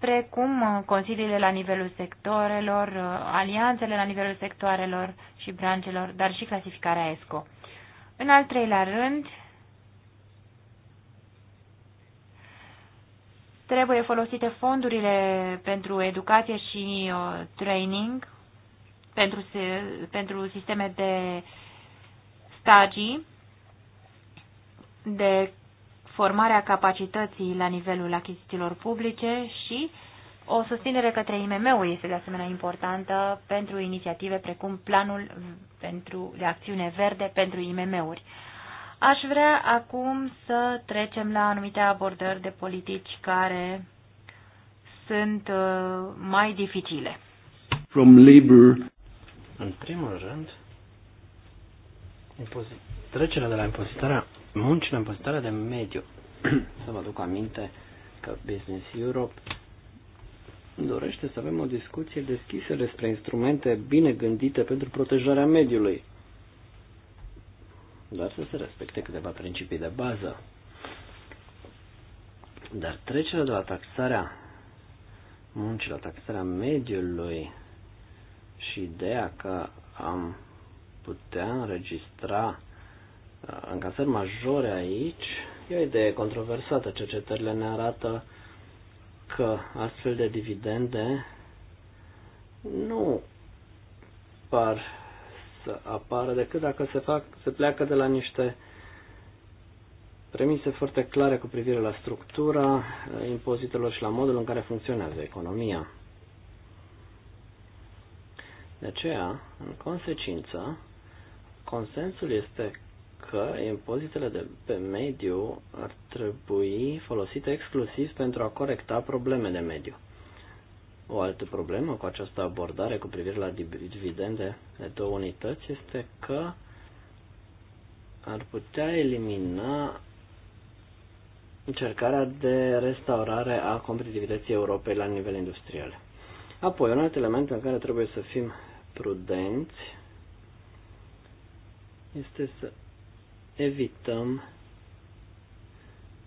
precum uh, consiliile la nivelul sectorelor, uh, alianțele la nivelul sectoarelor și brancelor, dar și clasificarea ESCO. În al treilea rând, trebuie folosite fondurile pentru educație și uh, training, pentru, pentru sisteme de stagii, de formarea capacității la nivelul achizițiilor publice și o susținere către IMM-uri este de asemenea importantă pentru inițiative precum Planul pentru, de Acțiune Verde pentru IMM-uri. Aș vrea acum să trecem la anumite abordări de politici care sunt uh, mai dificile. From labor. În primul rând, trecerea de la impozitarea muncile în păstrarea de mediu. să vă aduc aminte că Business Europe dorește să avem o discuție deschisă despre instrumente bine gândite pentru protejarea mediului. Doar să se respecte câteva principii de bază. Dar trecerea de la taxarea muncii la taxarea mediului și ideea că am putea înregistra încasări majore aici, e o idee controversată. Cercetările ne arată că astfel de dividende nu par să apară decât dacă se, fac, se pleacă de la niște premise foarte clare cu privire la structura impozitelor și la modul în care funcționează economia. De aceea, în consecință, consensul este că impozitele de pe mediu ar trebui folosite exclusiv pentru a corecta probleme de mediu. O altă problemă cu această abordare cu privire la dividende de două unități este că ar putea elimina încercarea de restaurare a competitivității Europei la nivel industrial. Apoi, un alt element în care trebuie să fim prudenți este să evităm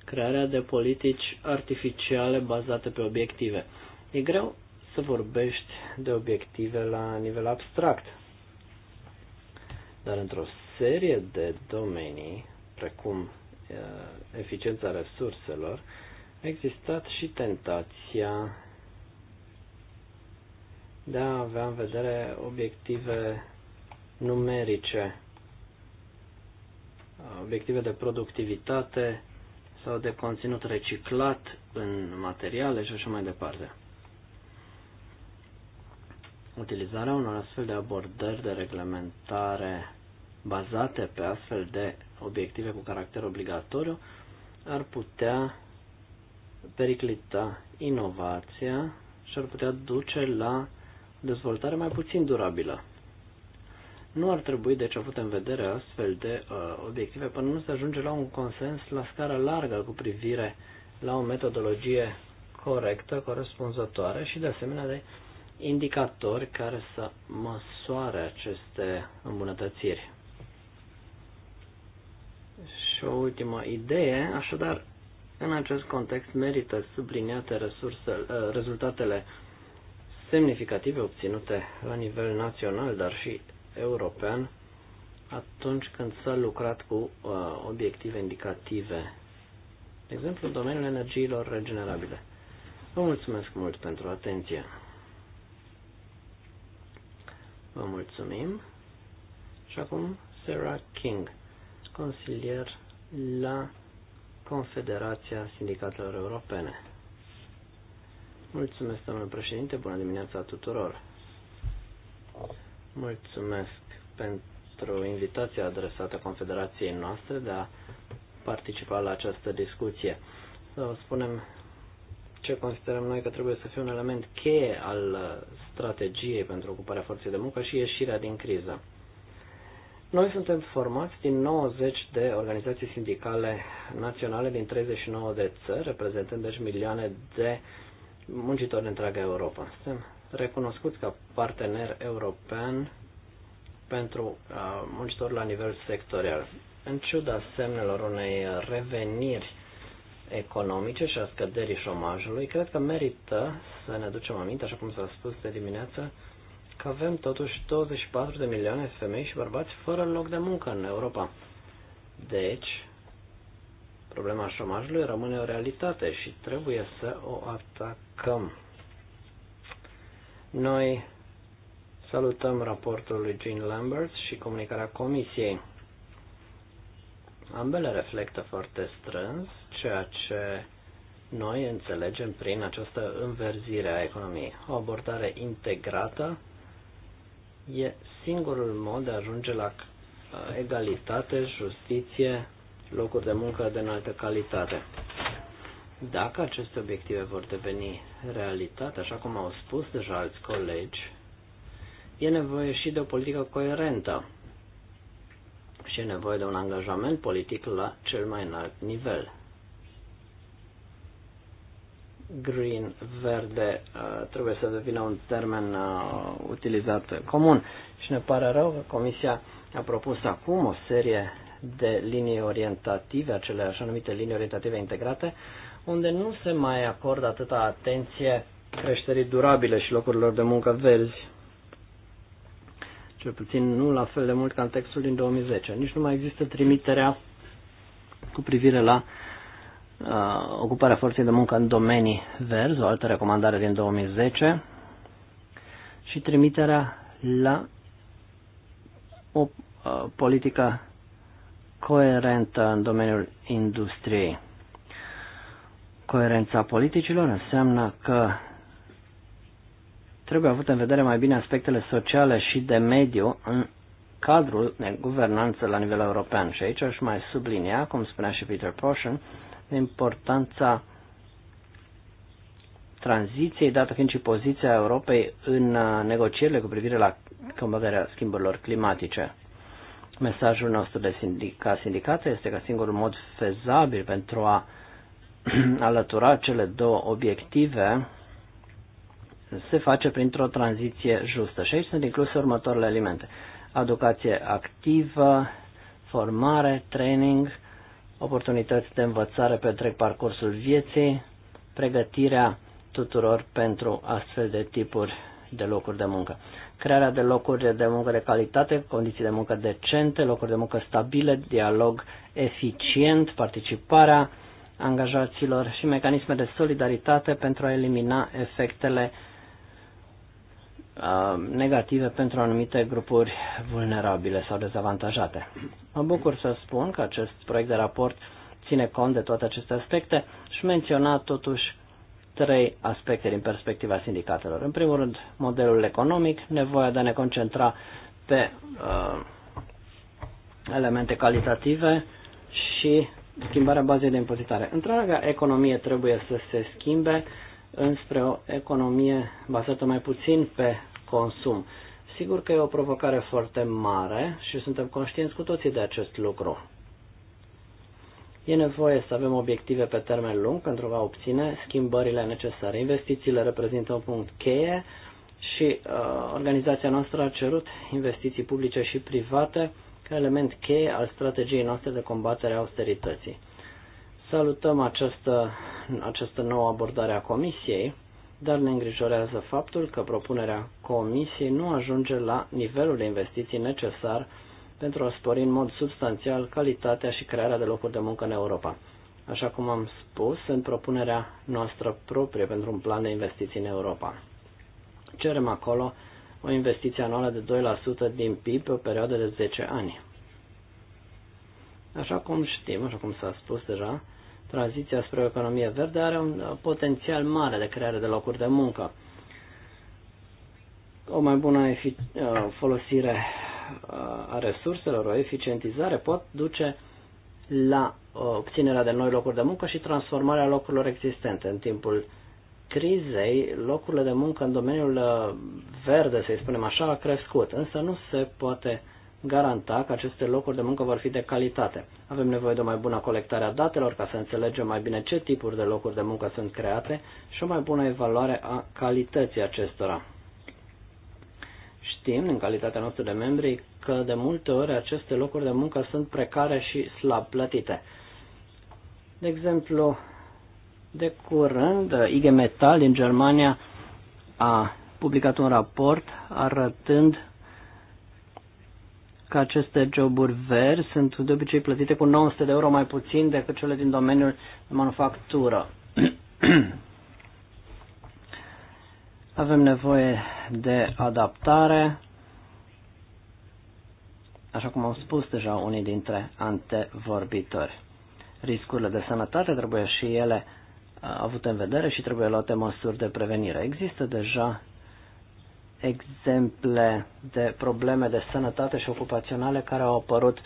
crearea de politici artificiale bazate pe obiective. E greu să vorbești de obiective la nivel abstract, dar într-o serie de domenii, precum uh, eficiența resurselor, a existat și tentația de a avea în vedere obiective numerice obiective de productivitate sau de conținut reciclat în materiale și așa mai departe. Utilizarea unor astfel de abordări de reglementare bazate pe astfel de obiective cu caracter obligatoriu ar putea periclita inovația și ar putea duce la dezvoltare mai puțin durabilă. Nu ar trebui deci avut în vedere astfel de uh, obiective până nu se ajunge la un consens la scară largă cu privire la o metodologie corectă, corespunzătoare și de asemenea de indicatori care să măsoare aceste îmbunătățiri. Și o ultimă idee, așadar, în acest context merită subliniate resurse, uh, rezultatele semnificative obținute la nivel național, dar și european atunci când s-a lucrat cu uh, obiective indicative. De exemplu, în domeniul energiilor regenerabile. Vă mulțumesc mult pentru atenție. Vă mulțumim. Și acum Sarah King, consilier la Confederația Sindicatelor Europene. Mulțumesc, domnule președinte, bună dimineața tuturor! Mulțumesc pentru invitația adresată Confederației noastre de a participa la această discuție. Să spunem ce considerăm noi că trebuie să fie un element cheie al strategiei pentru ocuparea forței de muncă și ieșirea din criză. Noi suntem formați din 90 de organizații sindicale naționale din 39 de țări, reprezentând deci milioane de muncitori în întreaga Europa. Suntem recunoscuți ca partener european pentru uh, muncitori la nivel sectorial. În ciuda semnelor unei reveniri economice și a scăderii șomajului, cred că merită să ne ducem aminte, așa cum s-a spus de dimineață, că avem totuși 24 de milioane de femei și bărbați fără loc de muncă în Europa. Deci, problema șomajului rămâne o realitate și trebuie să o atacăm. Noi salutăm raportul lui Jean Lambert și comunicarea Comisiei. Ambele reflectă foarte strâns ceea ce noi înțelegem prin această înverzire a economiei. O abordare integrată e singurul mod de a ajunge la uh, egalitate, justiție, locuri de muncă de înaltă calitate. Dacă aceste obiective vor deveni realitate, așa cum au spus deja alți colegi, e nevoie și de o politică coerentă și e nevoie de un angajament politic la cel mai înalt nivel. Green, verde, uh, trebuie să devină un termen uh, utilizat comun și ne pare rău că Comisia a propus acum o serie de linii orientative, acele așa numite linii orientative integrate, unde nu se mai acordă atâta atenție creșterii durabile și locurilor de muncă verzi. Cel puțin nu la fel de mult ca în textul din 2010. Nici nu mai există trimiterea cu privire la uh, ocuparea forței de muncă în domenii verzi, o altă recomandare din 2010, și trimiterea la o uh, politică coerentă în domeniul industriei. Coerența politicilor înseamnă că trebuie avut în vedere mai bine aspectele sociale și de mediu în cadrul de guvernanță la nivel european. Și aici aș mai sublinia, cum spunea și Peter Portion, importanța tranziției, dată fiind și poziția Europei în uh, negocierile cu privire la combaterea schimbărilor climatice. Mesajul nostru de sindica, sindicată este că singurul mod fezabil pentru a alătura cele două obiective se face printr-o tranziție justă. Și aici sunt incluse următoarele elemente. Educație activă, formare, training, oportunități de învățare pe întreg parcursul vieții, pregătirea tuturor pentru astfel de tipuri de locuri de muncă. Crearea de locuri de muncă de calitate, condiții de muncă decente, locuri de muncă stabile, dialog eficient, participarea, angajaților și mecanisme de solidaritate pentru a elimina efectele uh, negative pentru anumite grupuri vulnerabile sau dezavantajate. Mă bucur să spun că acest proiect de raport ține cont de toate aceste aspecte și menționa totuși trei aspecte din perspectiva sindicatelor. În primul rând, modelul economic, nevoia de a ne concentra pe uh, elemente calitative și schimbarea bazei de impozitare. Întreaga economie trebuie să se schimbe înspre o economie bazată mai puțin pe consum. Sigur că e o provocare foarte mare și suntem conștienți cu toții de acest lucru. E nevoie să avem obiective pe termen lung pentru a obține schimbările necesare. Investițiile reprezintă un punct cheie și uh, organizația noastră a cerut investiții publice și private uh, ca element cheie al strategiei noastre de combatere a austerității. Salutăm această, această nouă abordare a Comisiei, dar ne îngrijorează faptul că propunerea Comisiei nu ajunge la nivelul de investiții necesar pentru a spori în mod substanțial calitatea și crearea de locuri de muncă în Europa. Așa cum am spus, în propunerea noastră proprie pentru un plan de investiții în Europa. Cerem acolo o investiție anuală de 2% din PIB pe o perioadă de 10 ani. Așa cum știm, așa cum s-a spus deja, tranziția spre o economie verde are un potențial mare de creare de locuri de muncă. O mai bună uh, folosire uh, a resurselor, o eficientizare pot duce la uh, obținerea de noi locuri de muncă și transformarea locurilor existente. În timpul crizei, locurile de muncă în domeniul uh, verde, să-i spunem așa, a crescut, însă nu se poate garanta că aceste locuri de muncă vor fi de calitate. Avem nevoie de o mai bună colectare a datelor ca să înțelegem mai bine ce tipuri de locuri de muncă sunt create și o mai bună evaluare a calității acestora. Știm, în calitatea noastră de membri, că de multe ori aceste locuri de muncă sunt precare și slab plătite. De exemplu, de curând, IG Metall din Germania a publicat un raport arătând că aceste joburi verzi sunt de obicei plătite cu 900 de euro mai puțin decât cele din domeniul de manufactură. Avem nevoie de adaptare, așa cum au spus deja unii dintre antevorbitori. Riscurile de sănătate trebuie și ele avute în vedere și trebuie luate măsuri de prevenire. Există deja exemple de probleme de sănătate și ocupaționale care au apărut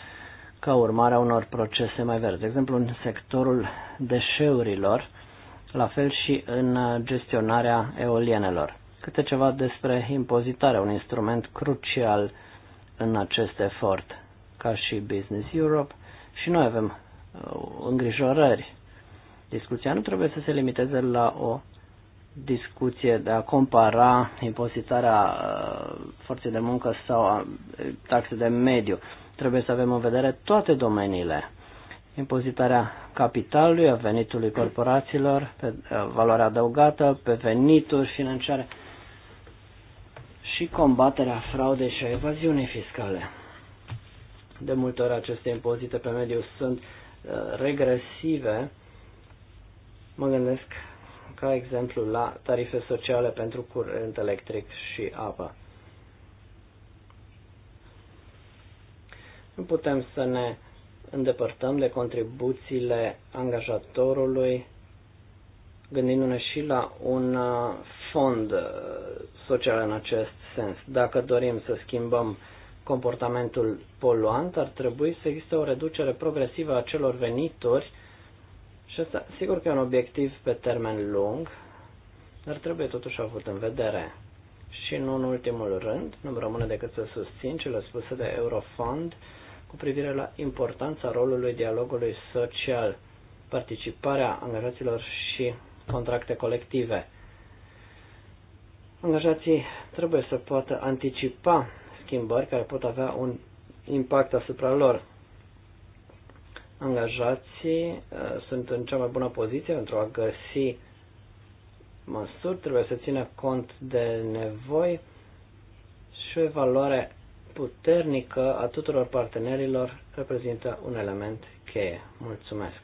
ca urmare a unor procese mai verzi. De exemplu, în sectorul deșeurilor, la fel și în gestionarea eolienelor. Câte ceva despre impozitarea, un instrument crucial în acest efort. Ca și Business Europe, și noi avem uh, îngrijorări Discuția nu trebuie să se limiteze la o discuție de a compara impozitarea uh, forței de muncă sau uh, taxe de mediu. Trebuie să avem în vedere toate domeniile. Impozitarea capitalului, a venitului corporațiilor, pe uh, valoarea adăugată, pe venituri financiare și combaterea fraudei și a evaziunii fiscale. De multe ori aceste impozite pe mediu sunt regresive Mă gândesc ca exemplu la tarife sociale pentru curent electric și apă. Nu putem să ne îndepărtăm de contribuțiile angajatorului, gândindu-ne și la un uh, fond uh, social în acest sens. Dacă dorim să schimbăm comportamentul poluant, ar trebui să existe o reducere progresivă a celor venituri și asta, sigur că e un obiectiv pe termen lung, dar trebuie totuși avut în vedere. Și nu în ultimul rând, nu rămâne decât să susțin cele spuse de Eurofond cu privire la importanța rolului dialogului social, participarea angajaților și contracte colective. Angajații trebuie să poată anticipa schimbări care pot avea un impact asupra lor angajații uh, sunt în cea mai bună poziție pentru a găsi măsuri, trebuie să țină cont de nevoi și o evaluare puternică a tuturor partenerilor reprezintă un element cheie. Mulțumesc!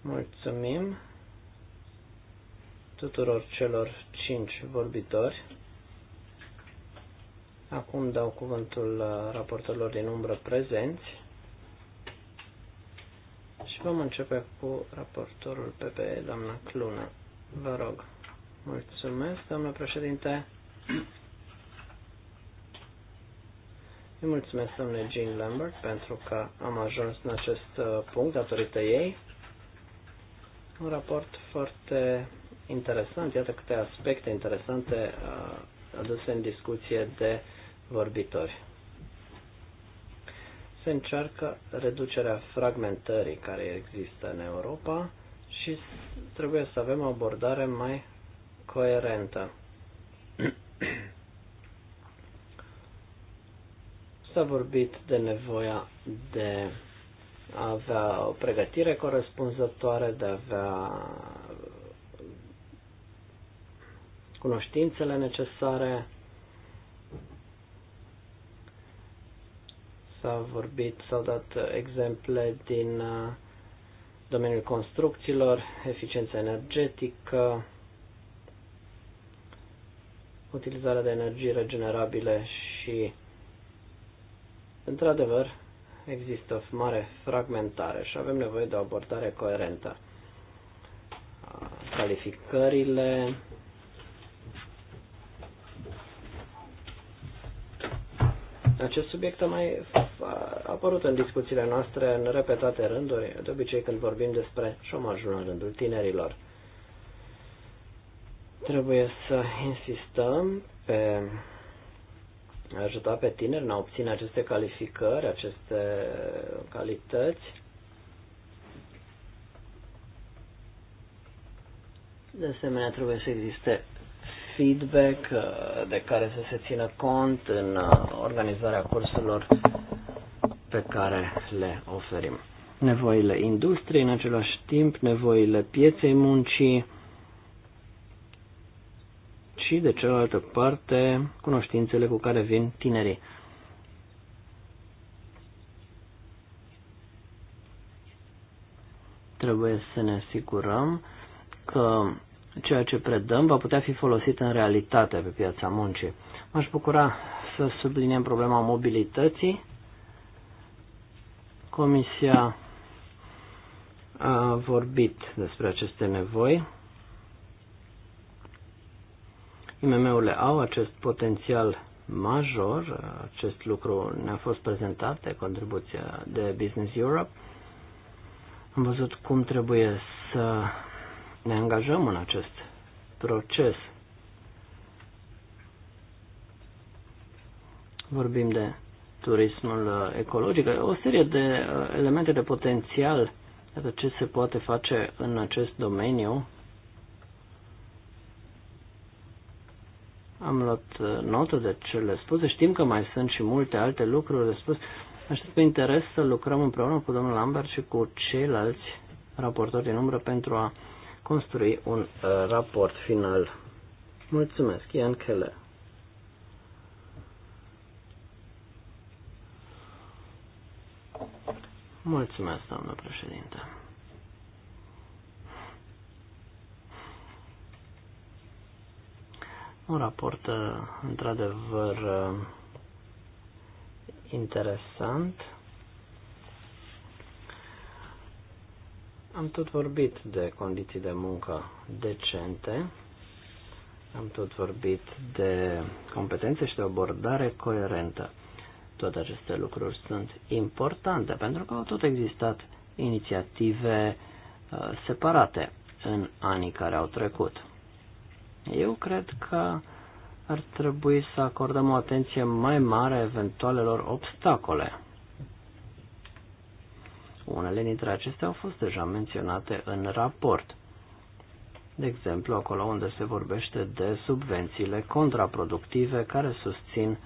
Mulțumim tuturor celor cinci vorbitori. Acum dau cuvântul uh, raportorilor din umbră prezenți și vom începe cu raportorul PP, doamna Cluna. Vă rog. Mulțumesc, doamna președinte. Îi mulțumesc doamne Jean Lambert pentru că am ajuns în acest uh, punct datorită ei. Un raport foarte interesant, iată câte aspecte interesante uh, aduse în discuție de vorbitori. Se încearcă reducerea fragmentării care există în Europa și trebuie să avem o abordare mai coerentă. S-a vorbit de nevoia de a avea o pregătire corespunzătoare, de a avea cunoștințele necesare S-a vorbit, s-au dat exemple din uh, domeniul construcțiilor, eficiența energetică, utilizarea de energii regenerabile și, într-adevăr, există o mare fragmentare și avem nevoie de o abordare coerentă. Uh, calificările Acest subiect a mai apărut în discuțiile noastre în repetate rânduri, de obicei când vorbim despre șomajul în rândul tinerilor. Trebuie să insistăm pe a ajuta pe tineri în a obține aceste calificări, aceste calități. De asemenea, trebuie să existe feedback uh, de care să se țină cont în uh, organizarea cursurilor pe care le oferim. Nevoile industriei, în același timp, nevoile pieței muncii și, de cealaltă parte, cunoștințele cu care vin tinerii. Trebuie să ne asigurăm că ceea ce predăm va putea fi folosit în realitate pe piața muncii. M-aș bucura să subliniem problema mobilității. Comisia a vorbit despre aceste nevoi. IMM-urile au acest potențial major, acest lucru ne-a fost prezentat de contribuția de Business Europe. Am văzut cum trebuie să ne angajăm în acest proces. Vorbim de turismul uh, ecologic, o serie de uh, elemente de potențial de ce se poate face în acest domeniu. Am luat uh, notă de cele spuse, știm că mai sunt și multe alte lucruri de spus. Aștept cu interes să lucrăm împreună cu domnul Lambert și cu ceilalți raportori din umbră pentru a construi un uh, raport final. Mulțumesc, Ian Keller. Mulțumesc, doamnă președinte. Un raport, uh, într-adevăr, uh, interesant. Am tot vorbit de condiții de muncă decente, am tot vorbit de competențe și de abordare coerentă. Toate aceste lucruri sunt importante pentru că au tot existat inițiative uh, separate în anii care au trecut. Eu cred că ar trebui să acordăm o atenție mai mare eventualelor obstacole unele dintre acestea au fost deja menționate în raport. De exemplu, acolo unde se vorbește de subvențiile contraproductive care susțin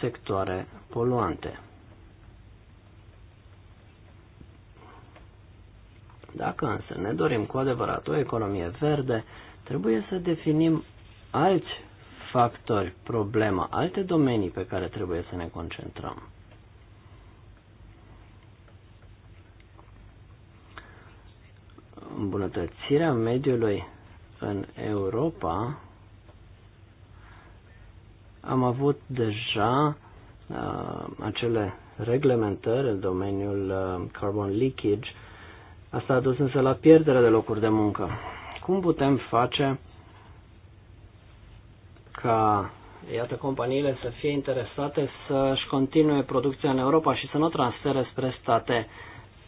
sectoare poluante. Dacă însă ne dorim cu adevărat o economie verde, trebuie să definim alți factori, problema, alte domenii pe care trebuie să ne concentrăm. îmbunătățirea mediului în Europa, am avut deja uh, acele reglementări în domeniul uh, carbon leakage. Asta a dus însă la pierderea de locuri de muncă. Cum putem face ca, iată, companiile să fie interesate să-și continue producția în Europa și să nu transfere spre state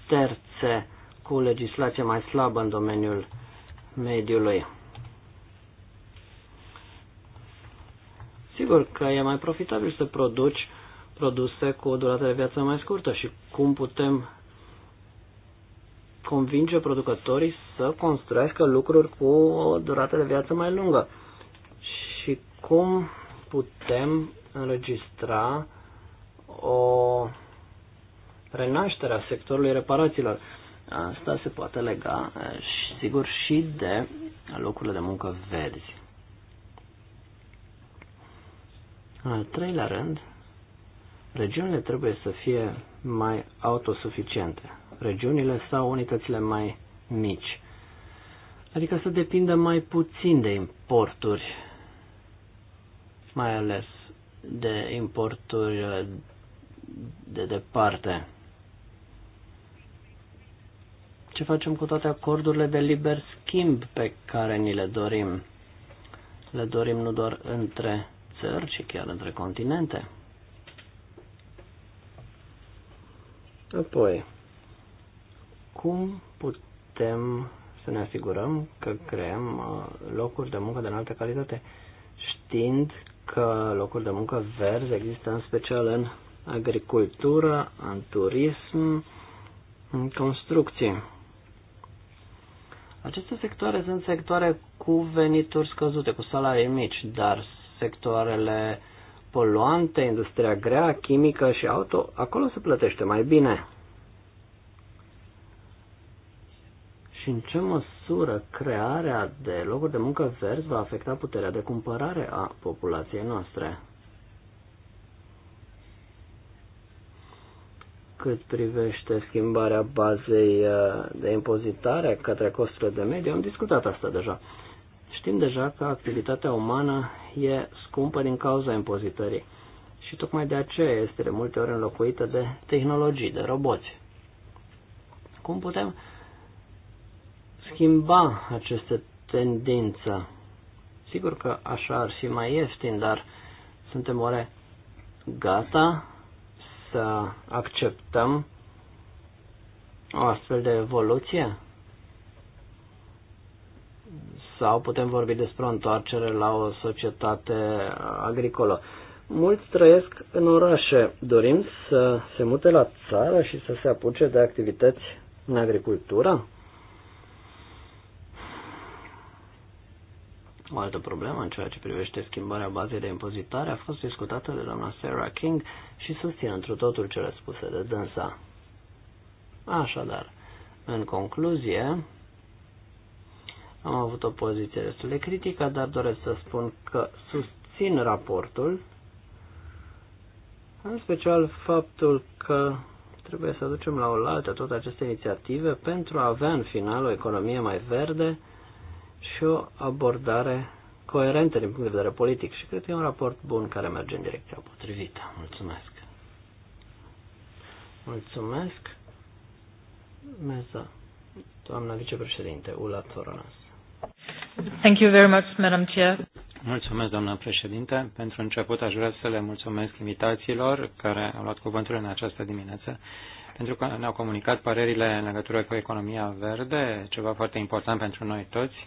terțe? cu legislație mai slabă în domeniul mediului. Sigur că e mai profitabil să produci produse cu o durată de viață mai scurtă și cum putem convinge producătorii să construiască lucruri cu o durată de viață mai lungă și cum putem înregistra o renaștere a sectorului reparațiilor. Asta se poate lega, sigur, și de locurile de muncă verzi. În al treilea rând, regiunile trebuie să fie mai autosuficiente. Regiunile sau unitățile mai mici. Adică să depindă mai puțin de importuri, mai ales de importuri de departe ce facem cu toate acordurile de liber schimb pe care ni le dorim. Le dorim nu doar între țări, ci chiar între continente. Apoi, cum putem să ne asigurăm că creăm uh, locuri de muncă de înaltă calitate, știind că locuri de muncă verzi există în special în agricultură, în turism, în construcții. Aceste sectoare sunt sectoare cu venituri scăzute, cu salarii mici, dar sectoarele poluante, industria grea, chimică și auto, acolo se plătește mai bine. Și în ce măsură crearea de locuri de muncă verzi va afecta puterea de cumpărare a populației noastre? cât privește schimbarea bazei uh, de impozitare către costurile de mediu, am discutat asta deja. Știm deja că activitatea umană e scumpă din cauza impozitării și tocmai de aceea este de multe ori înlocuită de tehnologii, de roboți. Cum putem schimba aceste tendințe? Sigur că așa ar fi mai ieftin, dar suntem oare gata să acceptăm o astfel de evoluție? Sau putem vorbi despre o întoarcere la o societate agricolă? Mulți trăiesc în orașe, dorim să se mute la țară și să se apuce de activități în agricultură? O altă problemă în ceea ce privește schimbarea bazei de impozitare a fost discutată de doamna Sarah King și susțin întru totul cele spuse de dânsa. Așadar, în concluzie, am avut o poziție destul de critică, dar doresc să spun că susțin raportul, în special faptul că trebuie să ducem la oaltă toate aceste inițiative pentru a avea în final o economie mai verde, și o abordare coerentă din punct de vedere politic și cred că e un raport bun care merge în direcția potrivită. Mulțumesc! Mulțumesc! Meza, doamna vicepreședinte, Ula Toronas. Thank you very much, Madam Chair. Mulțumesc, doamna președinte. Pentru început aș vrea să le mulțumesc invitațiilor care au luat cuvântul în această dimineață pentru că ne-au comunicat părerile în legătură cu economia verde, ceva foarte important pentru noi toți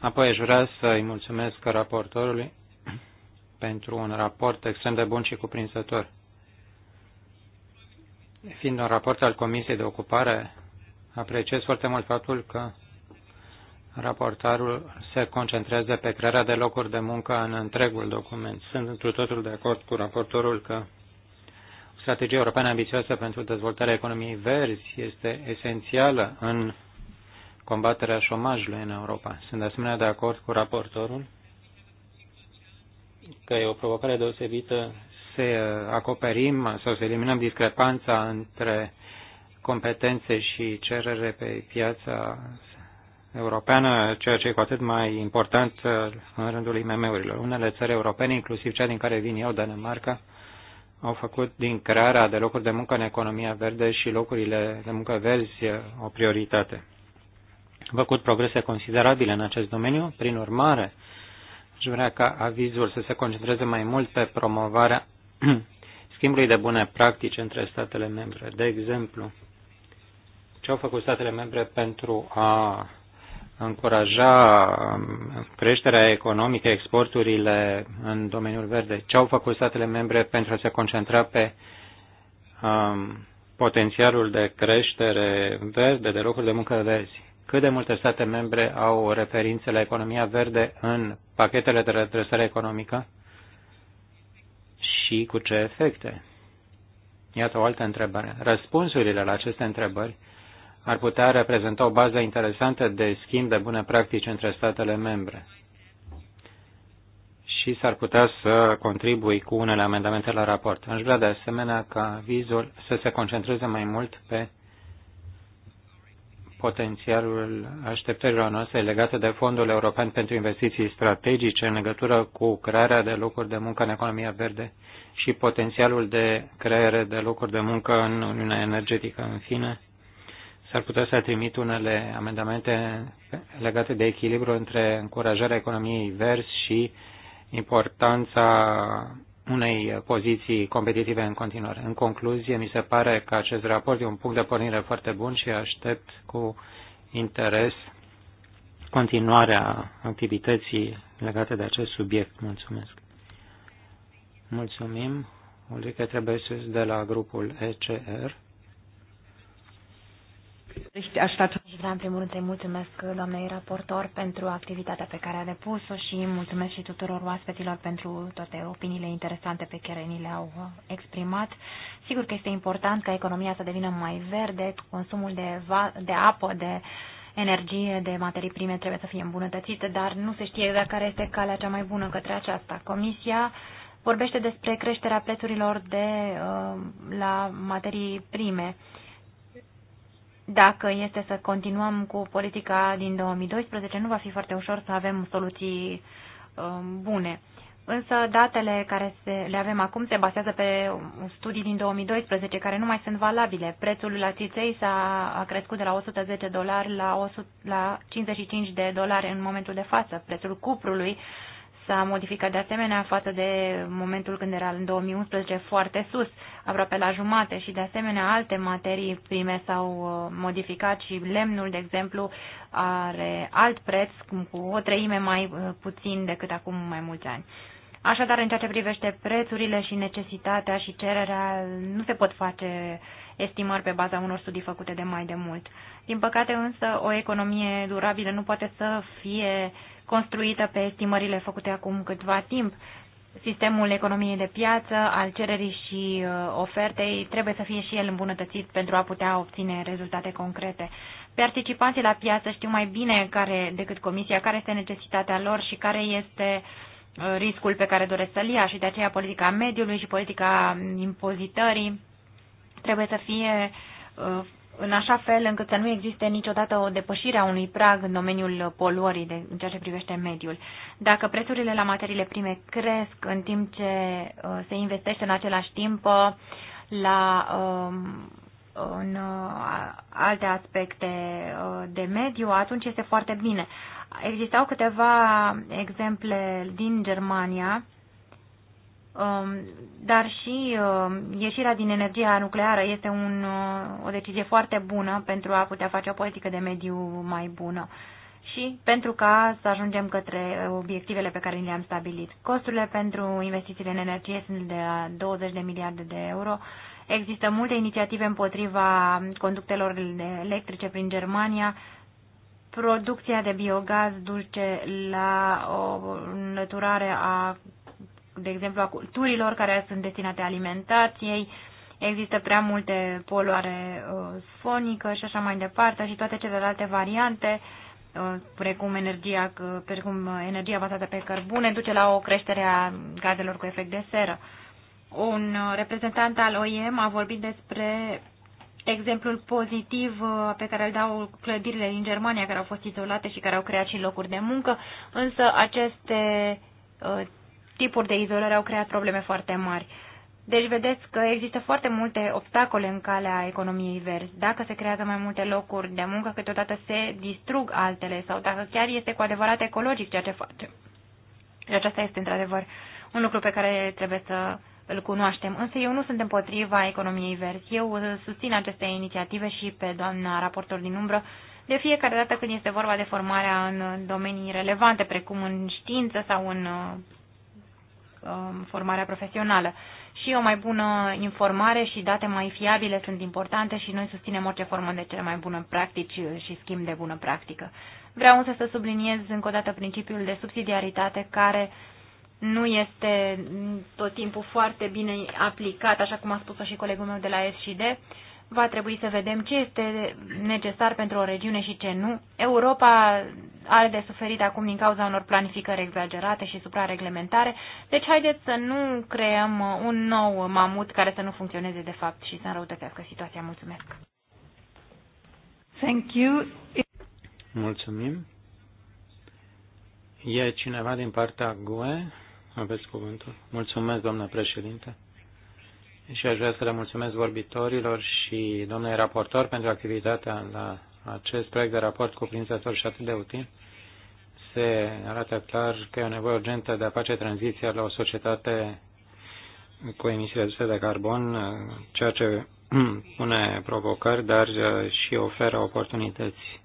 Apoi aș vrea să-i mulțumesc raportorului pentru un raport extrem de bun și cuprinzător. Fiind un raport al Comisiei de Ocupare, apreciez foarte mult faptul că raportarul se concentrează pe crearea de locuri de muncă în întregul document. Sunt întru totul de acord cu raportorul că strategia europeană ambițioasă pentru dezvoltarea economiei verzi este esențială în combaterea șomajului în Europa. Sunt de asemenea de acord cu raportorul că e o provocare deosebită să acoperim sau să eliminăm discrepanța între competențe și cerere pe piața europeană, ceea ce e cu atât mai important în rândul IMM-urilor. Unele țări europene, inclusiv cea din care vin eu, Danemarca, au făcut din crearea de locuri de muncă în economia verde și locurile de muncă verzi o prioritate făcut progrese considerabile în acest domeniu. Prin urmare, aș vrea ca avizul să se concentreze mai mult pe promovarea schimbului de bune practici între statele membre. De exemplu, ce au făcut statele membre pentru a încuraja creșterea economică, exporturile în domeniul verde? Ce au făcut statele membre pentru a se concentra pe um, potențialul de creștere verde, de locuri de muncă verzi? cât de multe state membre au referințe la economia verde în pachetele de redresare economică și cu ce efecte? Iată o altă întrebare. Răspunsurile la aceste întrebări ar putea reprezenta o bază interesantă de schimb de bune practici între statele membre și s-ar putea să contribui cu unele amendamente la raport. Aș vrea de asemenea ca vizul să se concentreze mai mult pe potențialul așteptărilor noastre legate de Fondul European pentru Investiții Strategice în legătură cu crearea de locuri de muncă în economia verde și potențialul de creare de locuri de muncă în Uniunea Energetică. În fine, s-ar putea să trimit unele amendamente legate de echilibru între încurajarea economiei verzi și importanța unei poziții competitive în continuare. În concluzie, mi se pare că acest raport e un punct de pornire foarte bun și aștept cu interes continuarea activității legate de acest subiect. Mulțumesc. Mulțumim. Ulrike Trebesius de la grupul ECR. Și vreau în primul rând să-i mulțumesc doamnei raportor pentru activitatea pe care a depus-o și mulțumesc și tuturor oaspeților pentru toate opiniile interesante pe care ni le-au exprimat. Sigur că este important ca economia să devină mai verde, consumul de, de apă, de energie, de materii prime trebuie să fie îmbunătățit, dar nu se știe exact care este calea cea mai bună către aceasta. Comisia vorbește despre creșterea prețurilor de, uh, la materii prime dacă este să continuăm cu politica din 2012, nu va fi foarte ușor să avem soluții um, bune. Însă datele care se, le avem acum se bazează pe studii din 2012 care nu mai sunt valabile. Prețul la țiței s-a a crescut de la 110 dolari la, 100, la 55 de dolari în momentul de față. Prețul cuprului s-a modificat de asemenea față de momentul când era în 2011 foarte sus, aproape la jumate și de asemenea alte materii prime s-au uh, modificat și lemnul, de exemplu, are alt preț cu o treime mai uh, puțin decât acum mai mulți ani. Așadar, în ceea ce privește prețurile și necesitatea și cererea, nu se pot face estimări pe baza unor studii făcute de mai de mult. Din păcate, însă, o economie durabilă nu poate să fie uh, construită pe estimările făcute acum câtva timp. Sistemul economiei de piață, al cererii și uh, ofertei, trebuie să fie și el îmbunătățit pentru a putea obține rezultate concrete. Participanții la piață știu mai bine care, decât comisia care este necesitatea lor și care este uh, riscul pe care doresc să-l ia și de aceea politica mediului și politica impozitării trebuie să fie uh, în așa fel încât să nu existe niciodată o depășire a unui prag în domeniul poluării de, în ceea ce privește mediul. Dacă prețurile la materiile prime cresc în timp ce uh, se investește în același timp uh, la um, uh, în alte aspecte uh, de mediu, atunci este foarte bine. Existau câteva exemple din Germania Um, dar și um, ieșirea din energia nucleară este un, uh, o decizie foarte bună pentru a putea face o politică de mediu mai bună și pentru ca să ajungem către obiectivele pe care le-am stabilit. Costurile pentru investițiile în energie sunt de 20 de miliarde de euro. Există multe inițiative împotriva conductelor electrice prin Germania, producția de biogaz duce la o înlăturare a de exemplu, a culturilor care sunt destinate alimentației, există prea multe poluare uh, sfonică și așa mai departe și toate celelalte variante, uh, precum energia, uh, precum energia bazată pe cărbune, duce la o creștere a gazelor cu efect de seră. Un uh, reprezentant al OIM a vorbit despre exemplul pozitiv uh, pe care îl dau clădirile din Germania care au fost izolate și care au creat și locuri de muncă, însă aceste uh, tipuri de izolare au creat probleme foarte mari. Deci vedeți că există foarte multe obstacole în calea economiei verzi. Dacă se creează mai multe locuri de muncă, câteodată se distrug altele sau dacă chiar este cu adevărat ecologic ceea ce face. Și deci aceasta este într-adevăr un lucru pe care trebuie să îl cunoaștem. Însă eu nu sunt împotriva economiei verzi. Eu susțin aceste inițiative și pe doamna raportor din umbră de fiecare dată când este vorba de formarea în domenii relevante, precum în știință sau în uh, Um, formarea profesională. Și o mai bună informare și date mai fiabile sunt importante și noi susținem orice formă de cele mai bune practici și schimb de bună practică. Vreau însă să subliniez încă o dată principiul de subsidiaritate care nu este tot timpul foarte bine aplicat, așa cum a spus-o și colegul meu de la SCD va trebui să vedem ce este necesar pentru o regiune și ce nu. Europa are de suferit acum din cauza unor planificări exagerate și suprareglementare, deci haideți să nu creăm un nou mamut care să nu funcționeze de fapt și să înrăutățească situația. Mulțumesc! Thank you. Mulțumim. E cineva din partea GUE? Aveți cuvântul. Mulțumesc, doamnă președinte și aș vrea să le mulțumesc vorbitorilor și domnului raportor pentru activitatea la acest proiect de raport cuprinzător și atât de util. Se arată clar că e o nevoie urgentă de a face tranziția la o societate cu emisii reduse de carbon, ceea ce pune provocări, dar și oferă oportunități.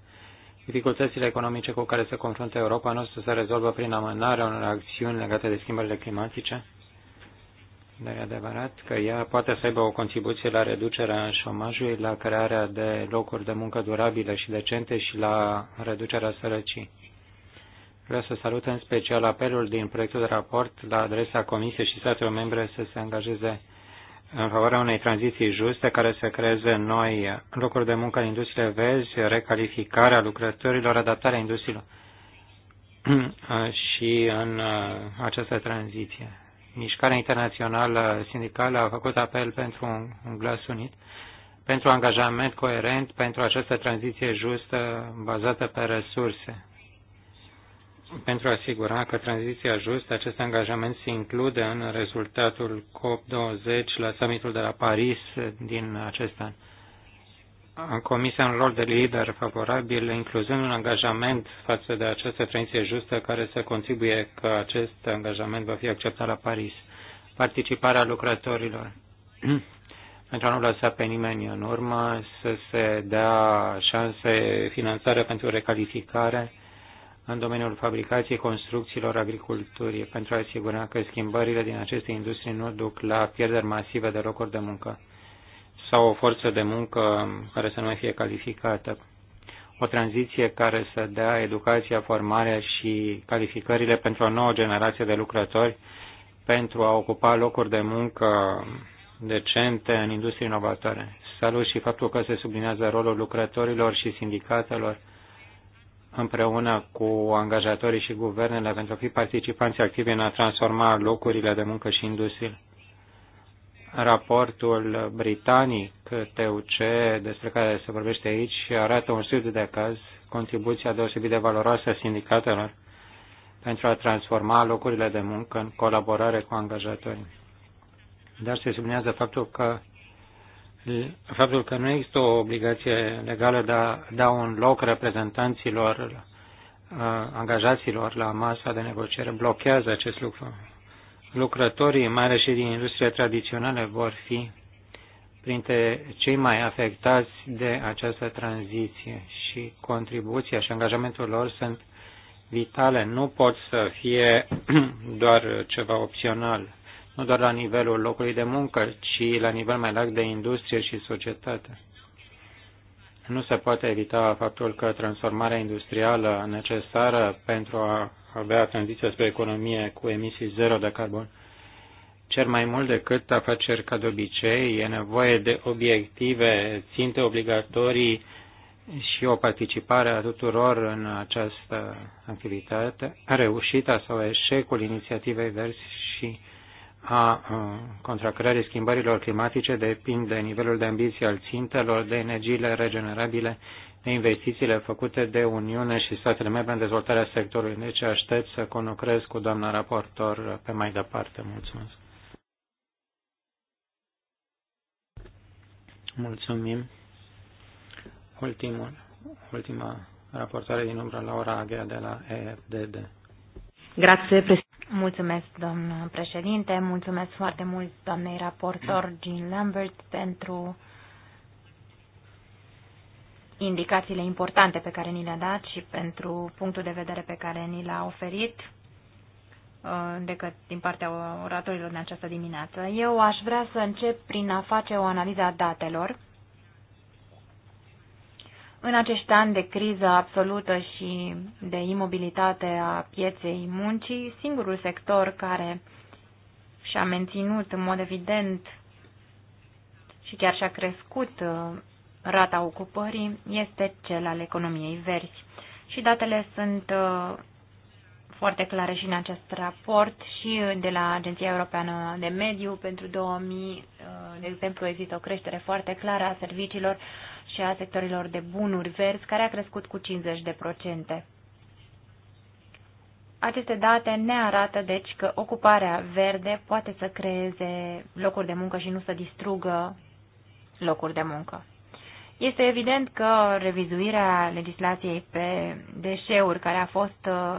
Dificultățile economice cu care se confruntă Europa nu se rezolvă prin amânarea unor acțiuni legate de schimbările climatice, dar e adevărat că ea poate să aibă o contribuție la reducerea șomajului, la crearea de locuri de muncă durabile și decente și la reducerea sărăcii. Vreau să salut în special apelul din proiectul de raport la adresa Comisiei și statelor membre să se angajeze în favoarea unei tranziții juste care să creeze noi locuri de muncă în industriile vezi, recalificarea lucrătorilor, adaptarea industriilor și în această tranziție. Mișcarea Internațională Sindicală a făcut apel pentru un glas unit, pentru angajament coerent, pentru această tranziție justă bazată pe resurse. Pentru a asigura că tranziția justă, acest angajament se include în rezultatul COP20 la summitul de la Paris din acest an. Comisia un rol de lider favorabil, incluzând un angajament față de această tranziție justă care să contribuie că acest angajament va fi acceptat la Paris. Participarea lucrătorilor. pentru a nu lăsa pe nimeni în urmă, să se dea șanse finanțare pentru recalificare în domeniul fabricației, construcțiilor, agriculturii, pentru a asigura că schimbările din aceste industrie nu duc la pierderi masive de locuri de muncă sau o forță de muncă care să nu mai fie calificată. O tranziție care să dea educația, formarea și calificările pentru o nouă generație de lucrători pentru a ocupa locuri de muncă decente în industrie inovatoare. Salut și faptul că se sublinează rolul lucrătorilor și sindicatelor împreună cu angajatorii și guvernele pentru a fi participanți activi în a transforma locurile de muncă și industrie raportul britanic TUC despre care se vorbește aici arată un studiu de caz contribuția deosebit de valoroasă a sindicatelor pentru a transforma locurile de muncă în colaborare cu angajatorii. Dar se sublinează faptul că faptul că nu există o obligație legală de a da un loc reprezentanților uh, angajaților la masa de negociere blochează acest lucru lucrătorii, mai și din industria tradițională, vor fi printre cei mai afectați de această tranziție și contribuția și angajamentul lor sunt vitale. Nu pot să fie doar ceva opțional, nu doar la nivelul locului de muncă, ci la nivel mai larg de industrie și societate. Nu se poate evita faptul că transformarea industrială necesară pentru a avea tranziția spre economie cu emisii zero de carbon, cer mai mult decât afaceri ca de obicei, e nevoie de obiective, ținte obligatorii și o participare a tuturor în această activitate, reușita sau eșecul inițiativei verzi și a contracrării schimbărilor climatice depinde de nivelul de ambiție al țintelor, de energiile regenerabile investițiile făcute de Uniune și statele membre în dezvoltarea sectorului. Deci aștept să conlucrez cu doamna raportor pe mai departe. Mulțumesc. Mulțumim. Ultimul, ultima raportare din umbră, Laura Aghea de la EFDD. Grazie, Mulțumesc, domnul președinte. Mulțumesc foarte mult doamnei raportor Jean Lambert pentru indicațiile importante pe care ni le-a dat și pentru punctul de vedere pe care ni l-a oferit uh, decât din partea oratorilor din această dimineață. Eu aș vrea să încep prin a face o analiză a datelor. În acești ani de criză absolută și de imobilitate a pieței muncii, singurul sector care și-a menținut în mod evident și chiar și-a crescut uh, rata ocupării este cel al economiei verzi. Și datele sunt uh, foarte clare și în acest raport și uh, de la Agenția Europeană de Mediu pentru 2000, uh, de exemplu, există o creștere foarte clară a serviciilor și a sectorilor de bunuri verzi, care a crescut cu 50%. Aceste date ne arată, deci, că ocuparea verde poate să creeze locuri de muncă și nu să distrugă locuri de muncă. Este evident că revizuirea legislației pe deșeuri care a fost uh,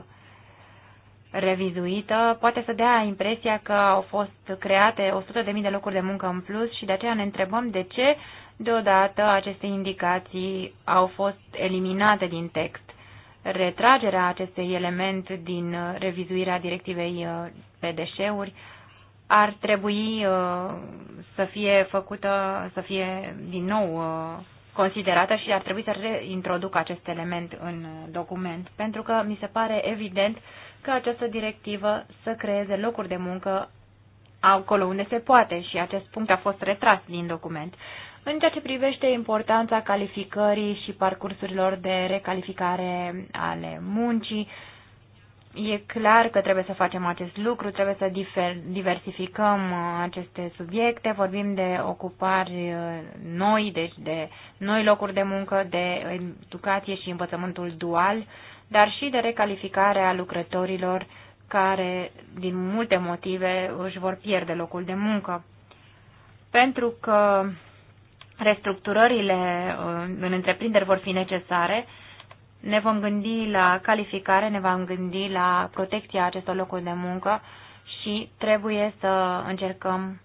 revizuită poate să dea impresia că au fost create 100.000 de locuri de muncă în plus și de aceea ne întrebăm de ce deodată aceste indicații au fost eliminate din text. Retragerea acestui element din uh, revizuirea directivei uh, pe deșeuri ar trebui să fie făcută, să fie din nou considerată și ar trebui să reintroduc acest element în document, pentru că mi se pare evident că această directivă să creeze locuri de muncă acolo unde se poate și acest punct a fost retras din document. În ceea ce privește importanța calificării și parcursurilor de recalificare ale muncii, E clar că trebuie să facem acest lucru, trebuie să diversificăm uh, aceste subiecte, vorbim de ocupari uh, noi, deci de noi locuri de muncă, de educație și învățământul dual, dar și de recalificarea lucrătorilor care, din multe motive, își vor pierde locul de muncă. Pentru că restructurările uh, în întreprinderi vor fi necesare, ne vom gândi la calificare, ne vom gândi la protecția acestor locuri de muncă și trebuie să încercăm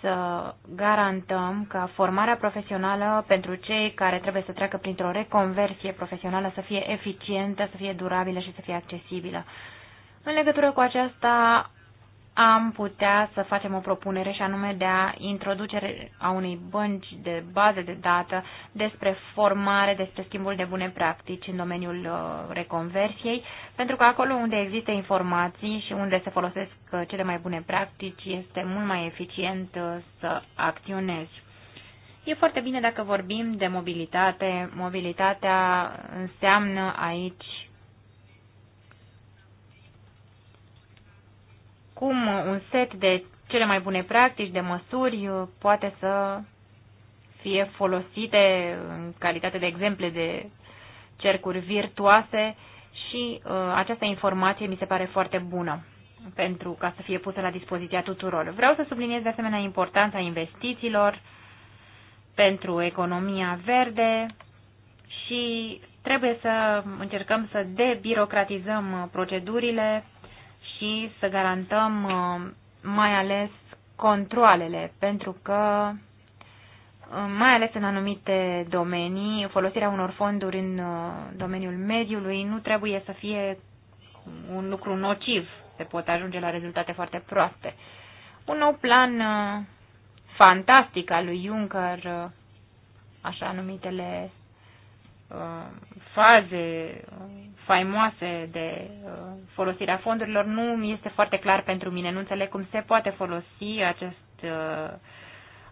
să garantăm că formarea profesională pentru cei care trebuie să treacă printr-o reconversie profesională să fie eficientă, să fie durabilă și să fie accesibilă. În legătură cu aceasta am putea să facem o propunere și anume de a introducere a unei bănci de baze de dată despre formare, despre schimbul de bune practici în domeniul uh, reconversiei, pentru că acolo unde există informații și unde se folosesc uh, cele mai bune practici este mult mai eficient uh, să acționezi. E foarte bine dacă vorbim de mobilitate. Mobilitatea înseamnă aici cum un set de cele mai bune practici, de măsuri, uh, poate să fie folosite în calitate de exemple de cercuri virtuoase și uh, această informație mi se pare foarte bună pentru ca să fie pusă la dispoziția tuturor. Vreau să subliniez de asemenea importanța investițiilor pentru economia verde și trebuie să încercăm să debirocratizăm procedurile și să garantăm uh, mai ales controlele, pentru că uh, mai ales în anumite domenii, folosirea unor fonduri în uh, domeniul mediului nu trebuie să fie un lucru nociv. Se pot ajunge la rezultate foarte proaste. Un nou plan fantastic al lui Juncker, așa numitele Uh, faze faimoase de uh, folosirea fondurilor nu este foarte clar pentru mine. Nu înțeleg cum se poate folosi acest, uh,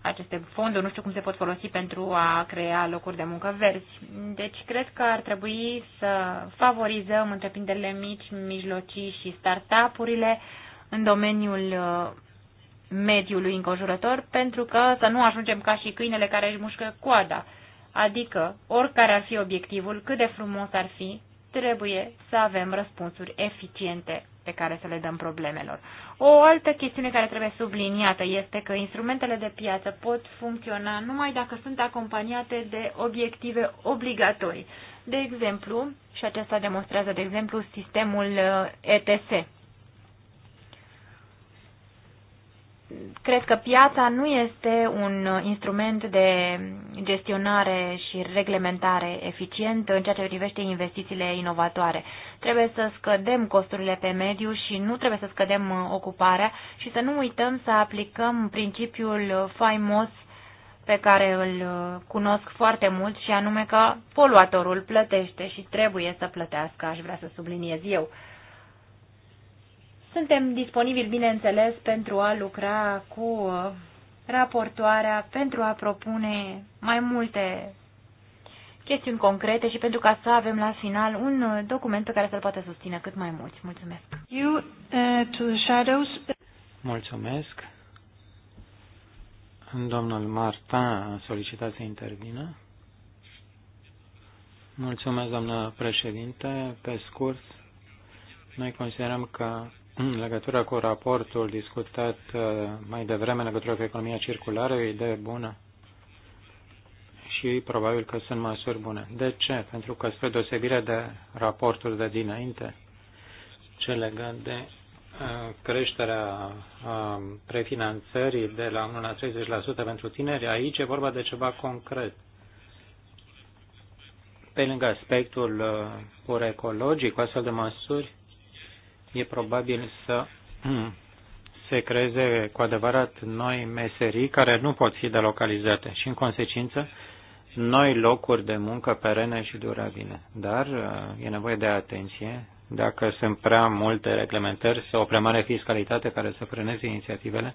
aceste fonduri, nu știu cum se pot folosi pentru a crea locuri de muncă verzi. Deci cred că ar trebui să favorizăm întreprinderile mici, mijlocii și start urile în domeniul mediului înconjurător pentru că să nu ajungem ca și câinele care își mușcă coada Adică, oricare ar fi obiectivul, cât de frumos ar fi, trebuie să avem răspunsuri eficiente pe care să le dăm problemelor. O altă chestiune care trebuie subliniată este că instrumentele de piață pot funcționa numai dacă sunt acompaniate de obiective obligatorii. De exemplu, și acesta demonstrează, de exemplu, sistemul uh, ETS, cred că piața nu este un instrument de gestionare și reglementare eficient în ceea ce privește investițiile inovatoare. Trebuie să scădem costurile pe mediu și nu trebuie să scădem uh, ocuparea și să nu uităm să aplicăm principiul faimos pe care îl uh, cunosc foarte mult și anume că poluatorul plătește și trebuie să plătească, aș vrea să subliniez eu. Suntem disponibili, bineînțeles, pentru a lucra cu uh, raportoarea, pentru a propune mai multe chestiuni concrete și pentru ca să avem la final un uh, document pe care să-l poată susține cât mai mulți. Mulțumesc. You, uh, to the shadows. Mulțumesc. Domnul Marta a solicitat să intervină. Mulțumesc, doamnă președinte. Pe scurt, noi considerăm că în legătură cu raportul discutat uh, mai devreme în legătură cu economia circulară, e o idee bună și probabil că sunt măsuri bune. De ce? Pentru că spre deosebire de raportul de dinainte, ce legat de uh, creșterea uh, prefinanțării de la 1 la 30% pentru tineri, aici e vorba de ceva concret. Pe lângă aspectul pur ecologic, cu astfel de măsuri, e probabil să se creeze cu adevărat noi meserii care nu pot fi delocalizate și, în consecință, noi locuri de muncă perene și durabile. Dar uh, e nevoie de atenție. Dacă sunt prea multe reglementări sau o prea mare fiscalitate care să frâneze inițiativele,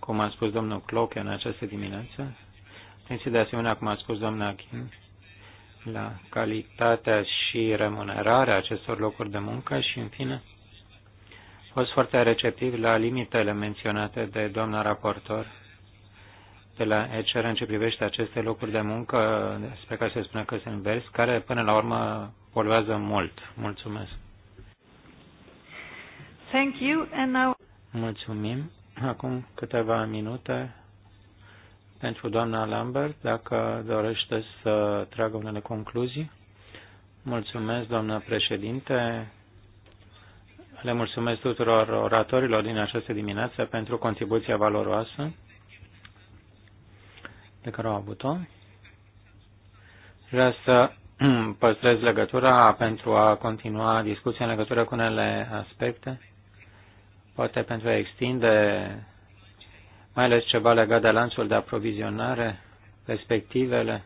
cum a spus domnul Cloche în această dimineață, atenție de asemenea, cum a spus domnul Achim, la calitatea și remunerarea acestor locuri de muncă și, în fine, a fost foarte receptiv la limitele menționate de doamna raportor de la ECR în ce privește aceste locuri de muncă despre care se spune că sunt vers, care până la urmă poluează mult. Mulțumesc. Thank you and now... Mulțumim. Acum câteva minute pentru doamna Lambert, dacă dorește să tragă unele concluzii. Mulțumesc, doamna președinte. Le mulțumesc tuturor oratorilor din această dimineață pentru contribuția valoroasă pe care au avut-o. Vreau să păstrez legătura pentru a continua discuția în legătură cu unele aspecte, poate pentru a extinde mai ales ceva legat de lanțul de aprovizionare, perspectivele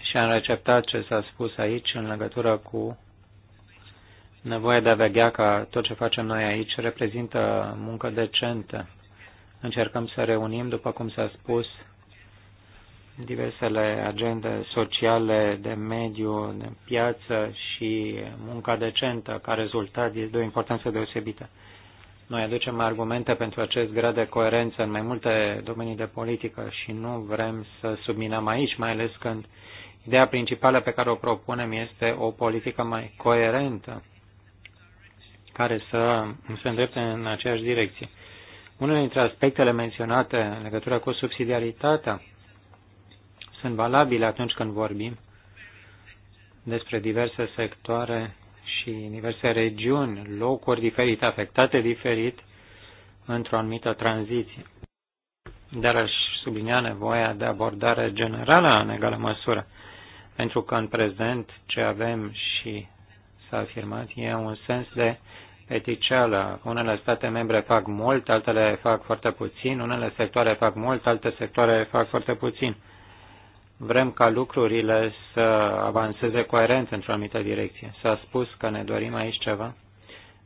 și am receptat ce s-a spus aici în legătură cu nevoia de a vegea ca tot ce facem noi aici reprezintă muncă decentă. Încercăm să reunim, după cum s-a spus, diversele agende sociale, de mediu, de piață și munca decentă, ca rezultat de o importanță deosebită. Noi aducem argumente pentru acest grad de coerență în mai multe domenii de politică și nu vrem să subminăm aici, mai ales când ideea principală pe care o propunem este o politică mai coerentă care să se îndrepte în aceeași direcție. Unele dintre aspectele menționate în legătură cu subsidiaritatea sunt valabile atunci când vorbim despre diverse sectoare și în diverse regiuni, locuri diferite, afectate diferit într-o anumită tranziție. Dar aș sublinia nevoia de abordare generală în egală măsură, pentru că în prezent ce avem și s-a afirmat e un sens de eticeală. Unele state membre fac mult, altele fac foarte puțin, unele sectoare fac mult, alte sectoare fac foarte puțin vrem ca lucrurile să avanseze coerent într-o anumită direcție. S-a spus că ne dorim aici ceva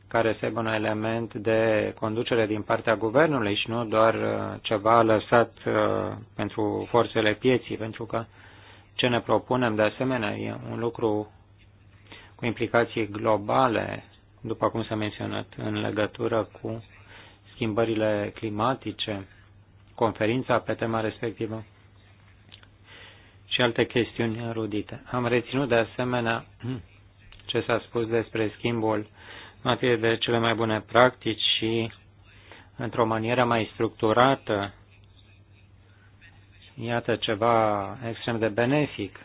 care să aibă un element de conducere din partea guvernului și nu doar uh, ceva lăsat uh, pentru forțele pieții, pentru că ce ne propunem de asemenea e un lucru cu implicații globale, după cum s-a menționat, în legătură cu schimbările climatice, conferința pe tema respectivă și alte chestiuni erudite. Am reținut de asemenea ce s-a spus despre schimbul materie de cele mai bune practici și într-o manieră mai structurată. Iată ceva extrem de benefic.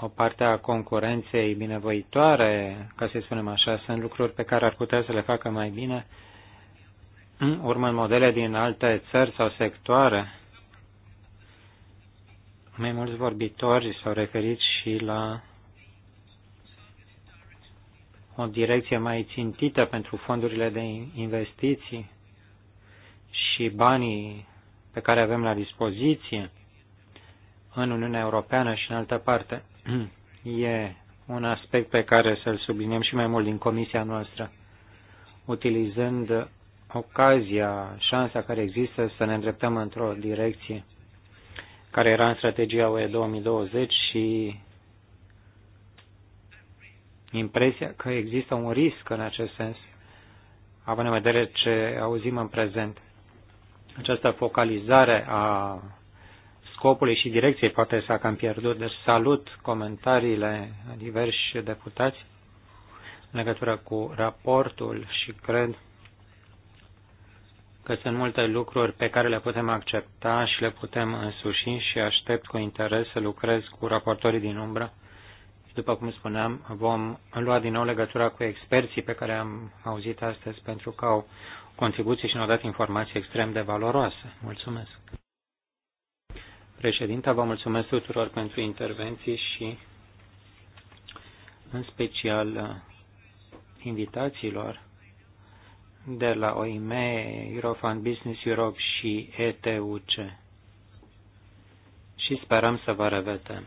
O parte a concurenței binevoitoare, ca să spunem așa, sunt lucruri pe care ar putea să le facă mai bine, urmând modele din alte țări sau sectoare mai mulți vorbitori s-au referit și la o direcție mai țintită pentru fondurile de investiții și banii pe care avem la dispoziție în Uniunea Europeană și în altă parte. E un aspect pe care să-l subliniem și mai mult din comisia noastră, utilizând ocazia, șansa care există să ne îndreptăm într-o direcție care era în strategia UE 2020 și impresia că există un risc în acest sens, având în vedere ce auzim în prezent. Această focalizare a scopului și direcției poate s-a cam pierdut, deci salut comentariile diversi deputați în legătură cu raportul și cred că sunt multe lucruri pe care le putem accepta și le putem însuși și aștept cu interes să lucrez cu raportorii din umbră. după cum spuneam, vom lua din nou legătura cu experții pe care am auzit astăzi pentru că au contribuții și ne-au dat informații extrem de valoroase. Mulțumesc! Președinta, vă mulțumesc tuturor pentru intervenții și în special invitațiilor de la OIME, Eurofund Business Europe și ETUC. Și sperăm să vă revedem.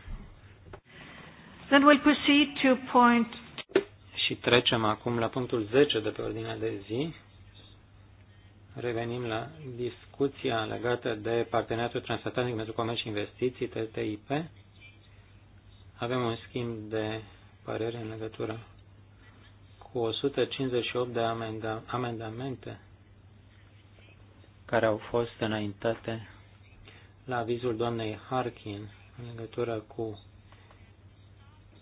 Then we'll proceed to point... Și trecem acum la punctul 10 de pe ordinea de zi. Revenim la discuția legată de Parteneriatul Transatlantic pentru Comerț și Investiții, TTIP. Avem un schimb de părere în legătură cu 158 de amenda amendamente care au fost înaintate la avizul doamnei Harkin în legătură cu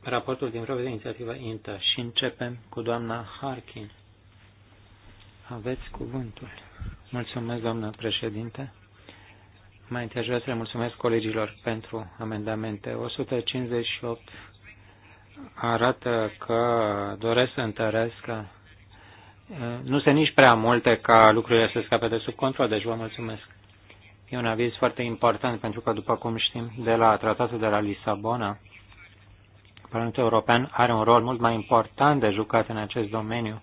raportul din proprie de inițiativă INTA și începem cu doamna Harkin. Aveți cuvântul. Mulțumesc, doamnă președinte. Mai întâi aș vrea să le mulțumesc colegilor pentru amendamente. 158 arată că doresc să întăresc nu se nici prea multe ca lucrurile să scape de sub control, deci vă mulțumesc. E un aviz foarte important pentru că, după cum știm, de la tratatul de la Lisabona, Parlamentul European are un rol mult mai important de jucat în acest domeniu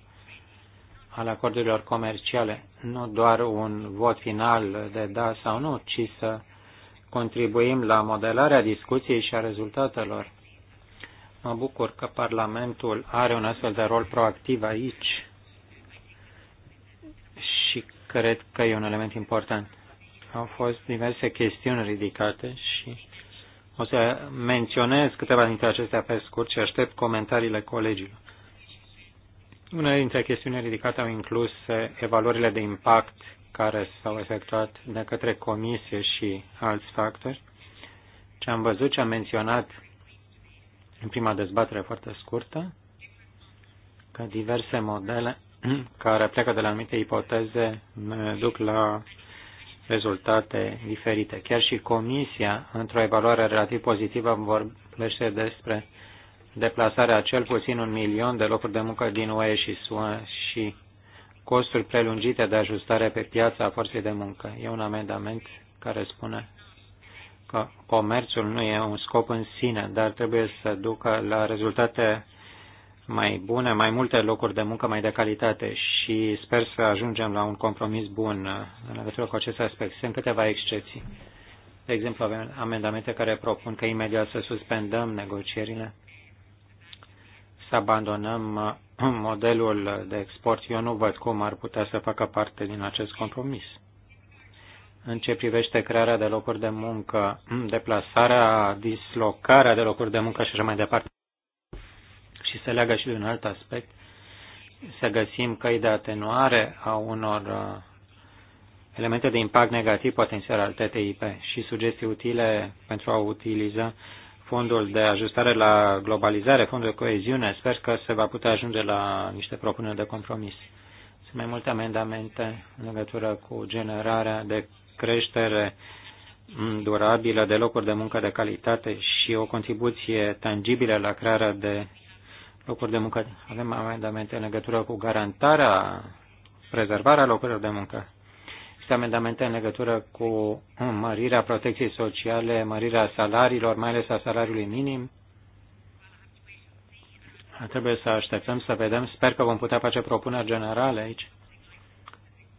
al acordurilor comerciale, nu doar un vot final de da sau nu, ci să contribuim la modelarea discuției și a rezultatelor Mă bucur că Parlamentul are un astfel de rol proactiv aici și cred că e un element important. Au fost diverse chestiuni ridicate și o să menționez câteva dintre acestea pe scurt și aștept comentariile colegilor. Unele dintre chestiunile ridicate au inclus eh, evaluările de impact care s-au efectuat de către comisie și alți factori. Ce am văzut, ce am menționat în prima dezbatere foarte scurtă că diverse modele care pleacă de la anumite ipoteze ne duc la rezultate diferite. Chiar și Comisia, într-o evaluare relativ pozitivă, vorbește despre deplasarea cel puțin un milion de locuri de muncă din UE și SUA și costuri prelungite de ajustare pe piața a forței de muncă. E un amendament care spune că comerțul nu e un scop în sine, dar trebuie să ducă la rezultate mai bune, mai multe locuri de muncă mai de calitate și sper să ajungem la un compromis bun uh, în legătură cu acest aspect. Sunt câteva excepții. De exemplu, avem amendamente care propun că imediat să suspendăm negocierile, să abandonăm uh, modelul de export. Eu nu văd cum ar putea să facă parte din acest compromis în ce privește crearea de locuri de muncă, deplasarea, dislocarea de locuri de muncă și așa mai departe. Și se leagă și de un alt aspect, să găsim căi de atenuare a unor uh, elemente de impact negativ potențial al TTIP și sugestii utile pentru a utiliza fondul de ajustare la globalizare, fondul de coeziune. Sper că se va putea ajunge la niște propuneri de compromis. Sunt mai multe amendamente în legătură cu generarea de creștere durabilă de locuri de muncă de calitate și o contribuție tangibilă la crearea de locuri de muncă. Avem amendamente în legătură cu garantarea, prezervarea locurilor de muncă. Este amendamente în legătură cu mărirea protecției sociale, mărirea salariilor, mai ales a salariului minim. Trebuie să așteptăm să vedem. Sper că vom putea face propuneri generale aici.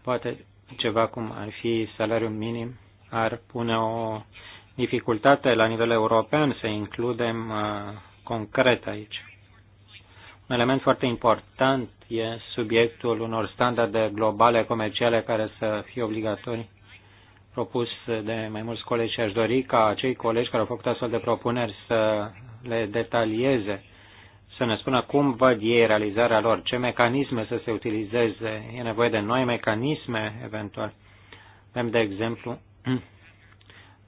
Poate ceva cum ar fi salariul minim ar pune o dificultate la nivel european să includem uh, concret aici. Un element foarte important e subiectul unor standarde globale comerciale care să fie obligatorii propus de mai mulți colegi și aș dori ca acei colegi care au făcut astfel de propuneri să le detalieze să ne spună cum văd ei realizarea lor, ce mecanisme să se utilizeze, e nevoie de noi mecanisme eventual. Avem, de exemplu,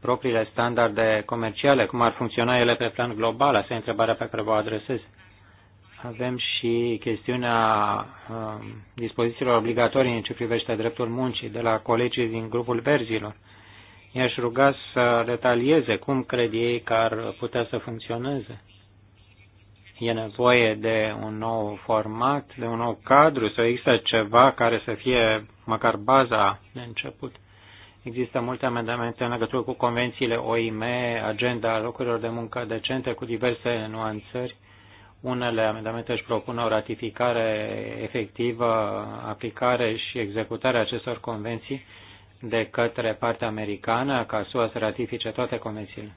propriile standarde comerciale, cum ar funcționa ele pe plan global, asta e întrebarea pe care vă adresez. Avem și chestiunea uh, dispozițiilor obligatorii în ce privește dreptul muncii de la colegii din grupul Berzilor. I-aș ruga să detalieze cum cred ei că ar putea să funcționeze e nevoie de un nou format, de un nou cadru, sau există ceva care să fie măcar baza de început. Există multe amendamente în legătură cu convențiile OIM, agenda locurilor de muncă decente cu diverse nuanțări. Unele amendamente își propun o ratificare efectivă, aplicare și executare acestor convenții de către partea americană, ca SUA să ratifice toate convențiile.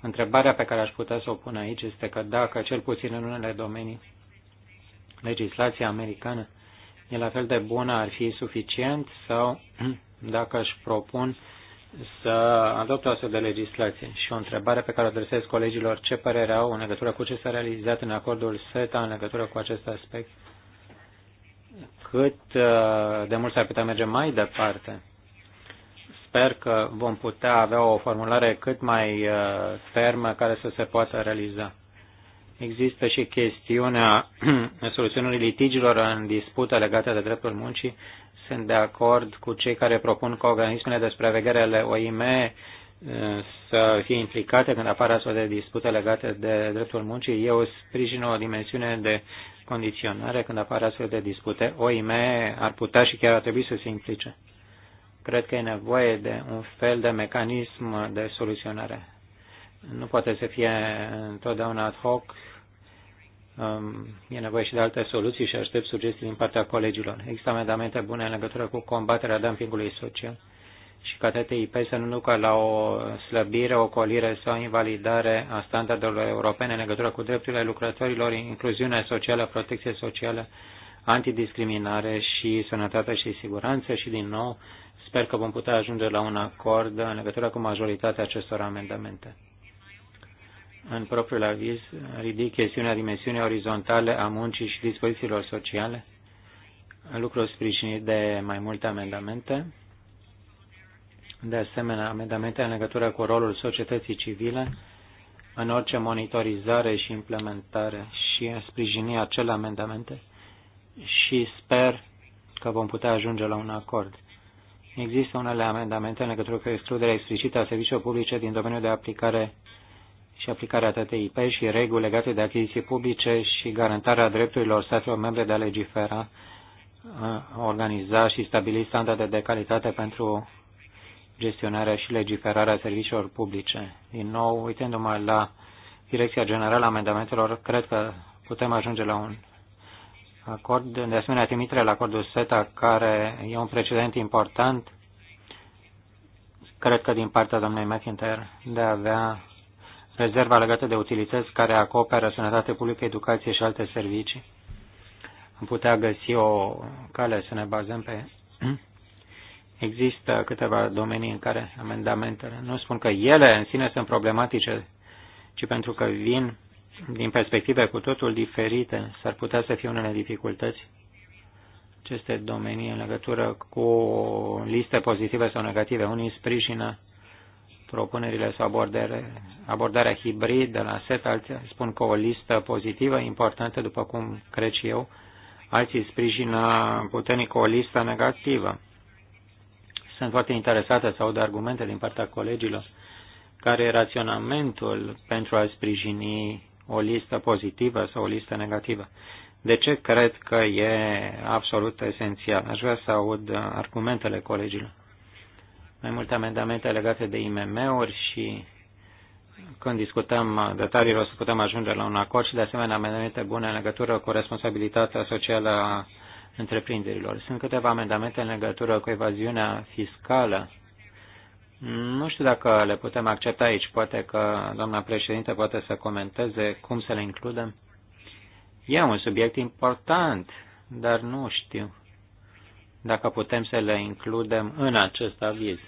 Întrebarea pe care aș putea să o pun aici este că dacă, cel puțin în unele domenii, legislația americană e la fel de bună, ar fi suficient sau dacă își propun să adopt o astfel de legislație. Și o întrebare pe care o adresez colegilor, ce părere au în legătură cu ce s-a realizat în acordul SETA în legătură cu acest aspect? Cât uh, de mult s-ar putea merge mai departe? Sper că vom putea avea o formulare cât mai uh, fermă care să se poată realiza. Există și chestiunea soluționării litigilor în dispută legate de dreptul muncii. Sunt de acord cu cei care propun că organismele de supraveghere ale OIM uh, să fie implicate când apar astfel de dispute legate de dreptul muncii. Eu sprijin o dimensiune de condiționare când apar astfel de dispute. OIM ar putea și chiar ar trebui să se implice. Cred că e nevoie de un fel de mecanism de soluționare. Nu poate să fie întotdeauna ad hoc, um, e nevoie și de alte soluții și aștept sugestii din partea colegilor. Există amendamente bune în legătură cu combaterea dumpingului social și ca TTIP să nu ducă la o slăbire, o colire sau invalidare a standardelor europene în legătură cu drepturile lucrătorilor, incluziunea socială, protecție socială, antidiscriminare și sănătate și siguranță și din nou Sper că vom putea ajunge la un acord în legătură cu majoritatea acestor amendamente. În propriul aviz ridic chestiunea dimensiunii orizontale a muncii și dispozițiilor sociale, lucru sprijinit de mai multe amendamente. De asemenea, amendamente în legătură cu rolul societății civile în orice monitorizare și implementare și a sprijini acele amendamente și sper că vom putea ajunge la un acord. Există unele amendamente în legătură cu excluderea explicită a serviciilor publice din domeniul de aplicare și aplicarea TTIP și reguli legate de achiziții publice și garantarea drepturilor statelor membre de a legifera, uh, organiza și stabili standarde de calitate pentru gestionarea și legiferarea serviciilor publice. Din nou, uitându-mă la Direcția Generală a Amendamentelor, cred că putem ajunge la un acord, de asemenea trimitere la acordul SETA, care e un precedent important, cred că din partea domnului McIntyre, de a avea rezerva legată de utilități care acoperă sănătate publică, educație și alte servicii. Am putea găsi o cale să ne bazăm pe... Există câteva domenii în care amendamentele, nu spun că ele în sine sunt problematice, ci pentru că vin din perspective cu totul diferite, s-ar putea să fie unele dificultăți aceste domenii în legătură cu liste pozitive sau negative. Unii sprijină propunerile sau abordare, abordarea hibridă la set, alții spun că o listă pozitivă importantă, după cum cred și eu, alții sprijină puternic o listă negativă. Sunt foarte interesată să aud argumente din partea colegilor care e raționamentul pentru a sprijini o listă pozitivă sau o listă negativă. De ce cred că e absolut esențial? Aș vrea să aud argumentele colegilor. Mai multe amendamente legate de IMM-uri și când discutăm detaliile o să putem ajunge la un acord și de asemenea amendamente bune în legătură cu responsabilitatea socială a întreprinderilor. Sunt câteva amendamente în legătură cu evaziunea fiscală nu știu dacă le putem accepta aici. Poate că doamna președinte poate să comenteze cum să le includem. E un subiect important, dar nu știu dacă putem să le includem în acest aviz.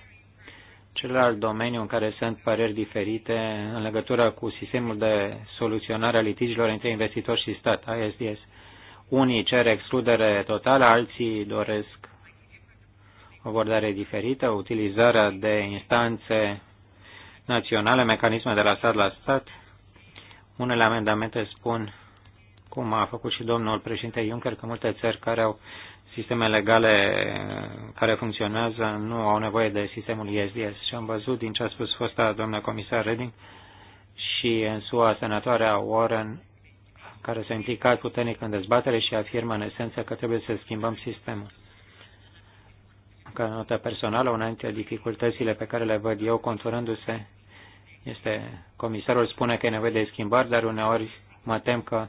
Celălalt domeniu în care sunt păreri diferite în legătură cu sistemul de soluționare a litigilor între investitori și stat, ISDS. Unii cer excludere totală, alții doresc o abordare diferită, utilizarea de instanțe naționale, mecanisme de la stat la stat. Unele amendamente spun, cum a făcut și domnul președinte Juncker, că multe țări care au sisteme legale uh, care funcționează nu au nevoie de sistemul ISDS. Și am văzut din ce a spus fosta doamnă comisar Reding și în SUA senatoarea Warren, care s-a implicat puternic în dezbatere și afirmă în esență că trebuie să schimbăm sistemul că notă personală, una dintre dificultățile pe care le văd eu conturându-se este, comisarul spune că e nevoie de schimbări, dar uneori mă tem că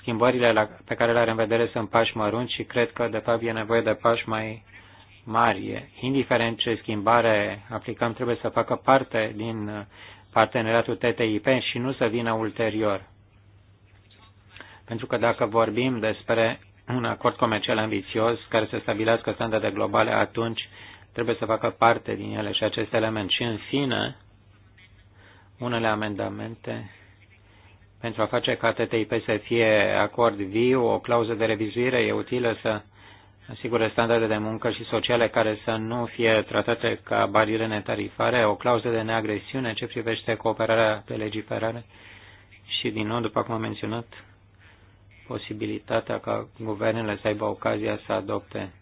schimbările la, pe care le are în vedere sunt pași mărunți și cred că, de fapt, e nevoie de pași mai mari. Indiferent ce schimbare aplicăm, trebuie să facă parte din parteneriatul TTIP și nu să vină ulterior. Pentru că dacă vorbim despre un acord comercial ambițios care să stabilească standarde globale, atunci trebuie să facă parte din ele și acest element. Și în fine, unele amendamente pentru a face ca TTIP să fie acord viu, o clauză de revizuire e utilă să asigure standarde de muncă și sociale care să nu fie tratate ca bariere netarifare, o clauză de neagresiune ce privește cooperarea de legiferare și, din nou, după cum am menționat, posibilitatea ca guvernele să aibă ocazia să adopte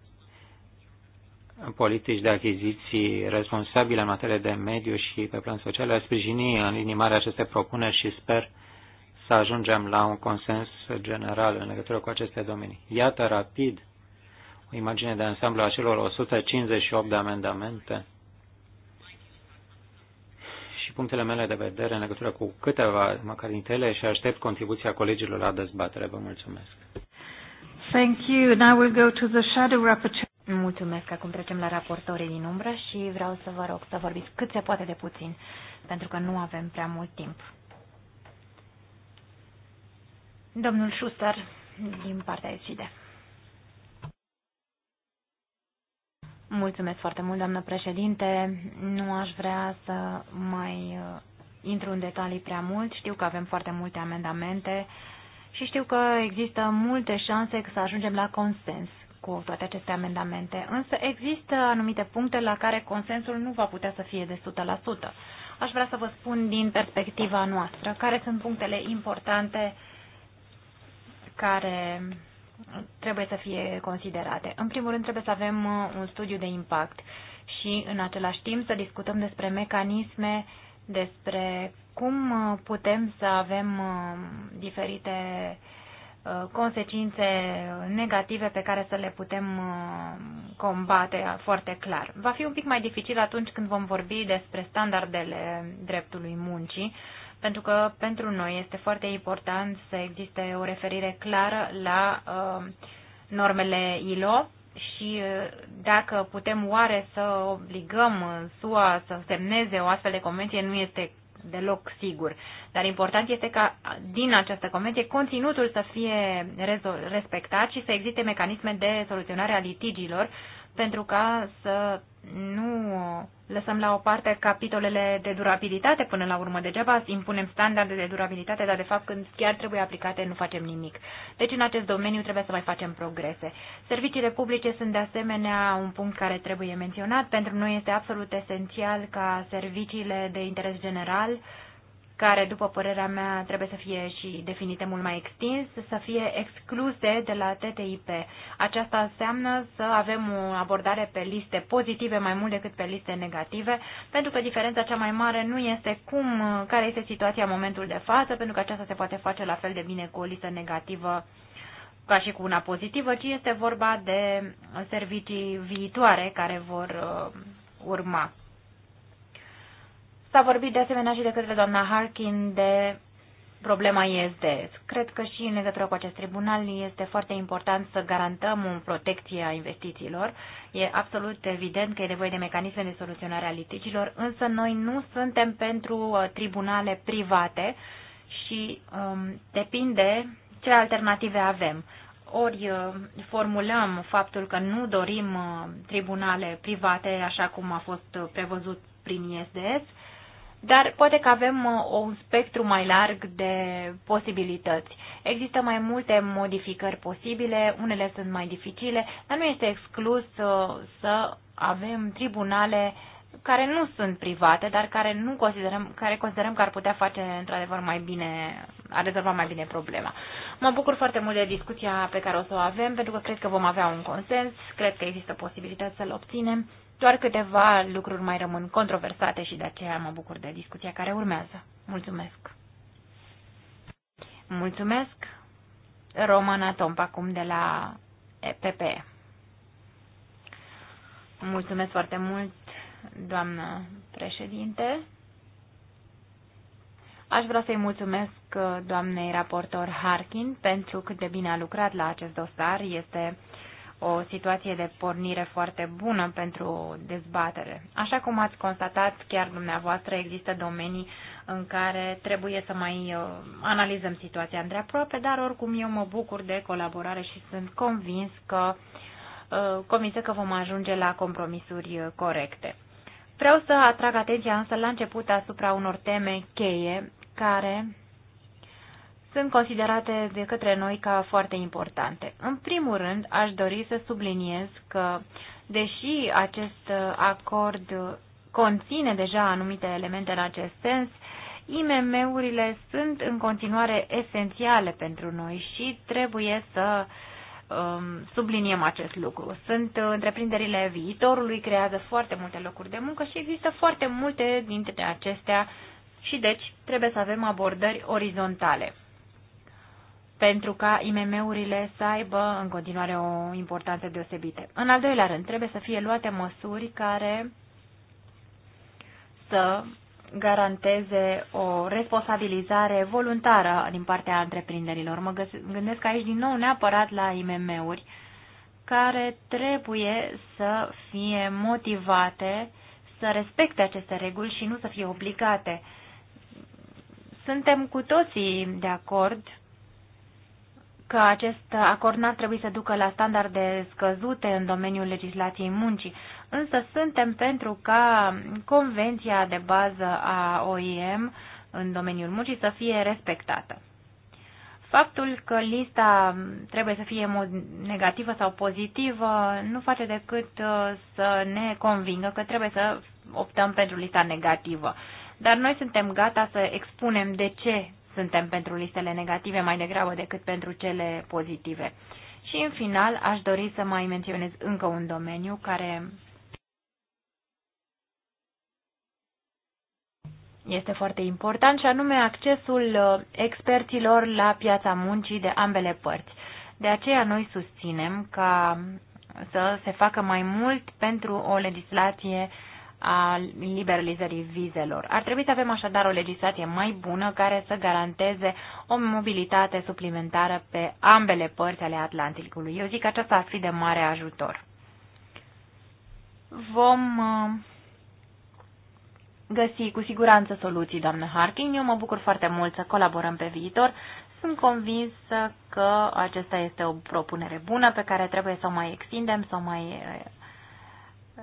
politici de achiziții responsabile în materie de mediu și pe plan social, a sprijini în linii mari aceste propuneri și sper să ajungem la un consens general în legătură cu aceste domenii. Iată rapid o imagine de ansamblu a celor 158 de amendamente punctele mele de vedere în legătură cu câteva, măcar din ele, și aștept contribuția colegilor la dezbatere. Vă mulțumesc. Thank you. Now we'll go to the shadow rapporteur. Mulțumesc. Acum trecem la raportorii din umbră și vreau să vă rog să vorbiți cât se poate de puțin, pentru că nu avem prea mult timp. Domnul Schuster, din partea SIDE. Mulțumesc foarte mult, doamnă președinte. Nu aș vrea să mai uh, intru în detalii prea mult. Știu că avem foarte multe amendamente și știu că există multe șanse să ajungem la consens cu toate aceste amendamente, însă există anumite puncte la care consensul nu va putea să fie de 100%. Aș vrea să vă spun din perspectiva noastră care sunt punctele importante care trebuie să fie considerate. În primul rând, trebuie să avem uh, un studiu de impact și, în același timp, să discutăm despre mecanisme, despre cum uh, putem să avem uh, diferite consecințe negative pe care să le putem combate foarte clar. Va fi un pic mai dificil atunci când vom vorbi despre standardele dreptului muncii, pentru că pentru noi este foarte important să existe o referire clară la uh, normele ILO și uh, dacă putem oare să obligăm uh, SUA să semneze o astfel de convenție, nu este deloc sigur. Dar important este ca din această convenție conținutul să fie respectat și să existe mecanisme de soluționare a litigiilor uh, pentru ca să nu lăsăm la o parte capitolele de durabilitate până la urmă. Degeaba impunem standarde de durabilitate, dar de fapt când chiar trebuie aplicate nu facem nimic. Deci în acest domeniu trebuie să mai facem progrese. Serviciile publice sunt de asemenea un punct care trebuie menționat. Pentru noi este absolut esențial ca serviciile de interes general care, după părerea mea, trebuie să fie și definite mult mai extins, să fie excluse de la TTIP. Aceasta înseamnă să avem o abordare pe liste pozitive mai mult decât pe liste negative, pentru că diferența cea mai mare nu este cum, care este situația în momentul de față, pentru că aceasta se poate face la fel de bine cu o listă negativă ca și cu una pozitivă, ci este vorba de servicii viitoare care vor uh, urma. S-a vorbit de asemenea și de către doamna Harkin de problema ISD. Cred că și în legătură cu acest tribunal este foarte important să garantăm o protecție a investițiilor. E absolut evident că e nevoie de mecanisme de soluționare a litigilor, însă noi nu suntem pentru uh, tribunale private și um, depinde ce alternative avem. Ori uh, formulăm faptul că nu dorim uh, tribunale private așa cum a fost prevăzut prin ISDS, dar poate că avem uh, un spectru mai larg de posibilități. Există mai multe modificări posibile, unele sunt mai dificile, dar nu este exclus uh, să avem tribunale care nu sunt private, dar care nu considerăm, care considerăm că ar putea face într-adevăr mai bine, a rezolva mai bine problema. Mă bucur foarte mult de discuția pe care o să o avem, pentru că cred că vom avea un consens, cred că există posibilități să-l obținem doar câteva lucruri mai rămân controversate și de aceea mă bucur de discuția care urmează. Mulțumesc! Mulțumesc! Romana Tomp acum de la EPP. Mulțumesc foarte mult, doamnă președinte. Aș vrea să-i mulțumesc doamnei raportor Harkin pentru cât de bine a lucrat la acest dosar. Este uh, o situație de pornire foarte bună pentru dezbatere. Așa cum ați constatat chiar dumneavoastră, există domenii în care trebuie să mai uh, analizăm situația îndreaproape, dar oricum eu mă bucur de colaborare și sunt convins că uh, convinsă că vom ajunge la compromisuri uh, corecte. Vreau să atrag atenția însă la început asupra unor teme cheie care sunt considerate de către noi ca foarte importante. În primul rând, aș dori să subliniez că, deși acest acord conține deja anumite elemente în acest sens, IMM-urile sunt în continuare esențiale pentru noi și trebuie să um, subliniem acest lucru. Sunt întreprinderile viitorului, creează foarte multe locuri de muncă și există foarte multe dintre acestea și deci trebuie să avem abordări orizontale pentru ca IMM-urile să aibă în continuare o importanță deosebită. În al doilea rând, trebuie să fie luate măsuri care să garanteze o responsabilizare voluntară din partea întreprinderilor. Mă gândesc aici din nou neapărat la IMM-uri care trebuie să fie motivate să respecte aceste reguli și nu să fie obligate. Suntem cu toții de acord că acest acord n-ar trebui să ducă la standarde scăzute în domeniul legislației muncii, însă suntem pentru ca convenția de bază a OIM în domeniul muncii să fie respectată. Faptul că lista trebuie să fie negativă sau pozitivă nu face decât uh, să ne convingă că trebuie să optăm pentru lista negativă. Dar noi suntem gata să expunem de ce suntem pentru listele negative mai degrabă decât pentru cele pozitive. Și în final aș dori să mai menționez încă un domeniu care este foarte important și anume accesul uh, experților la piața muncii de ambele părți. De aceea noi susținem ca să se facă mai mult pentru o legislație a liberalizării vizelor. Ar trebui să avem așadar o legislație mai bună care să garanteze o mobilitate suplimentară pe ambele părți ale Atlanticului. Eu zic că aceasta ar fi de mare ajutor. Vom uh, găsi cu siguranță soluții, doamnă Harkin. Eu mă bucur foarte mult să colaborăm pe viitor. Sunt convinsă că acesta este o propunere bună pe care trebuie să o mai extindem, să o mai uh,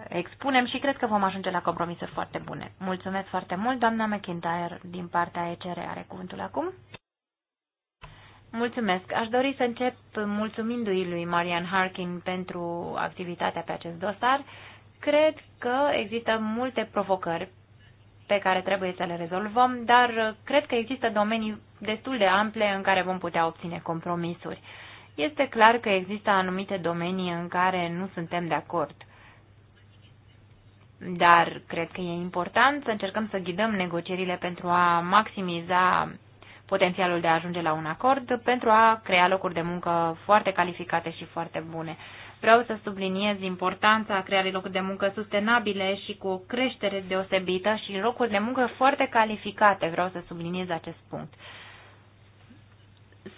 expunem și cred că vom ajunge la compromise foarte bune. Mulțumesc foarte mult, doamna McIntyre, din partea ECR, are cuvântul acum. Mulțumesc. Aș dori să încep mulțumindu-i lui Marian Harkin pentru activitatea pe acest dosar. Cred că există multe provocări pe care trebuie să le rezolvăm, dar cred că există domenii destul de ample în care vom putea obține compromisuri. Este clar că există anumite domenii în care nu suntem de acord. Dar cred că e important să încercăm să ghidăm negocierile pentru a maximiza potențialul de a ajunge la un acord, pentru a crea locuri de muncă foarte calificate și foarte bune. Vreau să subliniez importanța creării locuri de muncă sustenabile și cu o creștere deosebită și locuri de muncă foarte calificate. Vreau să subliniez acest punct.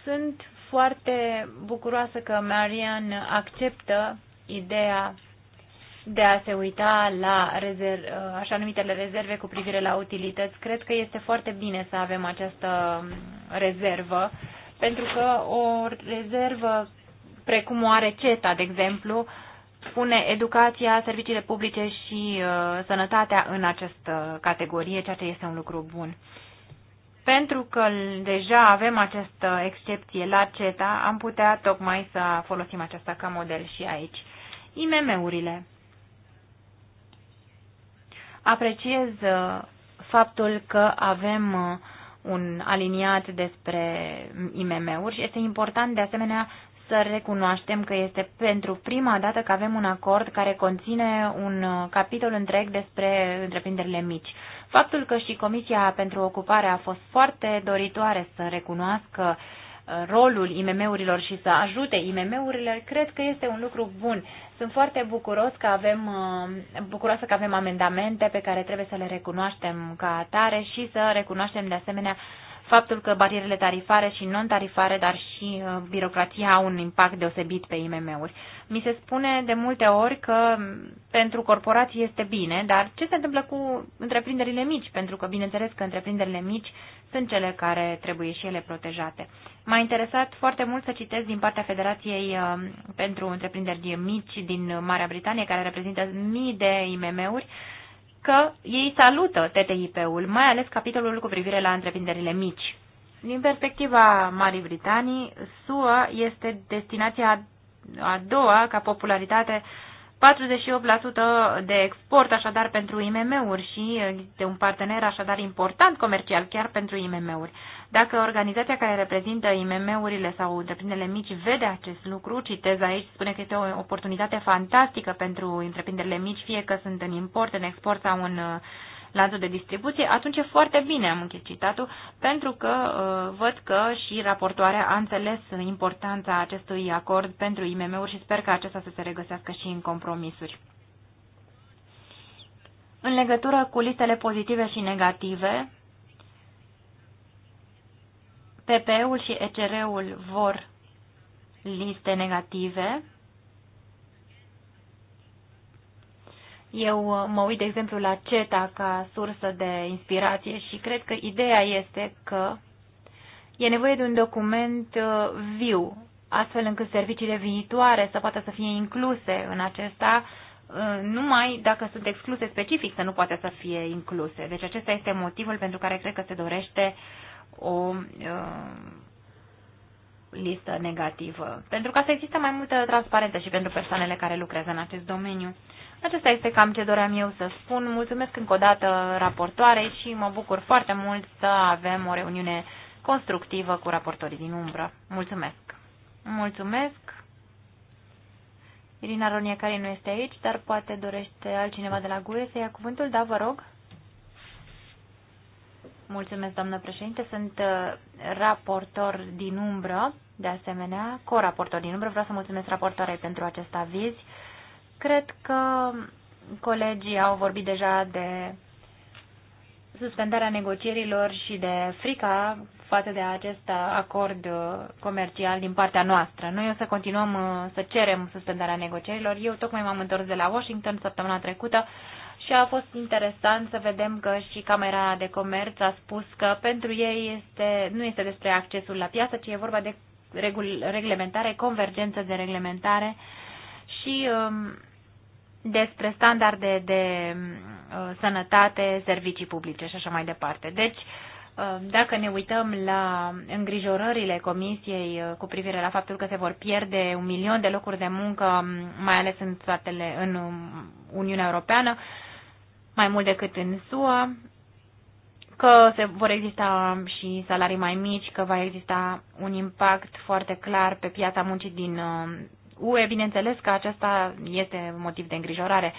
Sunt foarte bucuroasă că Marian acceptă ideea de a se uita la rezerv, așa numitele rezerve cu privire la utilități, cred că este foarte bine să avem această rezervă, pentru că o rezervă precum o are CETA, de exemplu, pune educația, serviciile publice și uh, sănătatea în această categorie, ceea ce este un lucru bun. Pentru că deja avem această excepție la CETA, am putea tocmai să folosim aceasta ca model și aici. IMM-urile. Apreciez uh, faptul că avem uh, un aliniat despre IMM-uri și este important de asemenea să recunoaștem că este pentru prima dată că avem un acord care conține un uh, capitol întreg despre întreprinderile mici. Faptul că și Comisia pentru Ocupare a fost foarte doritoare să recunoască rolul IMM-urilor și să ajute IMM-urile, cred că este un lucru bun. Sunt foarte bucuros că avem, uh, bucuroasă că avem amendamente pe care trebuie să le recunoaștem ca atare și să recunoaștem de asemenea faptul că barierele tarifare și non-tarifare, dar și uh, birocrația au un impact deosebit pe IMM-uri. Mi se spune de multe ori că pentru corporații este bine, dar ce se întâmplă cu întreprinderile mici? Pentru că, bineînțeles, că întreprinderile mici sunt cele care trebuie și ele protejate. M-a interesat foarte mult să citesc din partea Federației uh, pentru întreprinderi mici din Marea Britanie, care reprezintă mii de IMM-uri, că ei salută TTIP-ul, mai ales capitolul cu privire la întreprinderile mici. Din perspectiva Marii Britanii, SUA este destinația a doua ca popularitate 48% de export, așadar, pentru IMM-uri și de un partener, așadar, important comercial, chiar pentru IMM-uri. Dacă organizația care reprezintă IMM-urile sau întreprinderile mici vede acest lucru, citez aici, spune că este o oportunitate fantastică pentru întreprinderile mici, fie că sunt în import, în export sau în uh, lanțul de distribuție, atunci e foarte bine, am închis citatul, pentru că uh, văd că și raportoarea a înțeles importanța acestui acord pentru IMM-uri și sper că acesta să se regăsească și în compromisuri. În legătură cu listele pozitive și negative, PPE-ul și ECR-ul vor liste negative. Eu uh, mă uit, de exemplu, la CETA ca sursă de inspirație și cred că ideea este că e nevoie de un document uh, viu, astfel încât serviciile viitoare să poată să fie incluse în acesta, uh, numai dacă sunt excluse specific să nu poate să fie incluse. Deci acesta este motivul pentru care cred că se dorește uh, o listă negativă, pentru ca să existe mai multă transparență și pentru persoanele care lucrează în acest domeniu. Acesta este cam ce doream eu să spun. Mulțumesc încă o dată raportoare și mă bucur foarte mult să avem o reuniune constructivă cu raportorii din umbră. Mulțumesc! Mulțumesc! Irina Ronie, care nu este aici, dar poate dorește altcineva de la GUE să ia cuvântul, da, vă rog. Mulțumesc, doamnă președinte. Sunt uh, raportor din umbră, de asemenea, co-raportor din umbră. Vreau să mulțumesc raportoarei pentru acest aviz. Cred că colegii au vorbit deja de suspendarea negocierilor și de frica față de acest acord uh, comercial din partea noastră. Noi o să continuăm uh, să cerem suspendarea negocierilor. Eu tocmai m-am întors de la Washington săptămâna trecută și a fost interesant să vedem că și Camera de Comerț a spus că pentru ei este, nu este despre accesul la piață, ci e vorba de regul, reglementare, convergență de reglementare și um, despre standarde de uh, sănătate, servicii publice și așa mai departe. Deci, um, dacă ne uităm la îngrijorările Comisiei uh, cu privire la faptul că se vor pierde un milion de locuri de muncă, um, mai ales în, statele, în Uniunea Europeană, mai mult decât în SUA, că se vor exista și salarii mai mici, că va exista un impact foarte clar pe piața muncii din UE. Uh, Bineînțeles că acesta este motiv de îngrijorare.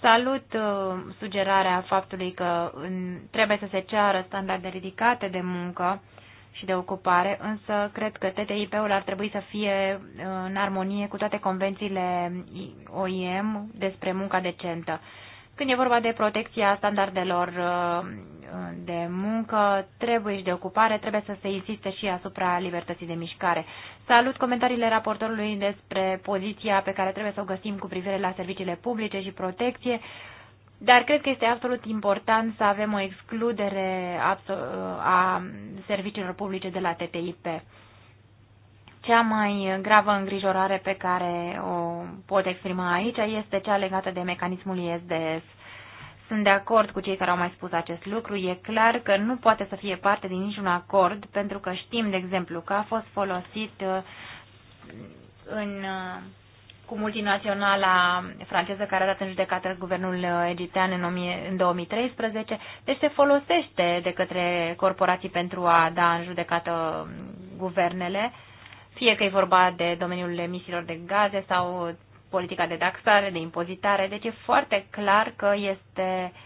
Salut uh, sugerarea faptului că trebuie să se ceară standarde ridicate de muncă și de ocupare, însă cred că TTIP-ul ar trebui să fie uh, în armonie cu toate convențiile OIM despre munca decentă. Când e vorba de protecția standardelor uh, de muncă, trebuie și de ocupare, trebuie să se insiste și asupra libertății de mișcare. Salut comentariile raportorului despre poziția pe care trebuie să o găsim cu privire la serviciile publice și protecție, dar cred că este absolut important să avem o excludere a serviciilor publice de la TTIP. Cea mai gravă îngrijorare pe care o pot exprima aici este cea legată de mecanismul ISDS. Sunt de acord cu cei care au mai spus acest lucru. E clar că nu poate să fie parte din niciun acord, pentru că știm, de exemplu, că a fost folosit uh, în, uh, cu multinaționala franceză care a dat în judecată guvernul uh, egiptean în, 2013. Deci se folosește de către corporații pentru a da în judecată um, guvernele. Uh, fie că e vorba de domeniul emisiilor de gaze sau politica de taxare, de impozitare. Deci e foarte clar că este uh,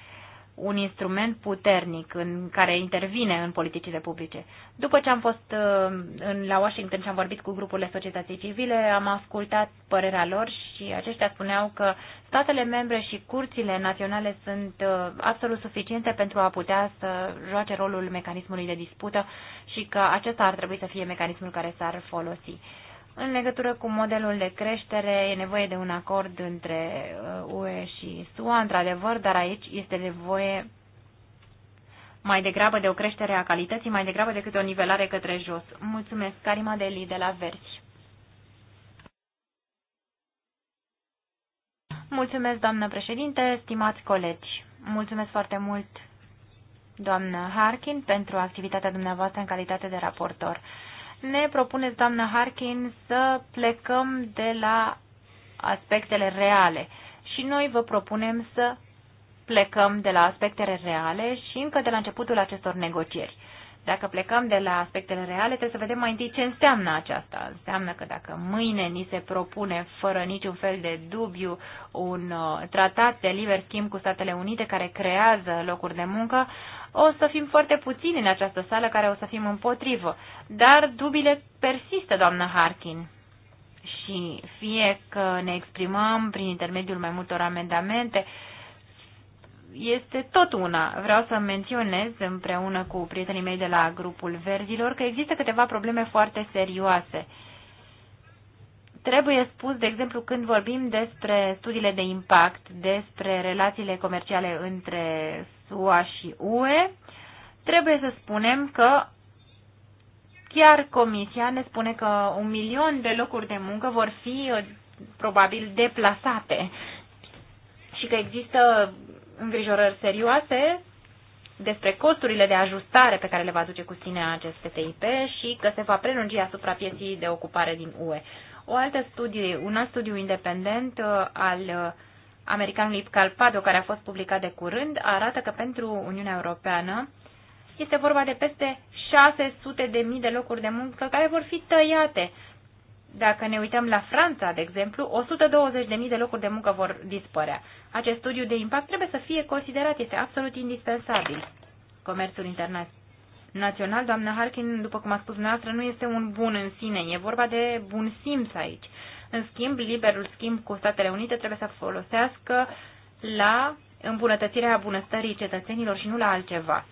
un instrument puternic în care intervine în politicile publice. După ce am fost uh, în, la Washington și am vorbit cu grupurile societății civile, am ascultat părerea lor și aceștia spuneau că statele membre și curțile naționale sunt uh, absolut suficiente pentru a putea să joace rolul mecanismului de dispută și că acesta ar trebui să fie mecanismul care s-ar folosi. În legătură cu modelul de creștere, e nevoie de un acord între uh, UE și SUA, într-adevăr, dar aici este nevoie mai degrabă de o creștere a calității, mai degrabă decât o nivelare către jos. Mulțumesc, Karima Deli de la Verzi. Mulțumesc, doamnă președinte, stimați colegi. Mulțumesc foarte mult, doamnă Harkin, pentru activitatea dumneavoastră în calitate de raportor ne propuneți, doamnă Harkin, să plecăm de la aspectele reale și noi vă propunem să plecăm de la aspectele reale și încă de la începutul acestor negocieri. Dacă plecăm de la aspectele reale, trebuie să vedem mai întâi ce înseamnă aceasta. Înseamnă că dacă mâine ni se propune, fără niciun fel de dubiu, un uh, tratat de liber schimb cu Statele Unite care creează locuri de muncă, o să fim foarte puțini în această sală care o să fim împotrivă. Dar dubile persistă, doamnă Harkin. Și fie că ne exprimăm prin intermediul mai multor amendamente, este tot una. Vreau să menționez împreună cu prietenii mei de la grupul verzilor că există câteva probleme foarte serioase. Trebuie spus, de exemplu, când vorbim despre studiile de impact, despre relațiile comerciale între SUA și UE, trebuie să spunem că chiar Comisia ne spune că un milion de locuri de muncă vor fi uh, probabil deplasate și că există îngrijorări serioase despre costurile de ajustare pe care le va duce cu sine acest TTIP și că se va prelungi asupra pieții de ocupare din UE. O altă studie, un alt studiu independent uh, al uh, americanului Calpado, care a fost publicat de curând, arată că pentru Uniunea Europeană este vorba de peste 600 de mii de locuri de muncă care vor fi tăiate. Dacă ne uităm la Franța, de exemplu, 120 de mii de locuri de muncă vor dispărea. Acest studiu de impact trebuie să fie considerat, este absolut indispensabil. Comerțul internațional, doamna Harkin, după cum a spus dumneavoastră, nu este un bun în sine, e vorba de bun simț aici. În schimb, liberul schimb cu Statele Unite trebuie să folosească la îmbunătățirea bunăstării cetățenilor și nu la altceva.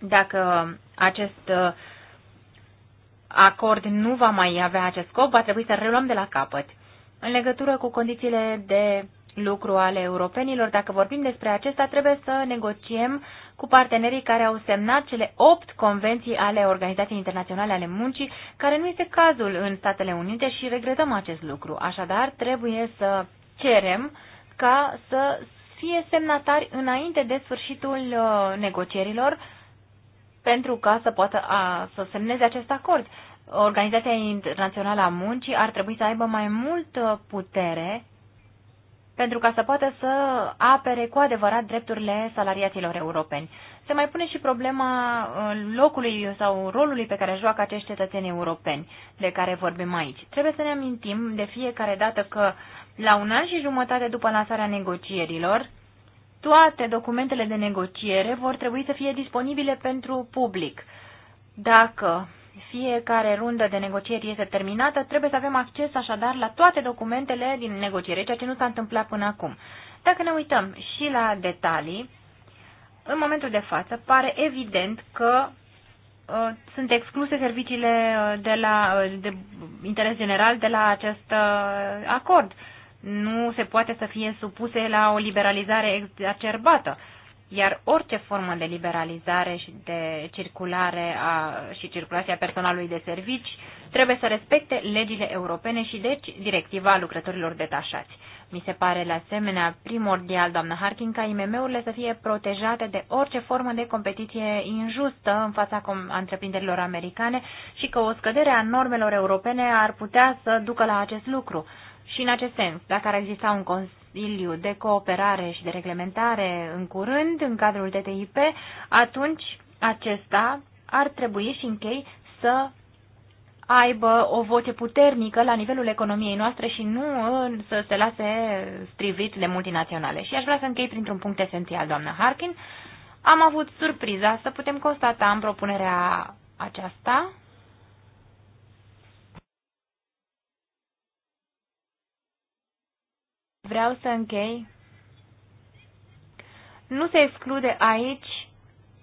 Dacă acest uh, acord nu va mai avea acest scop, va trebui să reluăm de la capăt. În legătură cu condițiile de lucru ale europenilor, dacă vorbim despre acesta, trebuie să negociem cu partenerii care au semnat cele opt convenții ale Organizației Internaționale ale Muncii, care nu este cazul în Statele Unite și regretăm acest lucru. Așadar, trebuie să cerem ca să fie semnatari înainte de sfârșitul uh, negocierilor pentru ca să poată a, să semneze acest acord. Organizația Internațională a Muncii ar trebui să aibă mai mult uh, putere pentru ca să poată să apere cu adevărat drepturile salariaților europeni. Se mai pune și problema uh, locului sau rolului pe care joacă acești cetățeni europeni de care vorbim aici. Trebuie să ne amintim de fiecare dată că la un an și jumătate după lansarea negocierilor, toate documentele de negociere vor trebui să fie disponibile pentru public. Dacă fiecare rundă de negocieri este terminată, trebuie să avem acces așadar la toate documentele din negociere, ceea ce nu s-a întâmplat până acum. Dacă ne uităm și la detalii, în momentul de față pare evident că uh, sunt excluse serviciile uh, de la uh, de interes general de la acest uh, acord. Nu se poate să fie supuse la o liberalizare exacerbată. Uh, iar orice formă de liberalizare și de circulare a, și circulația personalului de servici trebuie să respecte legile europene și deci directiva lucrătorilor detașați. Mi se pare la asemenea primordial, doamnă Harkin, ca IMM-urile să fie protejate de orice formă de competiție injustă în fața întreprinderilor americane și că o scădere a normelor europene ar putea să ducă la acest lucru. Și în acest sens, dacă ar exista un cons Consiliu de Cooperare și de Reglementare în curând, în cadrul TTIP, atunci acesta ar trebui și închei să aibă o voce puternică la nivelul economiei noastre și nu să se lase strivit de multinaționale. Și aș vrea să închei printr-un punct esențial, doamnă Harkin. Am avut surpriza să putem constata în propunerea aceasta Vreau să închei. Nu se exclude aici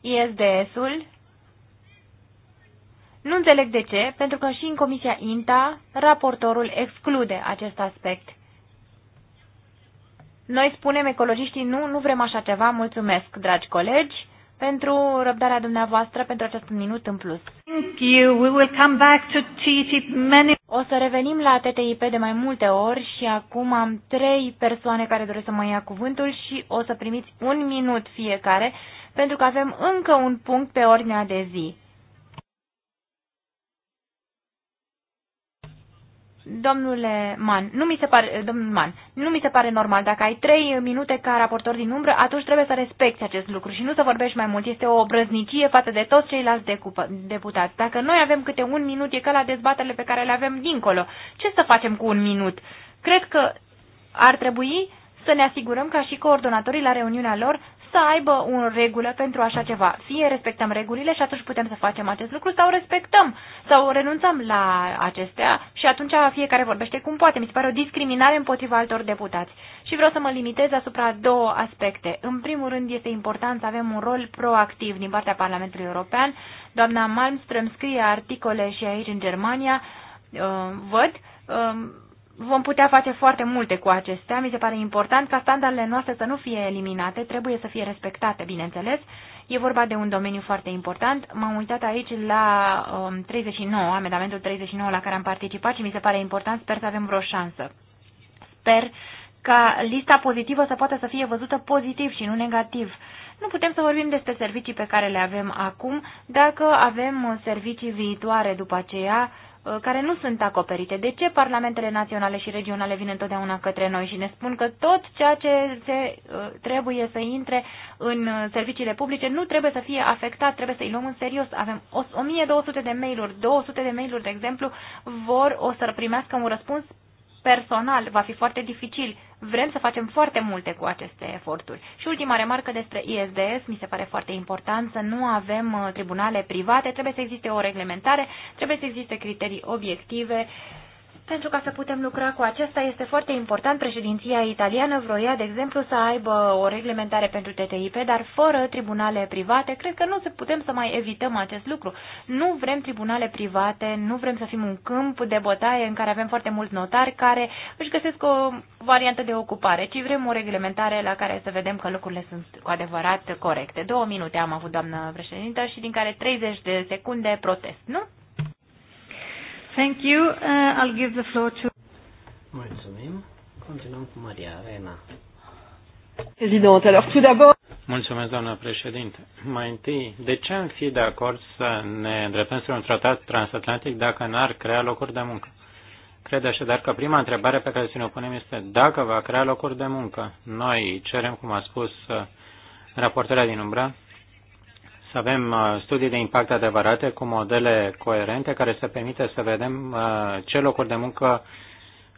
ISDS-ul. Nu înțeleg de ce, pentru că și în Comisia INTA raportorul exclude acest aspect. Noi spunem ecologiștii nu, nu vrem așa ceva, mulțumesc, dragi colegi pentru răbdarea dumneavoastră pentru acest minut în plus. Thank you. We will come back to TTIP many... O să revenim la TTIP de mai multe ori și acum am trei persoane care doresc să mă ia cuvântul și o să primiți un minut fiecare pentru că avem încă un punct pe ordinea de zi. Domnule Man, nu mi se pare, domnul Man, nu mi se pare normal. Dacă ai trei minute ca raportor din umbră, atunci trebuie să respecti acest lucru și nu să vorbești mai mult. Este o obrăznicie față de toți ceilalți deputați. Dacă noi avem câte un minut, e ca la dezbaterile pe care le avem dincolo. Ce să facem cu un minut? Cred că ar trebui să ne asigurăm ca și coordonatorii la reuniunea lor să aibă o regulă pentru așa ceva. Fie respectăm regulile și atunci putem să facem acest lucru sau respectăm sau renunțăm la acestea și atunci fiecare vorbește cum poate. Mi se pare o discriminare împotriva altor deputați. Și vreau să mă limitez asupra două aspecte. În primul rând este important să avem un rol proactiv din partea Parlamentului European. Doamna Malmström scrie articole și aici în Germania, uh, văd, uh, vom putea face foarte multe cu acestea. Mi se pare important ca standardele noastre să nu fie eliminate, trebuie să fie respectate, bineînțeles. E vorba de un domeniu foarte important. M-am uitat aici la um, 39, amendamentul 39 la care am participat și mi se pare important, sper să avem vreo șansă. Sper ca lista pozitivă să poată să fie văzută pozitiv și nu negativ. Nu putem să vorbim despre servicii pe care le avem acum dacă avem uh, servicii viitoare după aceea Uh, care nu sunt acoperite. De ce parlamentele naționale și regionale vin întotdeauna către noi și ne spun că tot ceea ce se, uh, trebuie să intre în uh, serviciile publice nu trebuie să fie afectat, trebuie să-i luăm în serios. Avem 1200 de mail-uri, 200 de mail-uri, de exemplu, vor o să primească un răspuns personal, va fi foarte dificil vrem să facem foarte multe cu aceste eforturi. Și ultima remarcă despre ISDS, mi se pare foarte important să nu avem uh, tribunale private, trebuie să existe o reglementare, trebuie să existe criterii obiective, pentru ca să putem lucra cu acesta este foarte important. Președinția italiană vroia, de exemplu, să aibă o reglementare pentru TTIP, dar fără tribunale private, cred că nu se putem să mai evităm acest lucru. Nu vrem tribunale private, nu vrem să fim un câmp de bătaie în care avem foarte mulți notari care își găsesc o variantă de ocupare, ci vrem o reglementare la care să vedem că lucrurile sunt cu adevărat corecte. Două minute am avut, doamnă președintă, și din care 30 de secunde protest, nu? Thank you. Uh, I'll give the floor to... Mulțumim. Continuăm cu Maria Arena. Președinte, alors tout d'abord... Mulțumesc, doamnă președinte. Mai întâi, de ce am fi de acord să ne îndreptăm spre un tratat transatlantic dacă n-ar crea locuri de muncă? Cred așadar că prima întrebare pe care să ne punem este dacă va crea locuri de muncă. Noi cerem, cum a spus uh, raportarea din umbră, să avem uh, studii de impact adevărate cu modele coerente care să permită să vedem uh, ce locuri de muncă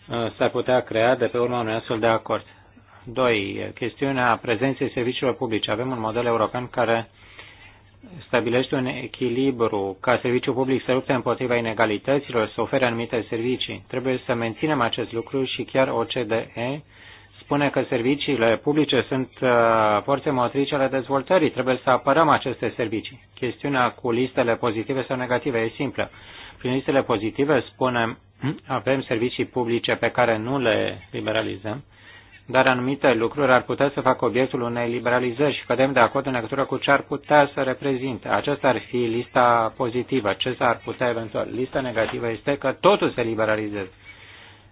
uh, s-ar putea crea de pe urma unui astfel de acord. 2. Chestiunea prezenței serviciilor publice. Avem un model european care stabilește un echilibru ca serviciul public să lupte împotriva inegalităților, să ofere anumite servicii. Trebuie să menținem acest lucru și chiar OCDE spune că serviciile publice sunt uh, forțe motrice ale dezvoltării. Trebuie să apărăm aceste servicii. Chestiunea cu listele pozitive sau negative e simplă. Prin listele pozitive spunem avem servicii publice pe care nu le liberalizăm, dar anumite lucruri ar putea să facă obiectul unei liberalizări și cădem de acord în legătură cu ce ar putea să reprezinte. Aceasta ar fi lista pozitivă, ce s-ar putea eventual. Lista negativă este că totul se liberalizează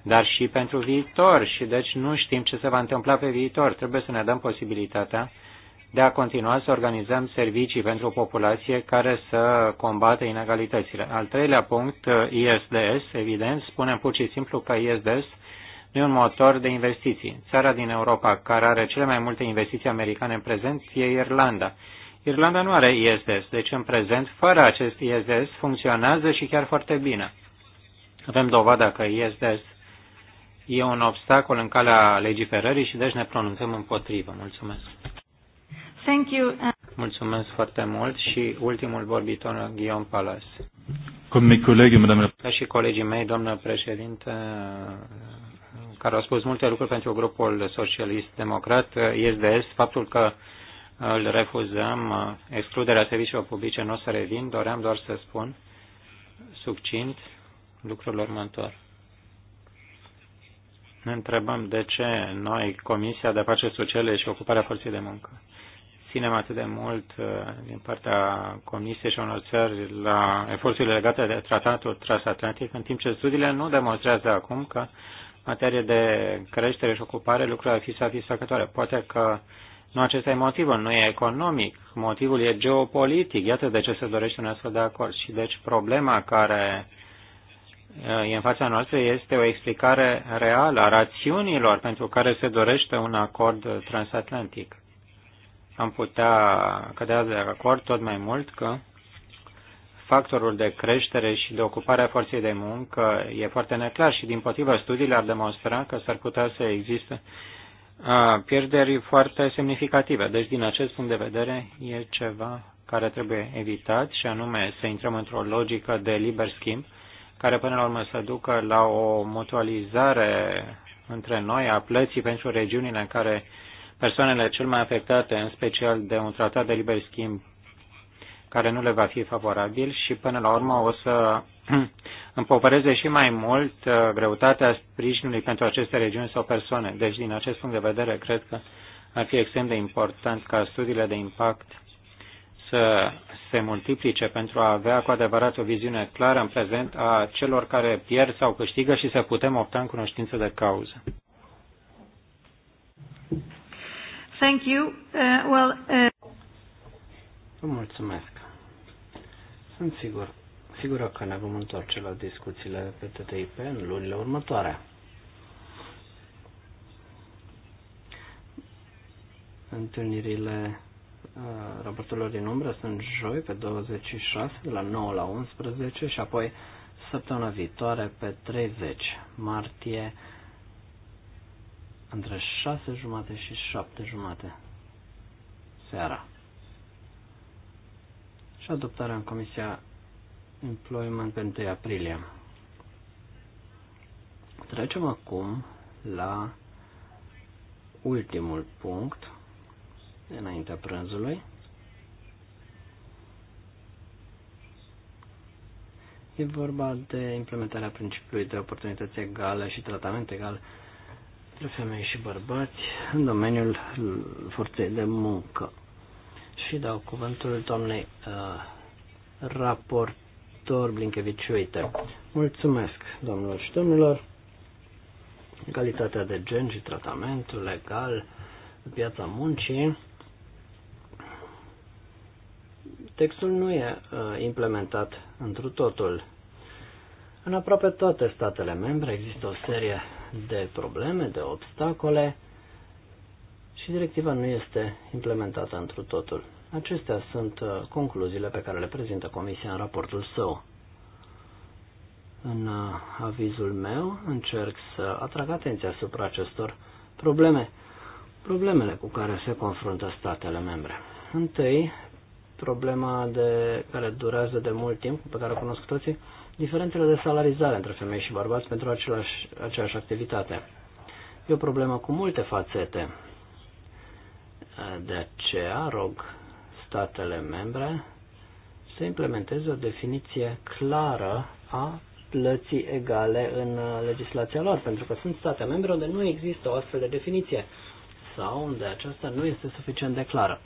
dar și pentru viitor și deci nu știm ce se va întâmpla pe viitor. Trebuie să ne dăm posibilitatea de a continua să organizăm servicii pentru o populație care să combată inegalitățile. Al treilea punct, ISDS, evident, spunem pur și simplu că ISDS nu e un motor de investiții. Țara din Europa care are cele mai multe investiții americane în prezent e Irlanda. Irlanda nu are ISDS, deci în prezent, fără acest ISDS, funcționează și chiar foarte bine. Avem dovada că ISDS e un obstacol în calea legiferării și deci ne pronunțăm împotrivă. Mulțumesc. Thank you. Mulțumesc foarte mult și ultimul vorbitor, Guillaume Palas. Ca și colegii mei, doamnă președinte, care au spus multe lucruri pentru grupul socialist-democrat, est faptul că îl refuzăm, excluderea serviciilor publice nu o să revin, doream doar să spun succint lucrul următoare. Ne întrebăm de ce noi, Comisia de Afaceri Sociale și Ocuparea Forței de Muncă, ținem atât de mult uh, din partea Comisiei și unor țări la eforturile legate de tratatul transatlantic, în timp ce studiile nu demonstrează acum că materie de creștere și ocupare lucrurile ar fi satisfăcătoare. Poate că nu acesta e motivul, nu e economic, motivul e geopolitic. Iată de ce se dorește un astfel de acord. Și deci problema care Uh, în fața noastră este o explicare reală a rațiunilor pentru care se dorește un acord transatlantic. Am putea cădea de acord tot mai mult că factorul de creștere și de ocupare a forței de muncă e foarte neclar și, din potrivă, studiile ar demonstra că s-ar putea să existe uh, pierderi foarte semnificative. Deci, din acest punct de vedere, e ceva care trebuie evitat și anume să intrăm într-o logică de liber schimb care până la urmă să ducă la o mutualizare între noi a plății pentru regiunile în care persoanele cel mai afectate, în special de un tratat de liber schimb care nu le va fi favorabil și până la urmă o să împovăreze și mai mult uh, greutatea sprijinului pentru aceste regiuni sau persoane. Deci, din acest punct de vedere, cred că ar fi extrem de important ca studiile de impact să se multiplice pentru a avea cu adevărat o viziune clară în prezent a celor care pierd sau câștigă și să putem opta în cunoștință de cauză. Thank you. Uh, well, uh... Vă mulțumesc. Sunt sigur, sigur că ne vom întoarce la discuțiile pe TTIP în lunile următoare. Întâlnirile Uh, raporturilor din umbră sunt joi pe 26 de la 9 la 11 și apoi săptămâna viitoare pe 30 martie între 6 jumate și 7 jumate seara. Și adoptarea în Comisia Employment pe 1 aprilie. Trecem acum la ultimul punct, înaintea prânzului. E vorba de implementarea principiului de oportunități egale și tratament egal între femei și bărbați în domeniul forței de muncă. Și dau cuvântul doamnei uh, raportor Blinkeviciuite. Mulțumesc, domnilor și domnilor. Egalitatea de gen și tratamentul legal în piața muncii Textul nu e uh, implementat întru totul. În aproape toate statele membre există o serie de probleme, de obstacole și directiva nu este implementată întru totul. Acestea sunt uh, concluziile pe care le prezintă Comisia în raportul său. În uh, avizul meu încerc să atrag atenția asupra acestor probleme, problemele cu care se confruntă statele membre. Întâi, problema de, care durează de mult timp, pe care o cunosc toții, diferențele de salarizare între femei și bărbați pentru același, aceeași activitate. E o problemă cu multe fațete. De aceea rog statele membre să implementeze o definiție clară a plății egale în legislația lor, pentru că sunt state membre unde nu există o astfel de definiție sau unde aceasta nu este suficient de clară.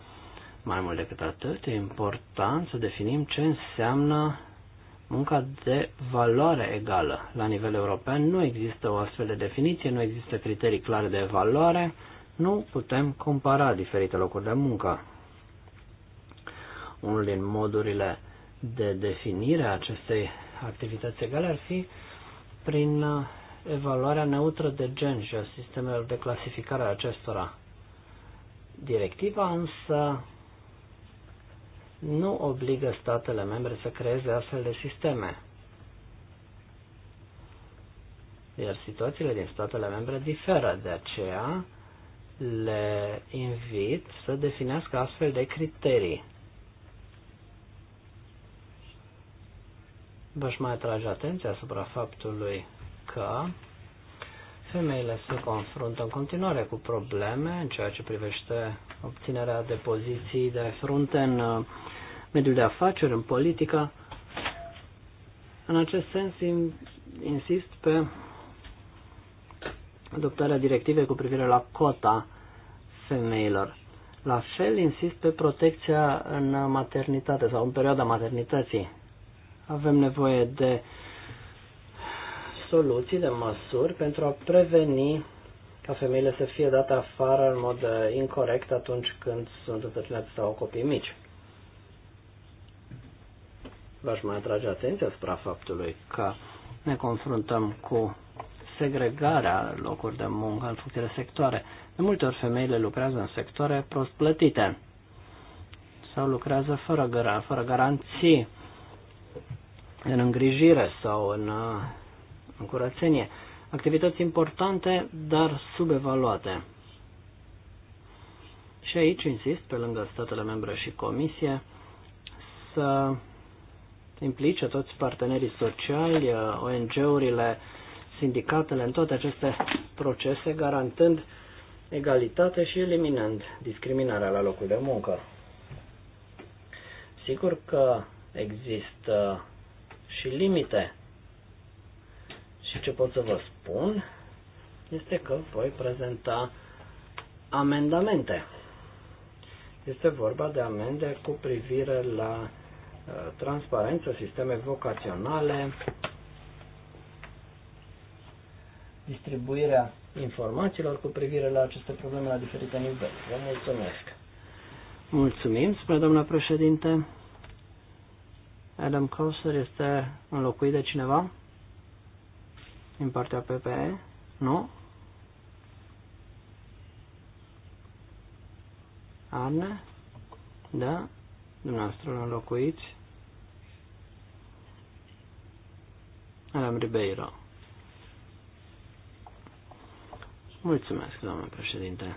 Mai mult decât atât, e important să definim ce înseamnă munca de valoare egală. La nivel european nu există o astfel de definiție, nu există criterii clare de valoare nu putem compara diferite locuri de muncă. Unul din modurile de definire a acestei activități egale ar fi prin uh, evaluarea neutră de gen și a sistemelor de clasificare a acestora. Directiva însă nu obligă statele membre să creeze astfel de sisteme. Iar situațiile din statele membre diferă, de aceea le invit să definească astfel de criterii. v mai atrage atenția asupra faptului că femeile se confruntă în continuare cu probleme în ceea ce privește obținerea de poziții de frunte în uh, mediul de afaceri, în politică. În acest sens, insist pe adoptarea directivei cu privire la cota femeilor. La fel, insist pe protecția în maternitate sau în perioada maternității. Avem nevoie de soluții, de măsuri pentru a preveni ca femeile să fie date afară în mod uh, incorrect atunci când sunt însărcinate sau copii mici. V-aș mai atrage atenția asupra faptului că ne confruntăm cu segregarea locuri de muncă în funcție de sectoare. De multe ori femeile lucrează în sectoare prost plătite sau lucrează fără, gara, fără garanții în îngrijire sau în, uh, în curățenie. Activități importante, dar subevaluate. Și aici insist, pe lângă statele membre și comisie, să implice toți partenerii sociali, ONG-urile, sindicatele în toate aceste procese, garantând egalitate și eliminând discriminarea la locul de muncă. Sigur că există și limite și ce pot să vă spun este că voi prezenta amendamente. Este vorba de amende cu privire la uh, transparență, sisteme vocaționale, distribuirea informațiilor cu privire la aceste probleme la diferite niveluri. Vă mulțumesc! Mulțumim, spre doamna președinte. Adam Kosser este înlocuit de cineva? din partea PPE? Nu? Arne? Da? Dumneavoastră l locuit? Alam Ribeiro. Mulțumesc, domnule președinte.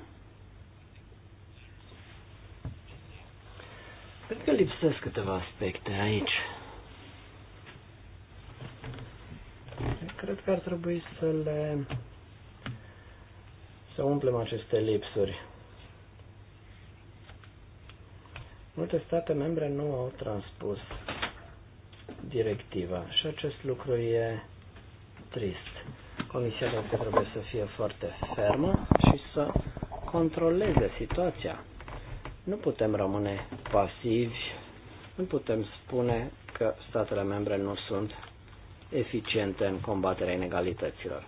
Cred că lipsesc câteva aspecte aici. cred că ar trebui să le să umplem aceste lipsuri. Multe state membre nu au transpus directiva și acest lucru e trist. Comisia trebuie să fie foarte fermă și să controleze situația. Nu putem rămâne pasivi, nu putem spune că statele membre nu sunt eficiente în combaterea inegalităților.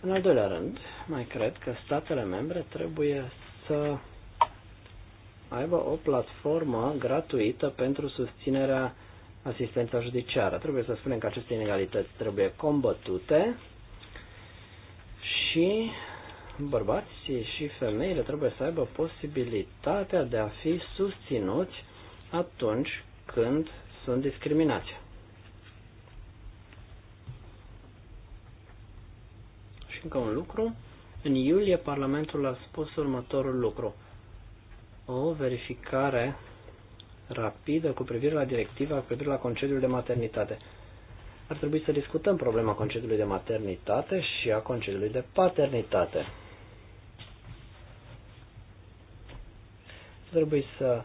În al doilea rând, mai cred că statele membre trebuie să aibă o platformă gratuită pentru susținerea asistența judiciară. Trebuie să spunem că aceste inegalități trebuie combătute și bărbații și femeile trebuie să aibă posibilitatea de a fi susținuți atunci când sunt discriminați. încă un lucru. În iulie Parlamentul a spus următorul lucru. O verificare rapidă cu privire la directiva cu privire la concediul de maternitate. Ar trebui să discutăm problema concediului de maternitate și a concediului de paternitate. Trebuie să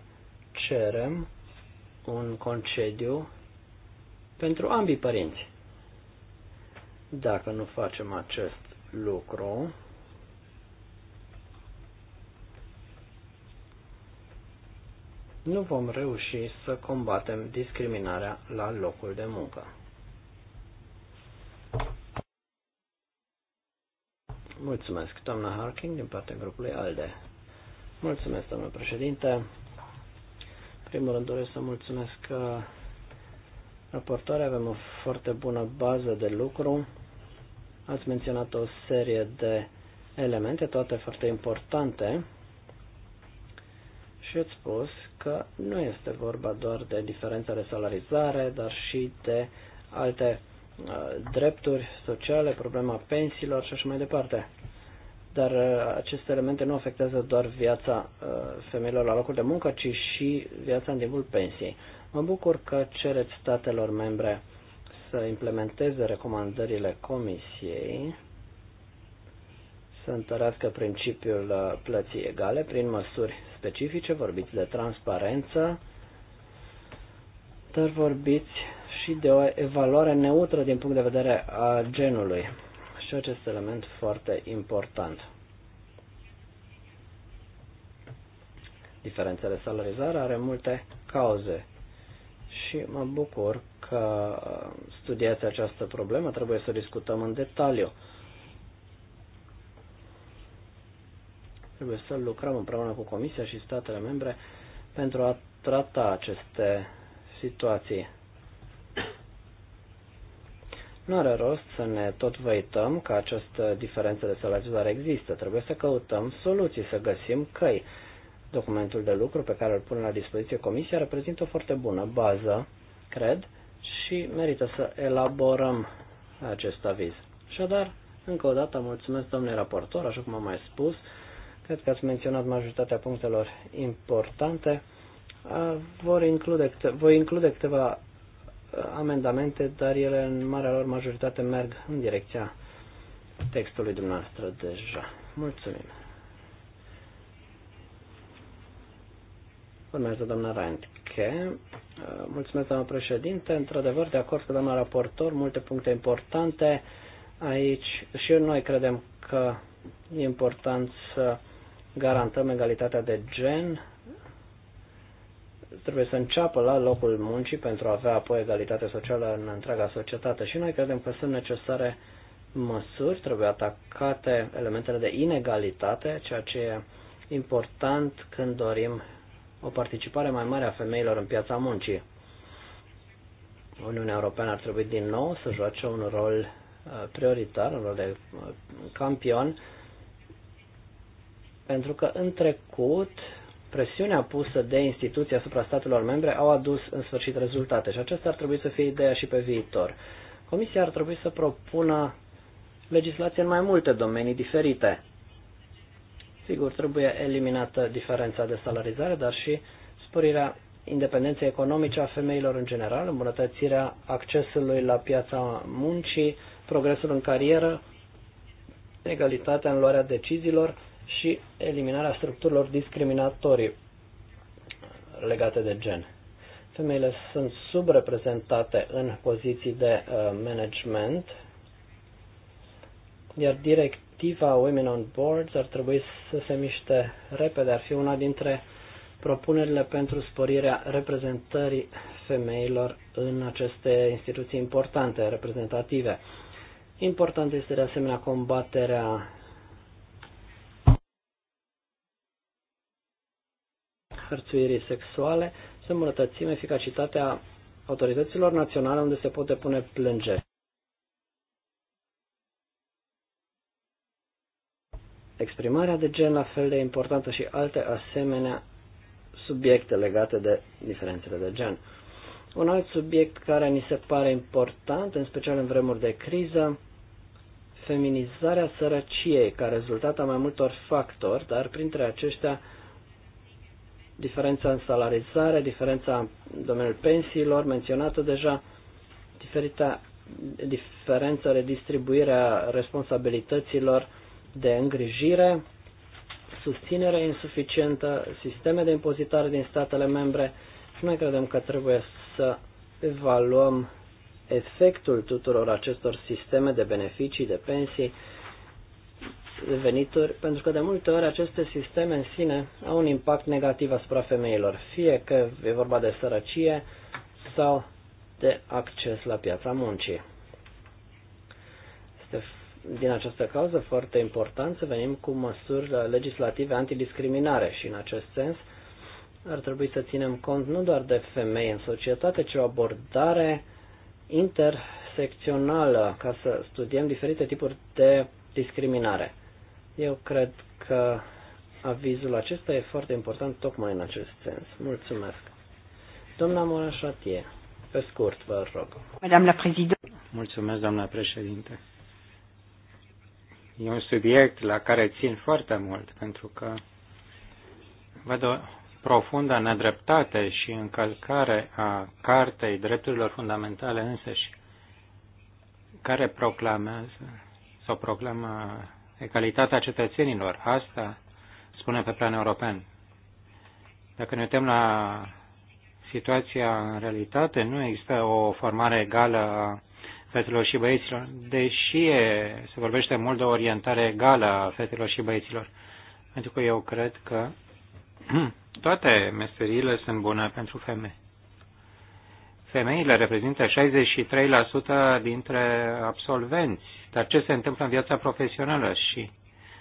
cerem un concediu pentru ambii părinți. Dacă nu facem acest lucru. Nu vom reuși să combatem discriminarea la locul de muncă. Mulțumesc, doamna Harking, din partea grupului ALDE. Mulțumesc, domnule președinte. primul rând doresc să mulțumesc că uh, raportoare avem o foarte bună bază de lucru. Ați menționat o serie de elemente, toate foarte importante, și ați spus că nu este vorba doar de diferența de salarizare, dar și de alte uh, drepturi sociale, problema pensiilor și așa mai departe. Dar uh, aceste elemente nu afectează doar viața uh, femeilor la locul de muncă, ci și viața în timpul pensiei. Mă bucur că cereți statelor membre să implementeze recomandările Comisiei, să întărească principiul uh, plății egale prin măsuri specifice, vorbiți de transparență, dar vorbiți și de o evaluare neutră din punct de vedere a genului. Și acest element foarte important. Diferențele salarizare are multe cauze și mă bucur că studiați această problemă, trebuie să discutăm în detaliu. Trebuie să lucrăm împreună cu Comisia și statele membre pentru a trata aceste situații. Nu are rost să ne tot văităm că această diferență de salarizare există. Trebuie să căutăm soluții, să găsim căi. Documentul de lucru pe care îl pune la dispoziție Comisia reprezintă o foarte bună bază, cred, și merită să elaborăm acest aviz. Așadar, încă o dată mulțumesc domnule raportor, așa cum am mai spus, cred că ați menționat majoritatea punctelor importante. Vor include, voi include câteva amendamente, dar ele în marea lor majoritate merg în direcția textului dumneavoastră deja. Mulțumim! Urmează doamna Reintke. Schhe. Uh, mulțumesc, doamna președinte. Într-adevăr, de acord cu doamna raportor, multe puncte importante aici. Și noi credem că e important să garantăm egalitatea de gen. Trebuie să înceapă la locul muncii pentru a avea apoi egalitate socială în întreaga societate. Și noi credem că sunt necesare măsuri, trebuie atacate elementele de inegalitate, ceea ce e important când dorim o participare mai mare a femeilor în piața muncii. Uniunea Europeană ar trebui din nou să joace un rol uh, prioritar, un rol de uh, campion, pentru că în trecut presiunea pusă de instituții asupra statelor membre au adus în sfârșit rezultate și aceasta ar trebui să fie ideea și pe viitor. Comisia ar trebui să propună legislație în mai multe domenii diferite. Sigur, trebuie eliminată diferența de salarizare, dar și sporirea independenței economice a femeilor în general, îmbunătățirea accesului la piața muncii, progresul în carieră, egalitatea în luarea deciziilor și eliminarea structurilor discriminatorii legate de gen. Femeile sunt subreprezentate în poziții de uh, management, iar direct directiva Women on Boards ar trebui să se miște repede, ar fi una dintre propunerile pentru sporirea reprezentării femeilor în aceste instituții importante, reprezentative. Important este de asemenea combaterea hărțuirii sexuale, să îmbunătățim eficacitatea autorităților naționale unde se pot depune plângeri. exprimarea de gen la fel de importantă și alte asemenea subiecte legate de diferențele de gen. Un alt subiect care ni se pare important, în special în vremuri de criză, feminizarea sărăciei ca rezultat a mai multor factori, dar printre aceștia diferența în salarizare, diferența în domeniul pensiilor, menționată deja, diferita, diferența redistribuirea responsabilităților de îngrijire, susținere insuficientă, sisteme de impozitare din statele membre și noi credem că trebuie să evaluăm efectul tuturor acestor sisteme de beneficii, de pensii, de venituri, pentru că de multe ori aceste sisteme în sine au un impact negativ asupra femeilor, fie că e vorba de sărăcie sau de acces la piața muncii din această cauză foarte important să venim cu măsuri legislative antidiscriminare și în acest sens ar trebui să ținem cont nu doar de femei în societate, ci o abordare intersecțională ca să studiem diferite tipuri de discriminare. Eu cred că avizul acesta e foarte important tocmai în acest sens. Mulțumesc. Doamna Morașatie, pe scurt, vă rog. Madame la Mulțumesc, doamna președinte. E un subiect la care țin foarte mult, pentru că văd o profundă nedreptate și încălcare a Cartei Drepturilor Fundamentale însăși, care proclamează sau proclamă egalitatea cetățenilor. Asta spune pe plan european. Dacă ne uităm la situația în realitate, nu există o formare egală a fetelor și băieților, deși e, se vorbește mult de o orientare egală a fetelor și băieților. Pentru că eu cred că toate meseriile sunt bune pentru femei. Femeile reprezintă 63% dintre absolvenți, dar ce se întâmplă în viața profesională și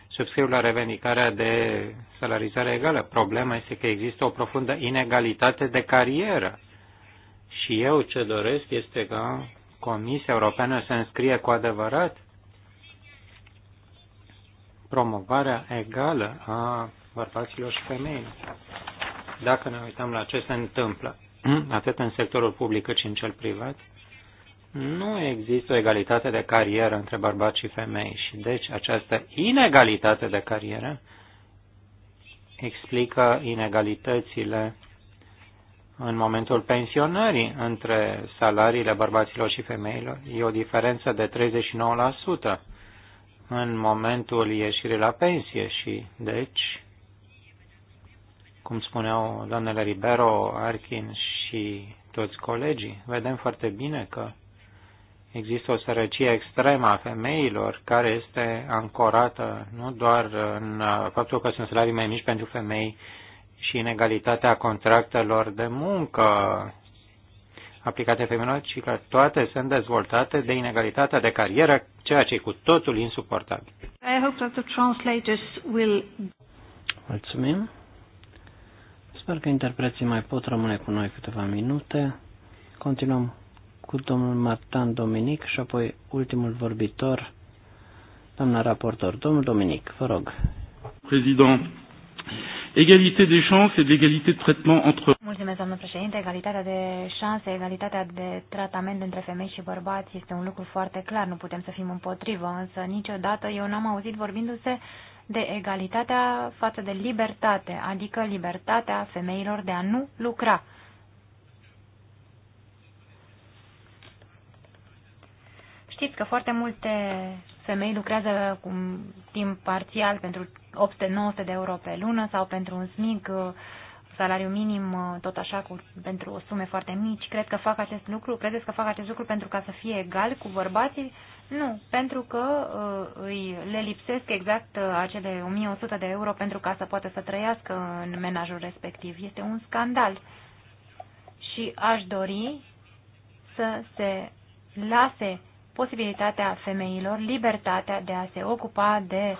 subscriu la revendicarea de salarizare egală. Problema este că există o profundă inegalitate de carieră. Și eu ce doresc este ca Comisia Europeană se înscrie cu adevărat promovarea egală a bărbaților și femeilor. Dacă ne uităm la ce se întâmplă, atât în sectorul public cât și în cel privat, nu există o egalitate de carieră între bărbați și femei și deci această inegalitate de carieră explică inegalitățile în momentul pensionării între salariile bărbaților și femeilor. E o diferență de 39% în momentul ieșirii la pensie și, deci, cum spuneau doamnele Ribero, Arkin și toți colegii, vedem foarte bine că există o sărăcie extremă a femeilor care este ancorată nu doar în uh, faptul că sunt salarii mai mici pentru femei și inegalitatea contractelor de muncă aplicate femeilor, ci că toate sunt dezvoltate de inegalitatea de carieră, ceea ce e cu totul insuportabil. I hope that the translators will... Mulțumim. Sper că interpreții mai pot rămâne cu noi câteva minute. Continuăm cu domnul Martin Dominic și apoi ultimul vorbitor, doamna raportor. Domnul Dominic, vă rog. Prezident, Egalité des chances et de l'égalité de traitement entre... Mulțumesc, doamnă președinte. Egalitatea de șanse, egalitatea de tratament între femei și bărbați este un lucru foarte clar. Nu putem să fim împotrivă, însă niciodată eu n-am auzit vorbindu-se de egalitatea față de libertate, adică libertatea femeilor de a nu lucra. Știți că foarte multe femei lucrează cu timp parțial pentru 800-900 de euro pe lună sau pentru un SMIG uh, salariu minim, uh, tot așa, cu, pentru sume foarte mici. Cred că fac acest lucru, credeți că fac acest lucru pentru ca să fie egal cu bărbații? Nu, pentru că uh, îi, le lipsesc exact uh, acele 1100 de euro pentru ca să poată să trăiască în menajul respectiv. Este un scandal. Și aș dori să se lase posibilitatea femeilor, libertatea de a se ocupa de uh,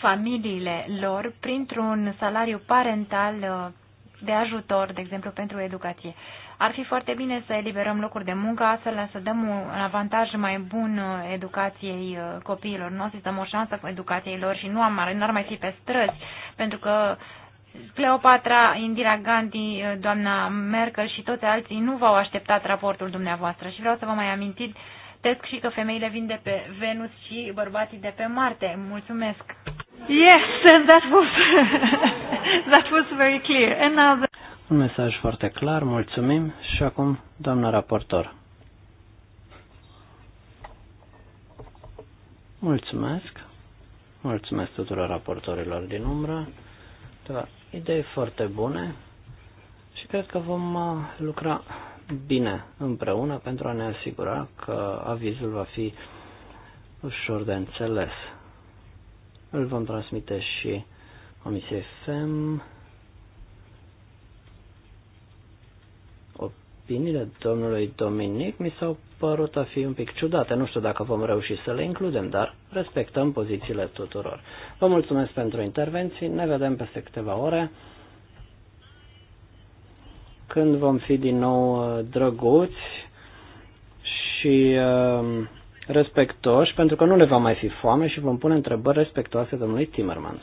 familiile lor printr-un salariu parental uh, de ajutor, de exemplu, pentru educație. Ar fi foarte bine să eliberăm locuri de muncă, astfel să dăm un avantaj mai bun uh, educației uh, copiilor noștri, să dăm o șansă educației lor și nu am, nu ar mai fi pe străzi, pentru că Cleopatra, Indira Gandhi, doamna Merkel și toți alții nu v-au așteptat raportul dumneavoastră și vreau să vă mai amintiți Tesc și că femeile vin de pe Venus și bărbații de pe Marte. Mulțumesc! Yes, and that was, that was very clear. And now the... Un mesaj foarte clar, mulțumim și acum, doamna raportor. Mulțumesc. Mulțumesc tuturor raportorilor din umbră. Da, idei foarte bune și cred că vom uh, lucra bine împreună pentru a ne asigura că avizul va fi ușor de înțeles. Îl vom transmite și Comisiei FEM. Opiniile domnului Dominic mi s-au părut a fi un pic ciudate. Nu știu dacă vom reuși să le includem, dar respectăm pozițiile tuturor. Vă mulțumesc pentru intervenții. Ne vedem peste câteva ore când vom fi din nou uh, drăguți și uh, respectoși, pentru că nu le va mai fi foame și vom pune întrebări respectoase domnului Timmermans.